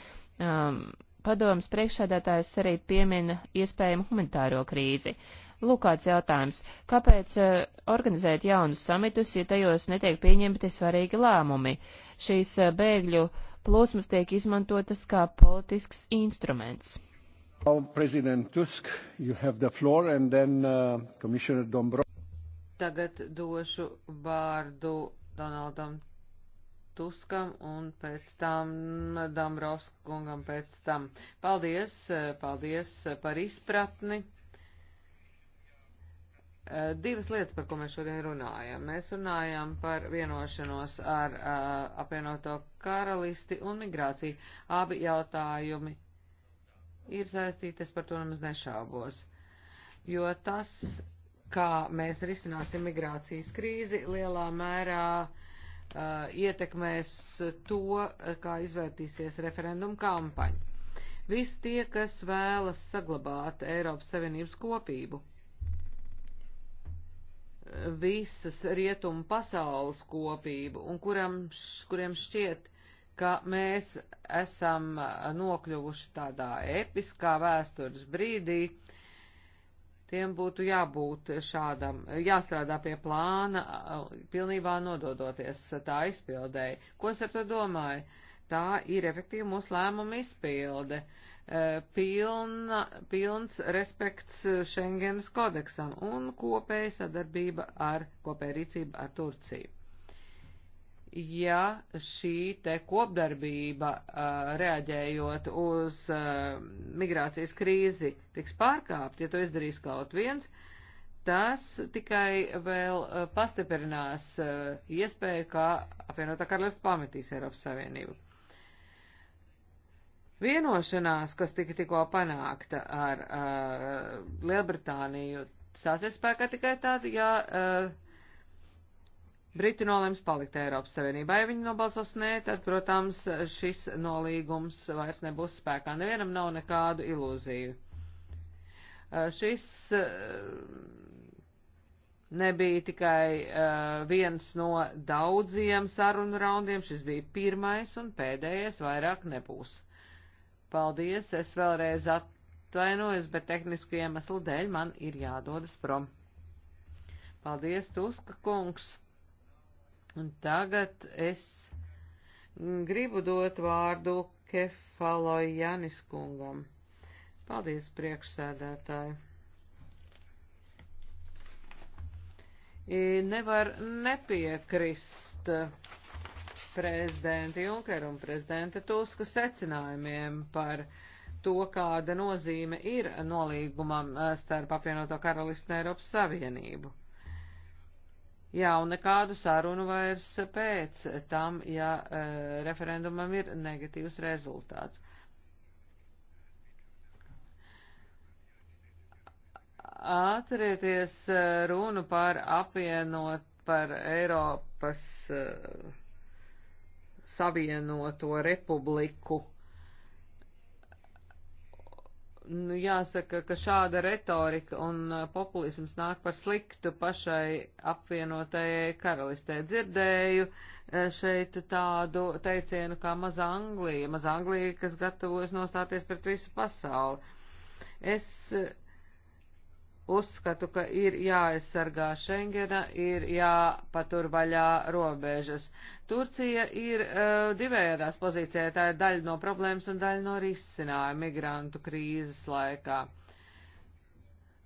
Um, padomas priekšsēdētājs arī piemina iespējamu humanitāro krīzi. Uh, Lūk, kāds jautājums. Kāpēc uh, organizēt jaunus samitus, ja tajos netiek pieņemti svarīgi lēmumi? Šīs uh, bēgļu plūsmas tiek izmantotas kā politisks instruments. Now, President Tusk, you have the floor, and then uh, Commissioner Dombrovskis. Tagad došu vārdu Donaldam Tuskam un pēc tam Dombrovskungam pēc tam. Paldies, eh, paldies par izpratni. Eh, divas lietas, par ko mēs šodien runājam. Mēs runājam par vienošanos ar uh, apvienoto karalisti un migrāciju. Abi jautājumi ir saistītas, par to nemaz nešaubos. Jo tas, kā mēs risināsim migrācijas krīzi, lielā mērā uh, ietekmēs to, kā izvērtīsies referendumu kampaņa. Visi tie, kas vēlas saglabāt Eiropas Savienības kopību visas rietumu pasaules kopību un kuram, kuriem šķiet, ka mēs esam nokļuvuši tādā episkā vēstures brīdī, tiem būtu jābūt šādam, jāstrādā pie plāna, pilnībā nododoties tā izpildēji. Ko es ar to domāju? Tā ir efektīva mūsu lēmuma izpilde. Uh, Eh, pilna, pilns respekts eh, Schengenas kodeksam un kopēja sadarbība ar, kopēja rīcība ar Turciju. Ja šī te kopdarbība, eh, reaģējot uz migrācijas krīzi, tiks pārkāpt, ja to izdarīs kaut viens, tas tikai vēl pastiprinās iespēju, ka apvienotā karalists pametīs Eiropas Savienību. Vienošanās, kas tika tikko panākta ar uh, Lielbritāniju, stāsies spēkā tikai tad, ja uh, Briti nolems palikt Eiropas Savienībā. Ja viņi nobalsos nē, tad, protams, šis nolīgums vairs nebūs spēkā. Nevienam nav nekādu ilūziju. Uh, šis uh, nebija tikai uh, viens no daudziem sarunu raundiem, šis bija pirmais un pēdējais vairāk nebūs. Paldies, es vēlreiz atvainojos, bet tehnisku iemeslu dēļ man ir jādodas prom. Paldies, Tuska kungs. Un tagad es gribu dot vārdu Kefaloj Janis kungam. Paldies, priekšsēdētāji. Nevar nepiekrist prezidenta Junkera un prezidenta Tuska secinājumiem par to, kāda nozīme ir nolīgumam eh, starp apvienoto karalistu un Eiropas Savienību. Jā, un nekādu sarunu vairs pēc tam, ja uh, referendumam ir negatīvs rezultāts. Atcerieties eh, runu par apvienot par Eiropas uh, Savienoto Republiku. Nu, jāsaka, ka šāda retorika un uh, populisms nāk par sliktu pašai apvienotajai karalistē. Dzirdēju uh, šeit tādu teicienu kā maza Anglija, maza Anglija, kas gatavojas nostāties pret visu pasauli. Es uh, uzskatu, ka ir jāaizsargā Schengena, ir jāpatur vaļā robežas. Turcija ir uh, divējādās pozīcijā, tā ir daļa no problēmas un daļa no risinājuma migrantu krīzes laikā.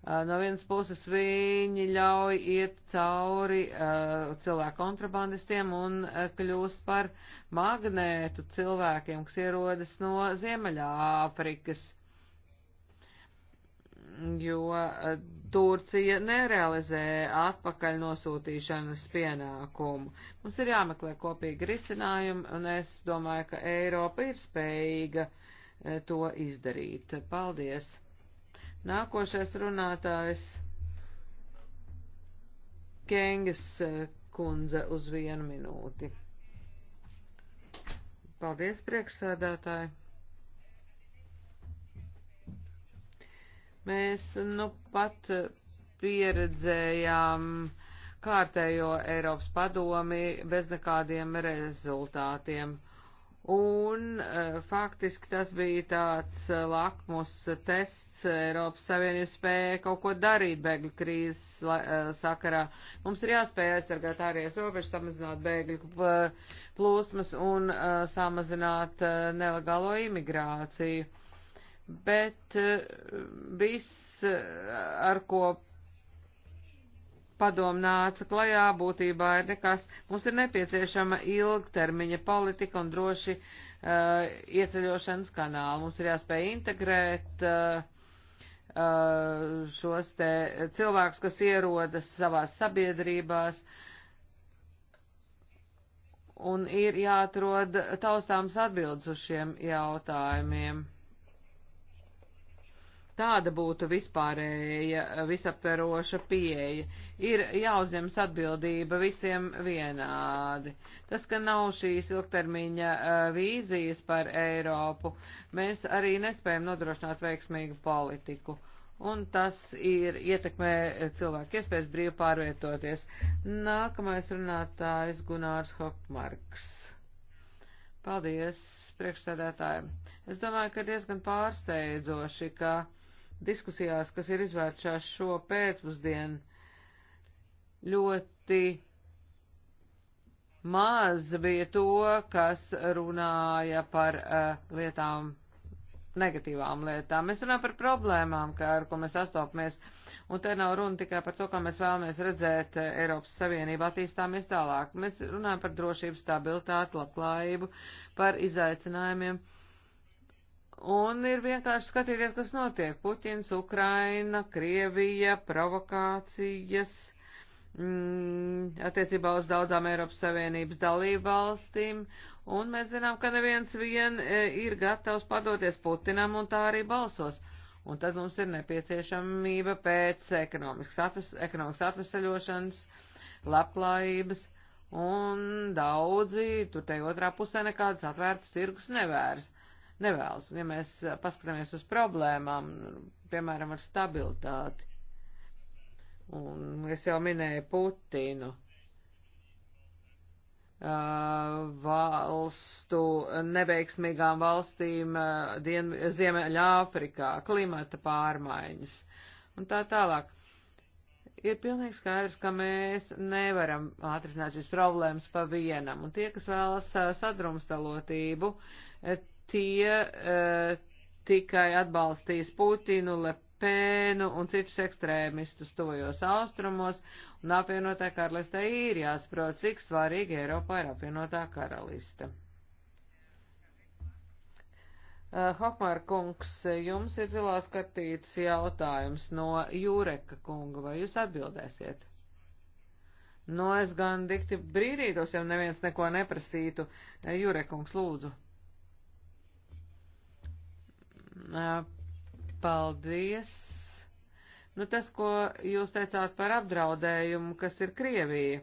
Uh, no vienas puses viņi ļauj iet cauri uh, cilvēku kontrabandistiem un uh, kļūst par magnētu cilvēkiem, kas ierodas no Ziemeļā Āfrikas. Uh, jo eh, Turcija nerealizē atpakaļ nosūtīšanas pienākumu. Mums ir jāmeklē kopīgi risinājumi, un es domāju, ka Eiropa ir spējīga eh, to izdarīt. Paldies! Nākošais runātājs Kengas eh, kundze uz vienu minūti. Paldies, priekšsēdētāji! Mēs nu pat pieredzējām kārtējo Eiropas padomi bez nekādiem rezultātiem. Un e, faktiski tas bija tāds eh, lakmus tests Eiropas Savienības spēja kaut ko darīt bēgļu krīzes la, e, sakarā. Mums ir jāspēj aizsargāt ārējās robežas, samazināt bēgļu plūsmas un e, samazināt nelegālo imigrāciju bet viss, eh, eh, ar ko padomu nāca klajā, būtībā ir nekas. Mums ir nepieciešama ilgtermiņa politika un droši uh, ieceļošanas kanāli. Mums ir jāspēj integrēt uh, uh, šos te cilvēkus, kas ierodas savās sabiedrībās. Un ir jāatrod taustāms atbildes uz šiem jautājumiem. Tāda būtu vispārēja, visaptveroša pieeja. Ir jāuzņems atbildība visiem vienādi. Tas, ka nav šīs ilgtermiņa vīzijas par Eiropu, mēs arī nespējam nodrošināt veiksmīgu politiku. Un tas ir ietekmē cilvēku iespējas brīvi pārvietoties. Nākamais runātājs Gunārs Hokmarks. Paldies, priekšsēdētāji. Es domāju, ka diezgan pārsteidzoši, ka diskusijās, kas ir izvēršās šo pēcpusdienu, ļoti maz bija to, kas runāja par uh, lietām, negatīvām lietām. Mēs runājam par problēmām, kā, ar ko mēs astopamies, un te nav runa tikai par to, kā mēs vēlamies redzēt eh, Eiropas Savienību attīstāmies tālāk. Mēs runājam par drošību, stabilitāti, labklājību, par izaicinājumiem. Uh, Un ir vienkārši skatīties, kas notiek. Puķins, Ukraina, Krievija, provokācijas mm, attiecībā uz daudzām Eiropas Savienības dalību valstīm. Un mēs zinām, ka neviens vien e, ir gatavs padoties Putinam un tā arī balsos. Un tad mums ir nepieciešamība pēc ekonomikas, atves, ekonomikas atvesaļošanas, labklājības un daudzi tur te otrā pusē nekādas atvērtas tirgus nevērs nevēlas. Un, ja mēs paskatāmies uz problēmām, piemēram, ar stabilitāti, un es jau minēju Putinu, valstu, neveiksmīgām valstīm dien, Ziemeļāfrikā, klimata pārmaiņas un tā tālāk. Ir pilnīgi skaidrs, ka mēs nevaram atrisināt šīs problēmas pa vienam, un tie, kas vēlas sadrumstalotību, tie uh, tikai atbalstīs Putinu, Lepēnu un citus ekstrēmistus tojos austrumos, un apvienotā karalistē ir jāsaprot, cik svarīgi Eiropā ir apvienotā karaliste. Uh, eh, Hokmār kungs, jums ir zilās kartītes jautājums no Jūreka kunga, vai jūs atbildēsiet? Nu, no es gan dikti brīdītos, ja neviens neko neprasītu. Eh, Jūrekungs, lūdzu. Paldies. Nu, tas, ko jūs teicāt par apdraudējumu, kas ir Krievija,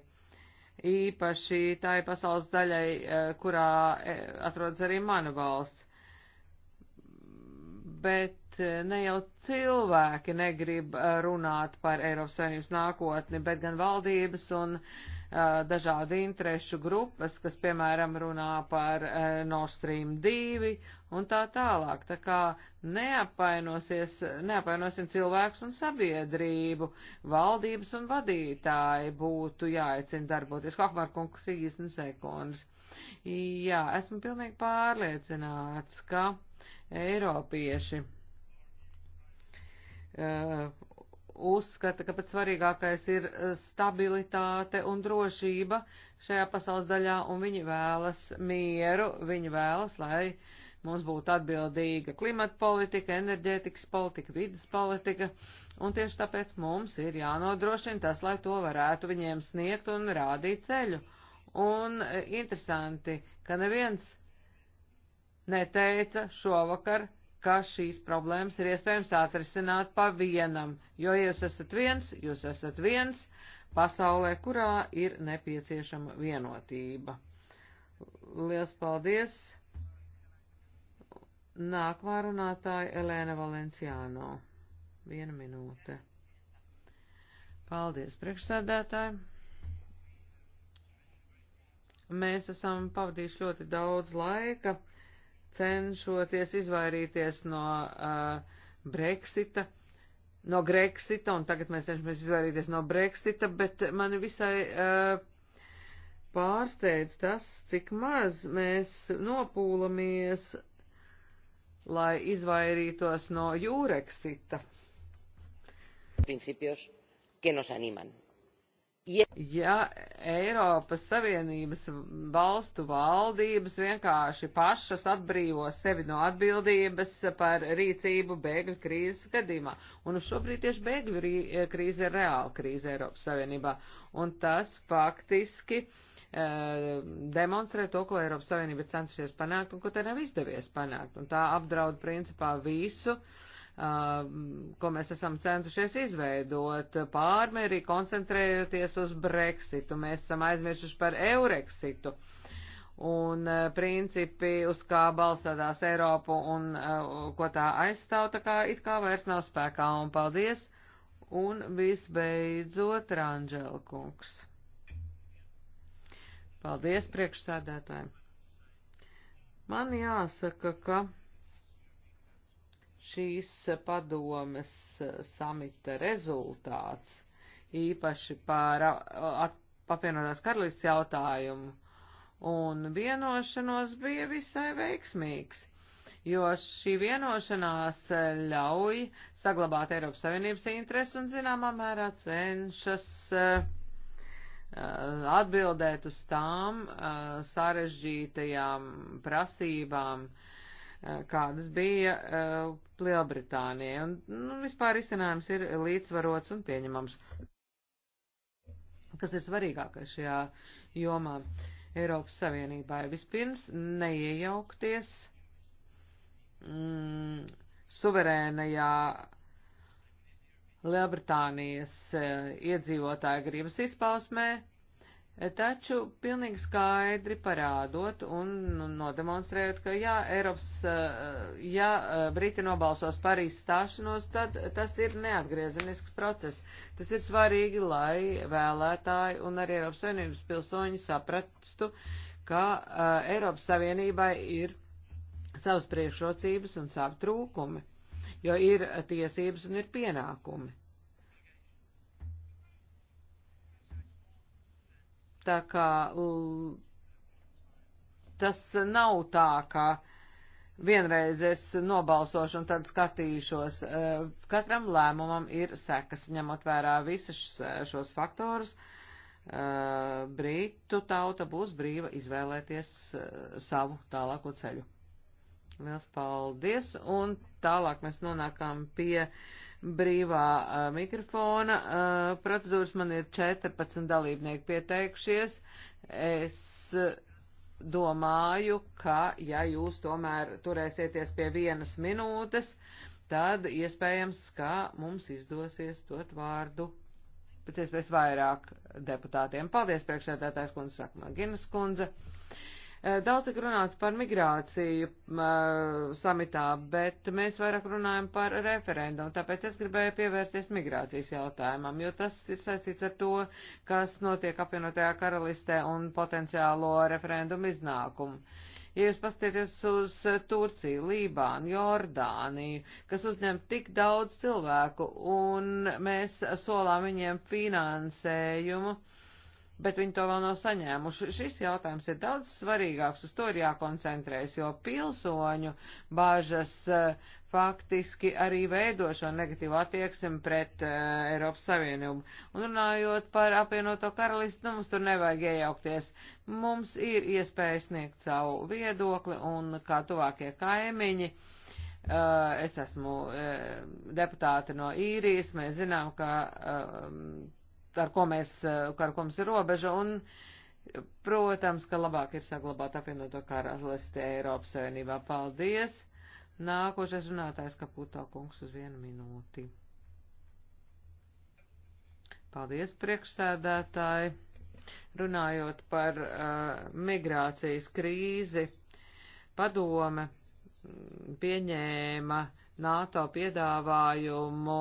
īpaši tai pasaules daļai, kurā atrodas arī mana valsts. Bet ne jau cilvēki negrib runāt par Eiropas Savienības nākotni, bet gan valdības un dažādu interešu grupas, kas, piemēram, runā par Nord Stream 2 un tā tālāk. Tā kā neapvainosies, neapvainosim cilvēkus un sabiedrību, valdības un vadītāji būtu jāaicina darboties. Hohmar kungs 30 sekundes. Jā, esmu pilnīgi pārliecināts, ka Eiropieši uh, uzskata, ka pats svarīgākais ir uh, stabilitāte un drošība šajā pasaules daļā, un viņi vēlas mieru, viņi vēlas, lai uh, Mums būtu atbildīga klimata politika, enerģētikas politika, vidas politika, un tieši tāpēc mums ir jānodrošina tas, lai to varētu viņiem sniegt un rādīt ceļu. Un e, interesanti, ka neviens neteica šovakar, ka šīs problēmas ir iespējams atrisināt pa vienam, jo jūs esat viens, jūs esat viens pasaulē, kurā ir nepieciešama vienotība. Lielas paldies! Nākamā runātāja Elēna Valenciāno. Viena minūte. Paldies, priekšsēdētāji. Mēs esam pavadījuši ļoti daudz laika, cenšoties izvairīties no uh, Brexita, no Grexita, un tagad mēs cenšamies izvairīties no Brexita, bet mani visai uh, pārsteidz tas, cik maz mēs nopūlamies lai izvairītos no jūreksita. Principios, que nos animan. Ja Eiropas Savienības valstu valdības vienkārši pašas atbrīvo sevi no atbildības par rīcību bēgļu krīzes gadījumā, un šobrīd tieši bēgļu krīze ir reāla krīze Eiropas Savienībā, un tas faktiski uh, Eh, demonstrē to, ko Eiropas Savienība centusies panākt un ko te nav izdevies panākt. Un tā apdraud principā visu, eh, ko mēs esam centušies izveidot, pārmērī koncentrējoties uz Brexitu. Mēs esam aizmirsuši par Eureksitu. Un eh, principi, uz kā balstādās Eiropu un ko tā aizstāv, tā kā it kā vairs nav spēkā. Un paldies! Un visbeidzot, Rāņģēlkungs. Paldies priekšsēdētājiem. Man jāsaka, ka šīs padomes samita rezultāts, īpaši par apvienotās karalists jautājumu, un vienošanos bija visai veiksmīgs, jo šī vienošanās ļauj saglabāt Eiropas Savienības interesi un, zināmā mērā, cenšas uh, Uh, atbildēt uz tām uh, sarežģītajām prasībām, uh, kādas bija Lielbritānijai. Un nu, vispār izcinājums ir līdzsvarots un pieņemams. Kas ir svarīgākais šajā jomā Eiropas Savienībā? Vispirms neiejaukties mm, suverēnajā Lielbritānijas eh, iedzīvotāja gribas izpausmē, eh, taču pilnīgi skaidri parādot un nu, nodemonstrējot, ka ja Eiropas, eh, ja Briti nobalsos Parīzes stāšanos, tad tas ir neatgriezenisks process. Tas ir svarīgi, lai vēlētāji un arī Eiropas Savienības pilsoņi saprastu, ka Eiropas Savienībai ir savas priekšrocības un savi trūkumi jo ir tiesības un ir pienākumi. Tā kā tas nav tā, ka vienreiz es nobalsošu un tad skatīšos. E, katram lēmumam ir sekas, ņemot vērā visus e, šos faktorus. E, Brītu tauta būs brīva izvēlēties savu tālāko ceļu. Liels paldies! Un tālāk mēs nonākam pie brīvā uh, mikrofona uh, procedūras. Man ir 14 dalībnieki pieteikušies. Es uh, domāju, ka ja jūs tomēr turēsieties pie vienas minūtes, tad iespējams, ka mums izdosies dot vārdu pēc iespējas vairāk deputātiem. Paldies, priekšsēdētājs kundze, saka Maginas kundze. Uh, Eh, daudz tik runāts par migrāciju eh, samitā, bet mēs vairāk runājam par referendumu, tāpēc es gribēju pievērsties migrācijas jautājumam, jo tas ir saistīts ar to, kas notiek apvienotajā karalistē un potenciālo referendumu iznākumu. Ja jūs paskatieties uz Turciju, Lībānu, Jordāniju, kas uzņem tik daudz cilvēku, un mēs solām viņiem finansējumu, uh, bet viņi to vēl nav saņēmuši. Šis jautājums ir daudz svarīgāks, uz to ir jākoncentrējas, jo pilsoņu bāžas e, faktiski arī veido šo negatīvu attieksmi pret uh, Eiropas Savienību. Un runājot par apvienoto karalisti, nu, mums tur nevajag iejaukties. Mums ir iespēja sniegt savu viedokli un kā tuvākie kaimiņi. Uh, es esmu uh, deputāte no īrijas, mēs zinām, ka uh, ar ko mēs, eh, ar ko mums ir robeža, un, protams, ka labāk ir saglabāt apvienoto karalisti Eiropas Savienībā. Paldies! Nākošais runātājs Kaputā kungs uz vienu minūti. Paldies, priekšsēdētāji! Runājot par uh, migrācijas krīzi, padome pieņēma NATO piedāvājumu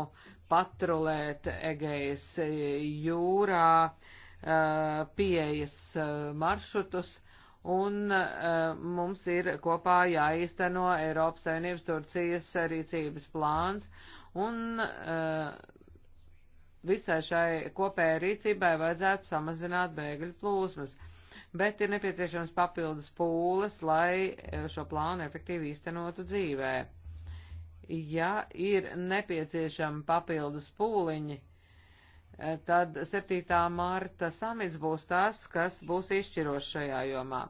patrulēt Egejas jūrā, pieejas maršrutus, un mums ir kopā jāīsteno Eiropas Savienības Turcijas rīcības plāns, un visai šai kopējai rīcībai vajadzētu samazināt bēgļu plūsmas, bet ir nepieciešams papildus pūles, lai šo plānu efektīvi īstenotu dzīvē ja ir nepieciešami papildus pūliņi, eh, tad 7. marta samits būs tas, kas būs izšķirošs šajā jomā.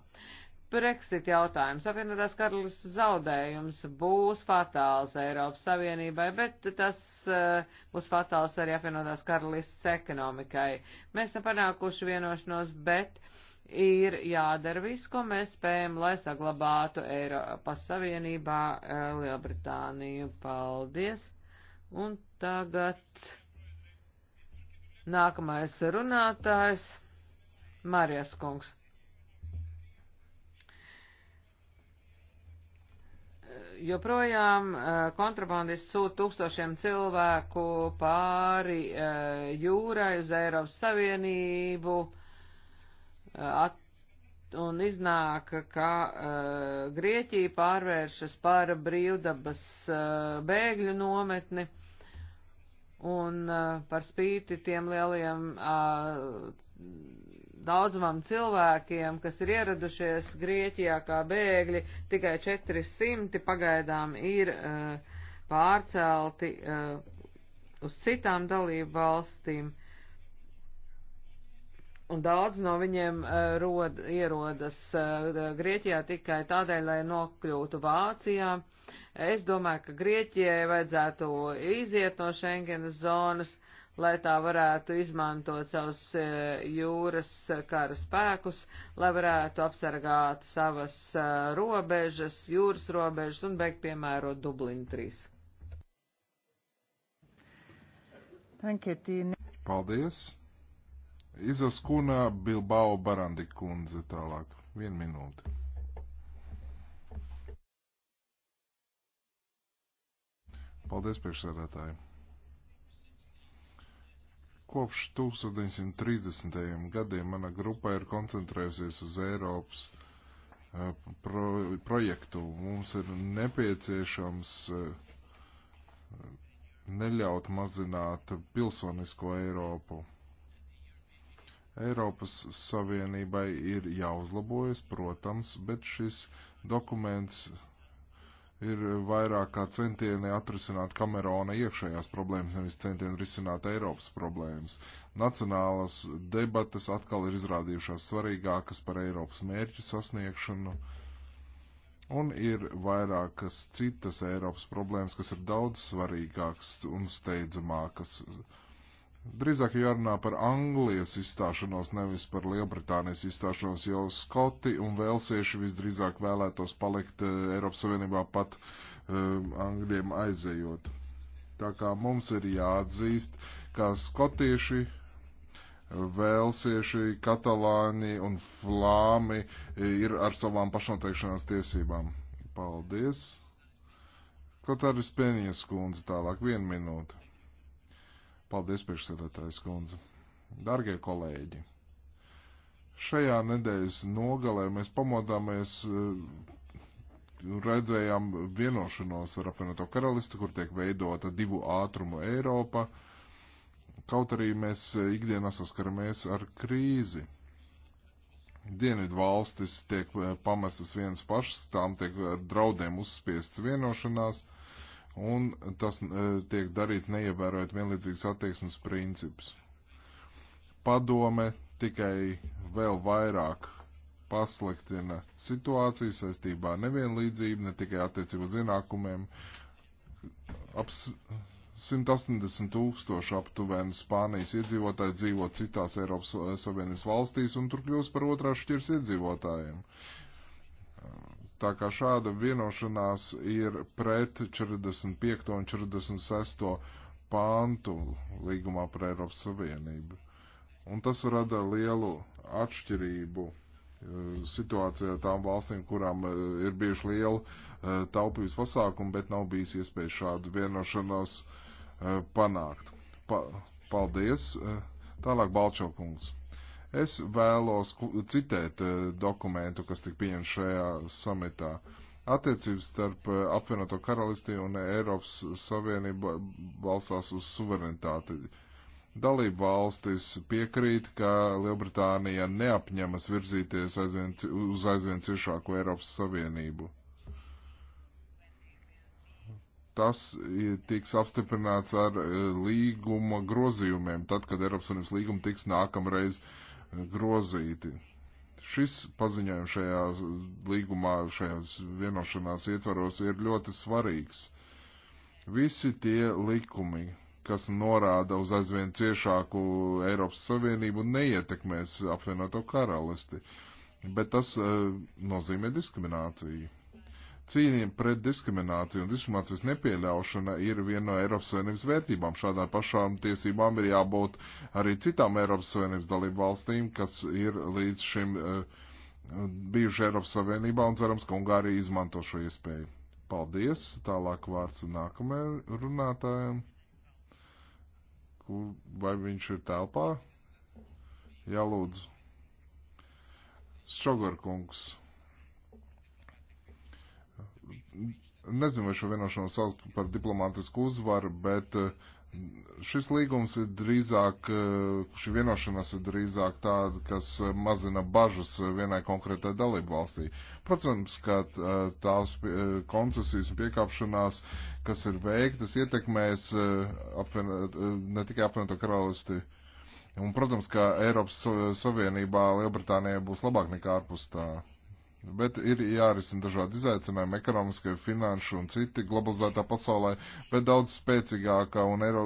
Brexit jautājums. Apvienotās karalis zaudējums būs fatāls Eiropas Savienībai, bet tas uh, būs fatāls arī apvienotās karalists ekonomikai. Mēs esam panākuši vienošanos, bet uh, ir jādara viss, ko mēs spējam, lai saglabātu Eiropas Savienībā eh, Lielbritāniju. Paldies! Un tagad nākamais runātājs - Marijas kungs. joprojām eh, kontrabandisti sūta tūkstošiem cilvēku pāri eh, jūrai uz Eiropas Savienību At, un iznāk, ka uh, Grieķija pārvēršas par brīvdabas uh, bēgļu nometni un uh, par spīti tiem lieliem uh, daudzumam cilvēkiem, kas ir ieradušies Grieķijā kā bēgļi, tikai 400 pagaidām ir uh, pārcelti uh, uz citām dalību valstīm un daudz no viņiem eh, rod, ierodas eh, Grieķijā tikai tādēļ, lai nokļūtu Vācijā. Es domāju, ka Grieķijai vajadzētu iziet no Schengenas zonas, lai tā varētu izmantot savus eh, jūras kara spēkus, lai varētu apsargāt savas robežas, jūras robežas un beigt piemērot Dublin 3. Paldies! Izaskuna Bilbao Barandikundze tālāk. Vienu minūti. Paldies, priekšsēdētāji! Kopš 1930. gadiem mana grupa ir koncentrējusies uz Eiropas eh, pro projektu. Mums ir nepieciešams eh, neļaut mazināt pilsonisko Eiropu. Eiropas Savienībai ir jāuzlabojas, protams, bet šis dokuments ir vairāk kā centieni atrisināt Kamerona iekšējās problēmas, nevis centieni risināt Eiropas problēmas. Nacionālas debatas atkal ir izrādījušās svarīgākas par Eiropas mērķu sasniegšanu, un ir vairākas citas Eiropas problēmas, kas ir daudz svarīgākas un steidzamākas. Ka Drīzāk jārunā par Anglijas izstāšanos, nevis par Lielbritānijas izstāšanos, jo Skoti un Velsieši visdrīzāk vēlētos palikt eh, Eiropas Savienībā pat um, Angļiem aizejot. Tā kā mums ir jāatzīst, ka Skotieši Velsieši, Katalāni un Flāmi eh, ir ar savām pašnoteikšanās tiesībām. Paldies! Katāris Penijas kundze tālāk, vienu minūti. Paldies, priekšsēdētājs kundze. Dargie kolēģi, šajā nedēļas nogalē mēs pamodāmies eh, redzējām vienošanos ar apvienoto karalisti, kur tiek veidota divu ātrumu Eiropa, kaut arī mēs eh, ikdienā saskaramies ar krīzi. Dienvidu valstis tiek eh, pamestas vienas pašas, tām tiek ar draudiem uzspiests vienošanās, un tas e, tiek darīts neievērojot vienlīdzīgas attieksmes principus. Padome tikai vēl vairāk pasliktina situāciju saistībā ar nevienlīdzību, ne tikai attiecībā uz ienākumiem. Ap 180 tūkstoši aptuveni Spānijas iedzīvotāji dzīvo citās Eiropas Savienības valstīs un tur kļūst par otrās šķirs iedzīvotājiem. Tā kā šāda vienošanās ir pret 45. un 46. pāntu līgumā par Eiropas Savienību. Un tas rada lielu atšķirību eh, situācijā tām valstīm, kurām eh, ir bijuši liela eh, taupības pasākumi, bet nav bijis iespēja šādu vienošanos panākt. Pa, paldies! Tālāk Balčokungs. Es vēlos citēt eh, dokumentu, kas tika pieņemts šajā samitā. Attiecības starp eh, apvienoto karalisti un Eiropas Savienību balstās uz suverenitāti. Dalība valstis piekrīt, ka Lielbritānija neapņemas virzīties aizvien, uz aizvien ciešāko Eiropas Savienību tas tiks apstiprināts ar eh, līguma grozījumiem, tad, kad Eiropas Savienības līguma tiks nākamreiz uh, grozīti. Šis paziņojums šajā līgumā, šajās vienošanās ietvaros ir ļoti svarīgs. Visi tie likumi, kas norāda uz aizvien ciešāku Eiropas Savienību, neietekmēs apvienoto karalisti, bet tas uh, nozīmē diskrimināciju Cīņa pret diskrimināciju un diskriminācijas nepieļaušana ir viena no Eiropas Savienības vērtībām. Šādām pašām tiesībām ir jābūt arī citām Eiropas Savienības dalību valstīm, kas ir līdz šim uh, eh, bijuši Eiropas Savienībā un cerams, ka Ungārija izmanto šo iespēju. Paldies! Tālāk vārds nākamajam runātājam. Kur, vai viņš ir telpā? Jā, lūdzu. Šogar kungs nezinu, vai šo vienošanos saukt par diplomātisku uzvaru, bet eh, šis līgums ir drīzāk, eh, šī vienošanās ir drīzāk tāda, kas mazina bažas vienai konkrētai dalību valstī. Protams, ka eh, tās koncesijas un piekāpšanās, kas ir veiktas, ietekmēs apvien, ne tikai apvienoto karalisti. Un, protams, ka Eiropas Savienībā Lielbritānija būs labāk nekā ārpus tā. Bet ir jārisina dažādi izaicinājumi, ekonomiskie, finanšu un citi globalizētā pasaulē, bet daudz spēcīgāka un, Eiro,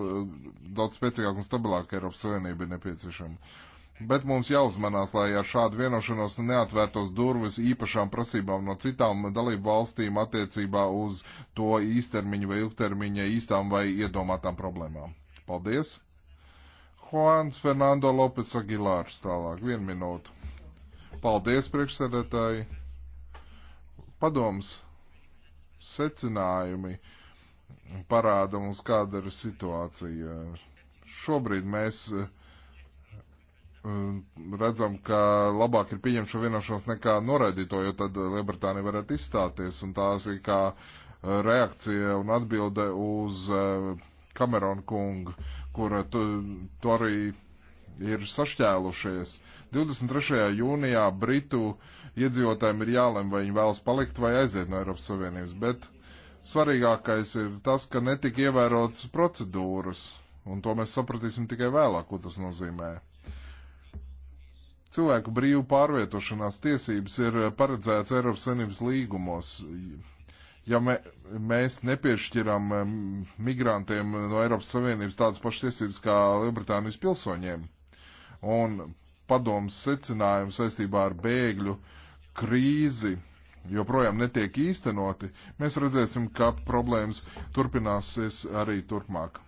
daudz spēcīgāka un stabilāka Eiropas Savienība ir nepieciešama. Bet mums jāuzmanās, lai ar šādu vienošanos neatvērtos durvis īpašām prasībām no citām dalību valstīm attiecībā uz to īstermiņu vai ilgtermiņa īstām vai iedomātām problēmām. Paldies! Juans Fernando Lopes Aguilārs tālāk. Vienu minūtu. Paldies, priekšsēdētāji! padoms secinājumi parāda mums, kāda ir situācija. Šobrīd mēs eh, redzam, ka labāk ir pieņemt šo vienošanos nekā noraidīt to, jo tad Lielbritānija varētu izstāties, un tās ir kā eh, reakcija un atbilde uz Kamerona eh, kungu, kura to, to arī ir sašķēlušies. 23. jūnijā Britu iedzīvotājiem ir jālem, vai viņi vēlas palikt vai aiziet no Eiropas Savienības, bet svarīgākais ir tas, ka netika ievērotas procedūras, un to mēs sapratīsim tikai vēlāk, ko tas nozīmē. Cilvēku brīvu pārvietošanās tiesības ir paredzēts Eiropas Savienības līgumos. Ja me, mēs nepiešķiram migrantiem no Eiropas Savienības tādas pašas tiesības kā Lielbritānijas pilsoņiem, un padoms secinājumu saistībā ar bēgļu krīzi joprojām netiek īstenoti, mēs redzēsim, ka problēmas turpināsies arī turpmāk.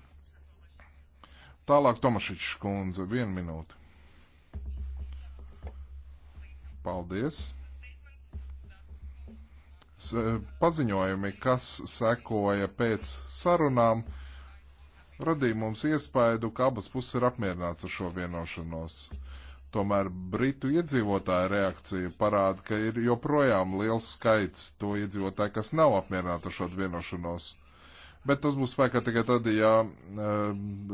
Tālāk Tomašičs kundze, vienu minūti. Paldies. Paziņojumi, kas sekoja pēc sarunām, uh, radīja mums iespēju, ka abas puses ir apmierināts ar šo vienošanos. Tomēr Britu iedzīvotāja reakcija parāda, ka ir joprojām liels skaits to iedzīvotāju, kas nav apmierināti ar šo vienošanos. Bet tas būs spēkā tikai tad, ja uh,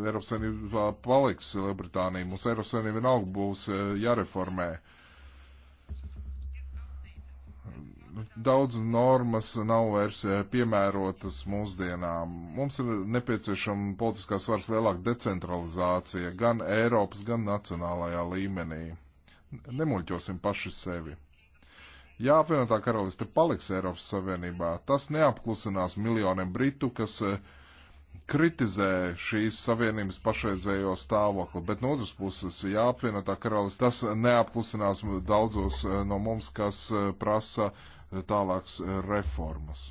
Eiropas Savienība paliks Lielbritānija. Mums Eiropas Savienība vienalga būs uh, jāreformē daudz normas nav vairs eh, piemērotas mūsdienām. Mums ir nepieciešama politiskās varas lielāka decentralizācija gan Eiropas, gan nacionālajā līmenī. Nemuļķosim paši sevi. Ja apvienotā karaliste paliks Eiropas Savienībā, tas neapklusinās miljoniem Britu, kas eh, kritizē šīs savienības pašreizējo stāvokli, bet no otras puses, ja apvienotā karaliste tas neapklusinās daudzos eh, no mums, kas prasa tālākas reformas.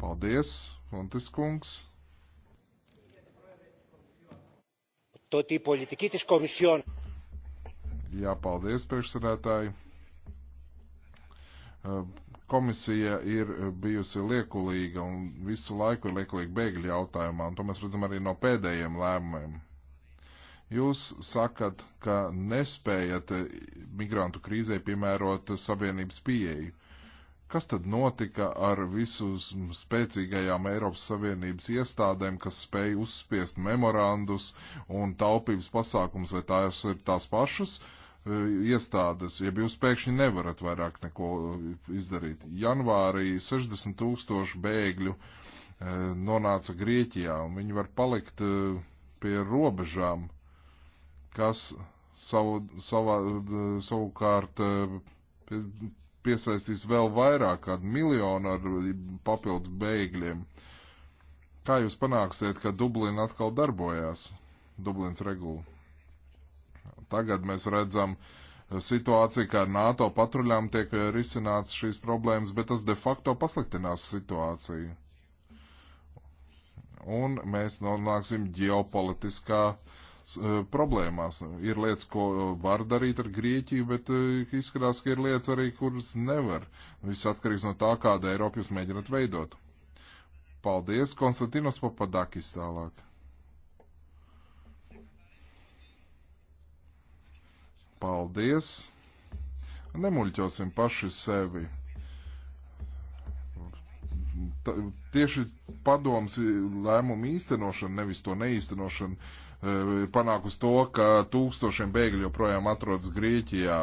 Paldies, Fontes kungs! to ότι η πολιτική της Κομισιόν. Jā, paldies, priekšsēdētāji. Komisija ir bijusi liekulīga un visu laiku ir liekulīga bēgļu jautājumā, un to mēs redzam arī no pēdējiem lēmumiem. Jūs sakat, ka nespējat migrantu krīzē piemērot savienības pieeju. Kas tad notika ar visu spēcīgajām Eiropas Savienības iestādēm, kas spēja uzspiest memorandus un taupības pasākums, vai tās ir tās pašas e, iestādes, ja jūs pēkšņi nevarat vairāk neko izdarīt? Janvārī 60 tūkstoši bēgļu e, nonāca Grieķijā, un viņi var palikt e, pie robežām, kas savu, savā, savukārt piesaistīs vēl vairāk, kādu miljonu ar papildus bēgļiem. Kā jūs panāksiet, ka Dublina atkal darbojās? Dublins regula. Tagad mēs redzam eh, situāciju, kā ar NATO patruļām tiek eh, risināts šīs problēmas, bet tas de facto pasliktinās situāciju. Un mēs nonāksim ģeopolitiskā uh, E, problēmās. Ir lietas, ko var darīt ar Grieķiju, bet e, izskatās, ka ir lietas arī, kuras nevar. Viss atkarīgs no tā, kāda Eiropa jūs mēģināt veidot. Paldies, Konstantinos Papadakis tālāk. Paldies. Nemuļķosim paši sevi. T tieši padoms lēmumu īstenošana, nevis to neīstenošana, Eh, panākusi to, ka tūkstošiem bēgļu joprojām atrodas Grieķijā.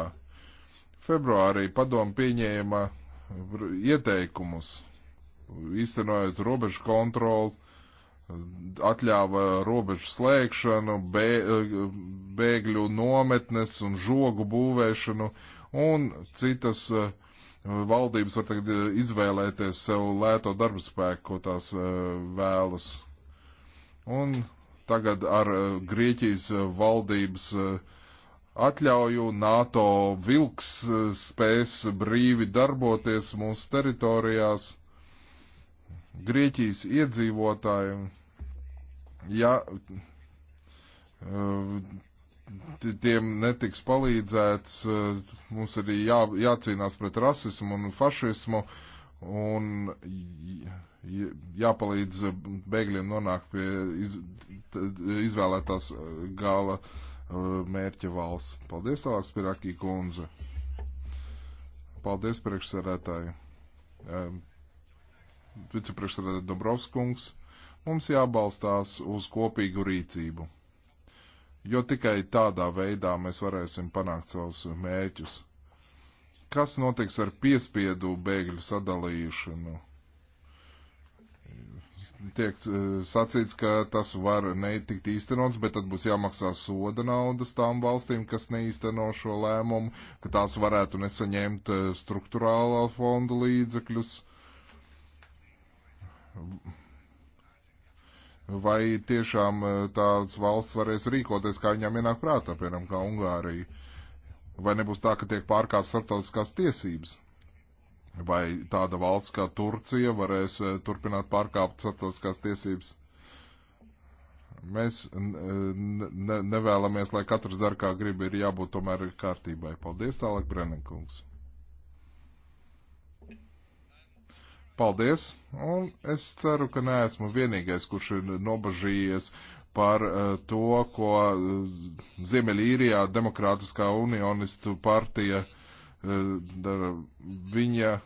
Februārī padomu pieņēma ieteikumus, īstenojot robežu kontroli, atļāva robežu slēgšanu, eh, bēgļu nometnes un žogu būvēšanu un citas eh, valdības var tagad izvēlēties sev lēto darba spēku, ko tās vēlas. Un tagad ar eh, Grieķijas eh, valdības eh, atļauju NATO vilks spēs brīvi darboties mūsu teritorijās. Grieķijas iedzīvotāji, ja tiem netiks palīdzēts, mums arī jā, jācīnās pret rasismu un fašismu, un jāpalīdz eh, bēgļiem nonākt pie iz, izvēlētās eh, gala eh, mērķa valsts. Paldies tālāk, Spirakī kundze. Paldies priekšsarētāji. Vicepriekšsarētāji Dobrovskungs. Mums jābalstās uz kopīgu rīcību, jo tikai tādā veidā mēs varēsim panākt savus mērķus. Kas notiks ar piespiedu bēgļu sadalīšanu? tiek eh, sacīts, ka tas var netikt īstenots, bet tad būs jāmaksā soda naudas tām valstīm, kas neīsteno šo lēmumu, ka tās varētu nesaņemt eh, struktūrālā fonda līdzekļus. Vai tiešām eh, tāds valsts varēs rīkoties, kā viņām ienāk prātā, piemēram, kā Ungārija? Vai nebūs tā, ka tiek pārkāpts starptautiskās tiesības? Vai tāda valsts kā Turcija varēs eh, turpināt pārkāpt starptautiskās tiesības? Mēs ne, nevēlamies, lai katrs dar kā grib, ir jābūt tomēr kārtībai. Paldies tālāk, Brennenkungs. Paldies, un es ceru, ka neesmu vienīgais, kurš ir nobažījies par eh, to, ko eh, Ziemeļīrijā Demokrātiskā unionistu partija uh, dara. Viņa,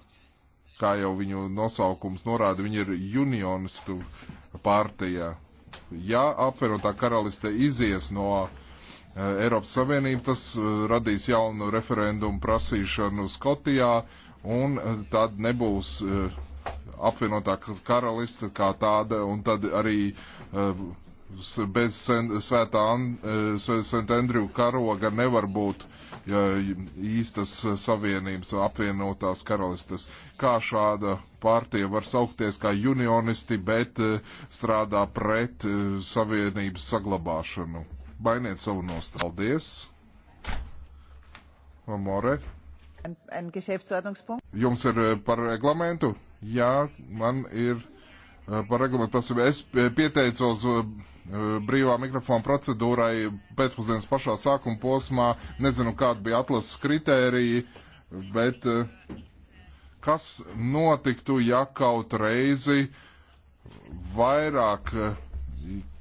kā jau viņu nosaukums norāda, viņa ir unionistu partijā. Ja apvienotā karaliste izies no Eiropas Savienības, tas radīs jaunu referendumu prasīšanu Skotijā, un tad nebūs apvienotā karaliste kā tāda, un tad arī uh, bez svētā eh, St. Andriju karoga nevar būt īstas savienības apvienotās karalistes. Kā šāda partija var saukties kā unionisti, bet eh, strādā pret eh, savienības saglabāšanu? Bainiet savu nostaldies. Amore. Jums ir par reglamentu? Jā, man ir par reglamentu. Es pieteicos Eh, brīvā mikrofona procedūrai pēcpusdienas pašā sākuma posmā. Nezinu, kāda bija atlases kritērija, bet eh, kas notiktu, ja kaut reizi vairāk eh,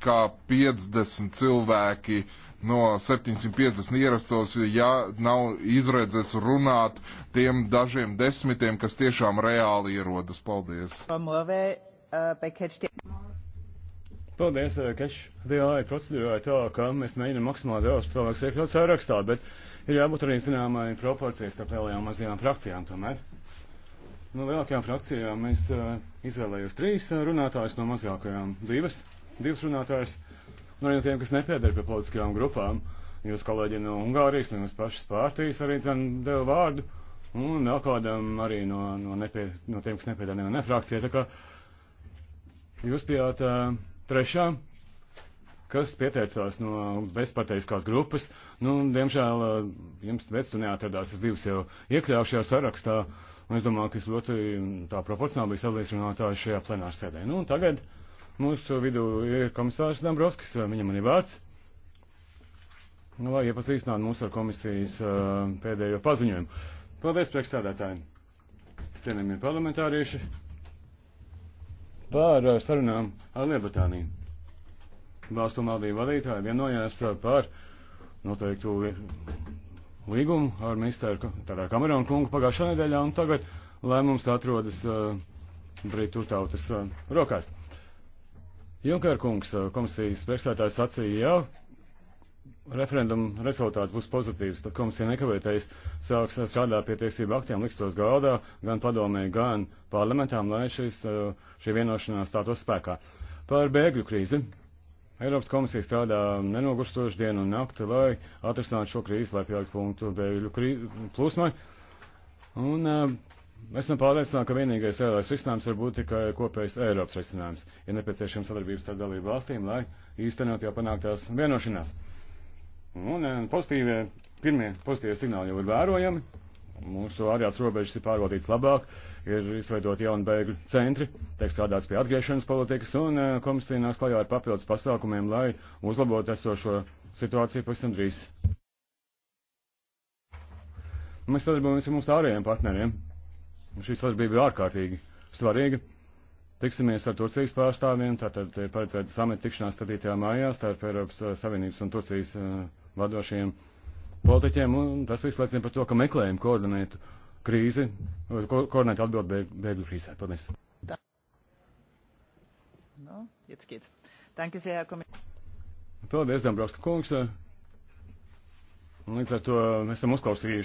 kā 50 cilvēki no 750 ierastos, ja nav izredzes runāt tiem dažiem desmitiem, kas tiešām reāli ierodas. Paldies! Pamove, uh, Paldies, eh, Keš, DLA procedūrā ir tā, ka mēs mēģinām maksimāli daudz cilvēku iekļaut sārakstā, bet ir jābūt arī zināmai proporcijai starp lielajām mazajām frakcijām tomēr. No nu, lielākajām frakcijām es uh, eh, izvēlējos trīs eh, runātājus, no mazākajām divas, divas runātājus. Nu, no viena tiem, kas nepieder pie politiskajām grupām, jūs kolēģi no Ungārijas, no jums pašas pārtīs arī dzen deva vārdu, un vēl kādam arī no, no, nepie, no tiem, kas nepieder nevienai frakcijai. Tā kā jūs bijāt uh, Trešā, kas pieteicās no bezpateiskās grupas, nu, diemžēl eh, jums vec tu neatradās, es divas jau iekļāvu šajā sarakstā, un es domāju, ka es ļoti mm, tā proporcionāli biju sadalījis šajā plenārsēdē. Nu, un tagad mūsu vidū ir komisārs Dambrovskis, viņam ir vārds. Nu, lai iepazīstinātu mūsu ar komisijas uh, pēdējo paziņojumu. Paldies, priekšstādātāji! Cienījamie parlamentārieši! par uh, sarunām ar Lielbritāniju. Valstu un valdību vadītāji vienojās uh, par noteiktu līgumu ar ministru tādā Kamerona kungu pagājušā nedēļā, un tagad lēmums atrodas uh, Britu tautas uh, rokās. Junker kungs, uh, komisijas priekšstādājs sacīja, jā, referenduma rezultāts būs pozitīvs, tad komisija nekavēties sāks strādāt pie tiesību aktiem, liks tos galdā, gan padomē, gan parlamentām, lai šis, eh, šī vienošanās stātos spēkā. Par bēgļu krīzi. Eiropas komisija strādā nenogurstoši dienu un nakti, lai atrisinātu šo krīzi, lai pieliktu punktu bēgļu plūsmai. Un uh, eh, esam pārliecināti, ka vienīgais ELS risinājums var būt tikai kopējs Eiropas risinājums, ja nepieciešams sadarbības starp dalību valstīm, lai īstenot jau panāktās vienošanās. Un eh, pozitīvie, pirmie pozitīvie signāli jau ir vērojami. Mūsu ārējās robežas ir pārvaldīts labāk, ir izveidot jaunu bēgļu centri, tiek strādāts pie atgriešanas politikas, un eh, komisija nāks klajā ar papildus pasākumiem, lai uzlabotu esošo situāciju pavisam drīz. Mēs sadarbojamies ar mūsu ārējiem partneriem. Šī sadarbība ir ārkārtīgi svarīga. Tiksimies ar Turcijas pārstāvjiem, tātad eh, paredzēta samita tikšanās 7. mājā starp Eiropas Savienības un Turcijas uh, vadošiem politiķiem, un tas viss liecina par to, ka meklējam koordinētu krīzi, ko, koordinētu atbildi bēgļu krīzē. Paldies. No, nu, jetzt geht's. Danke sehr, Herr Kommissar. Paldies, Dambrovska kungs. Līdz ar to mēs esam uzklausījuši.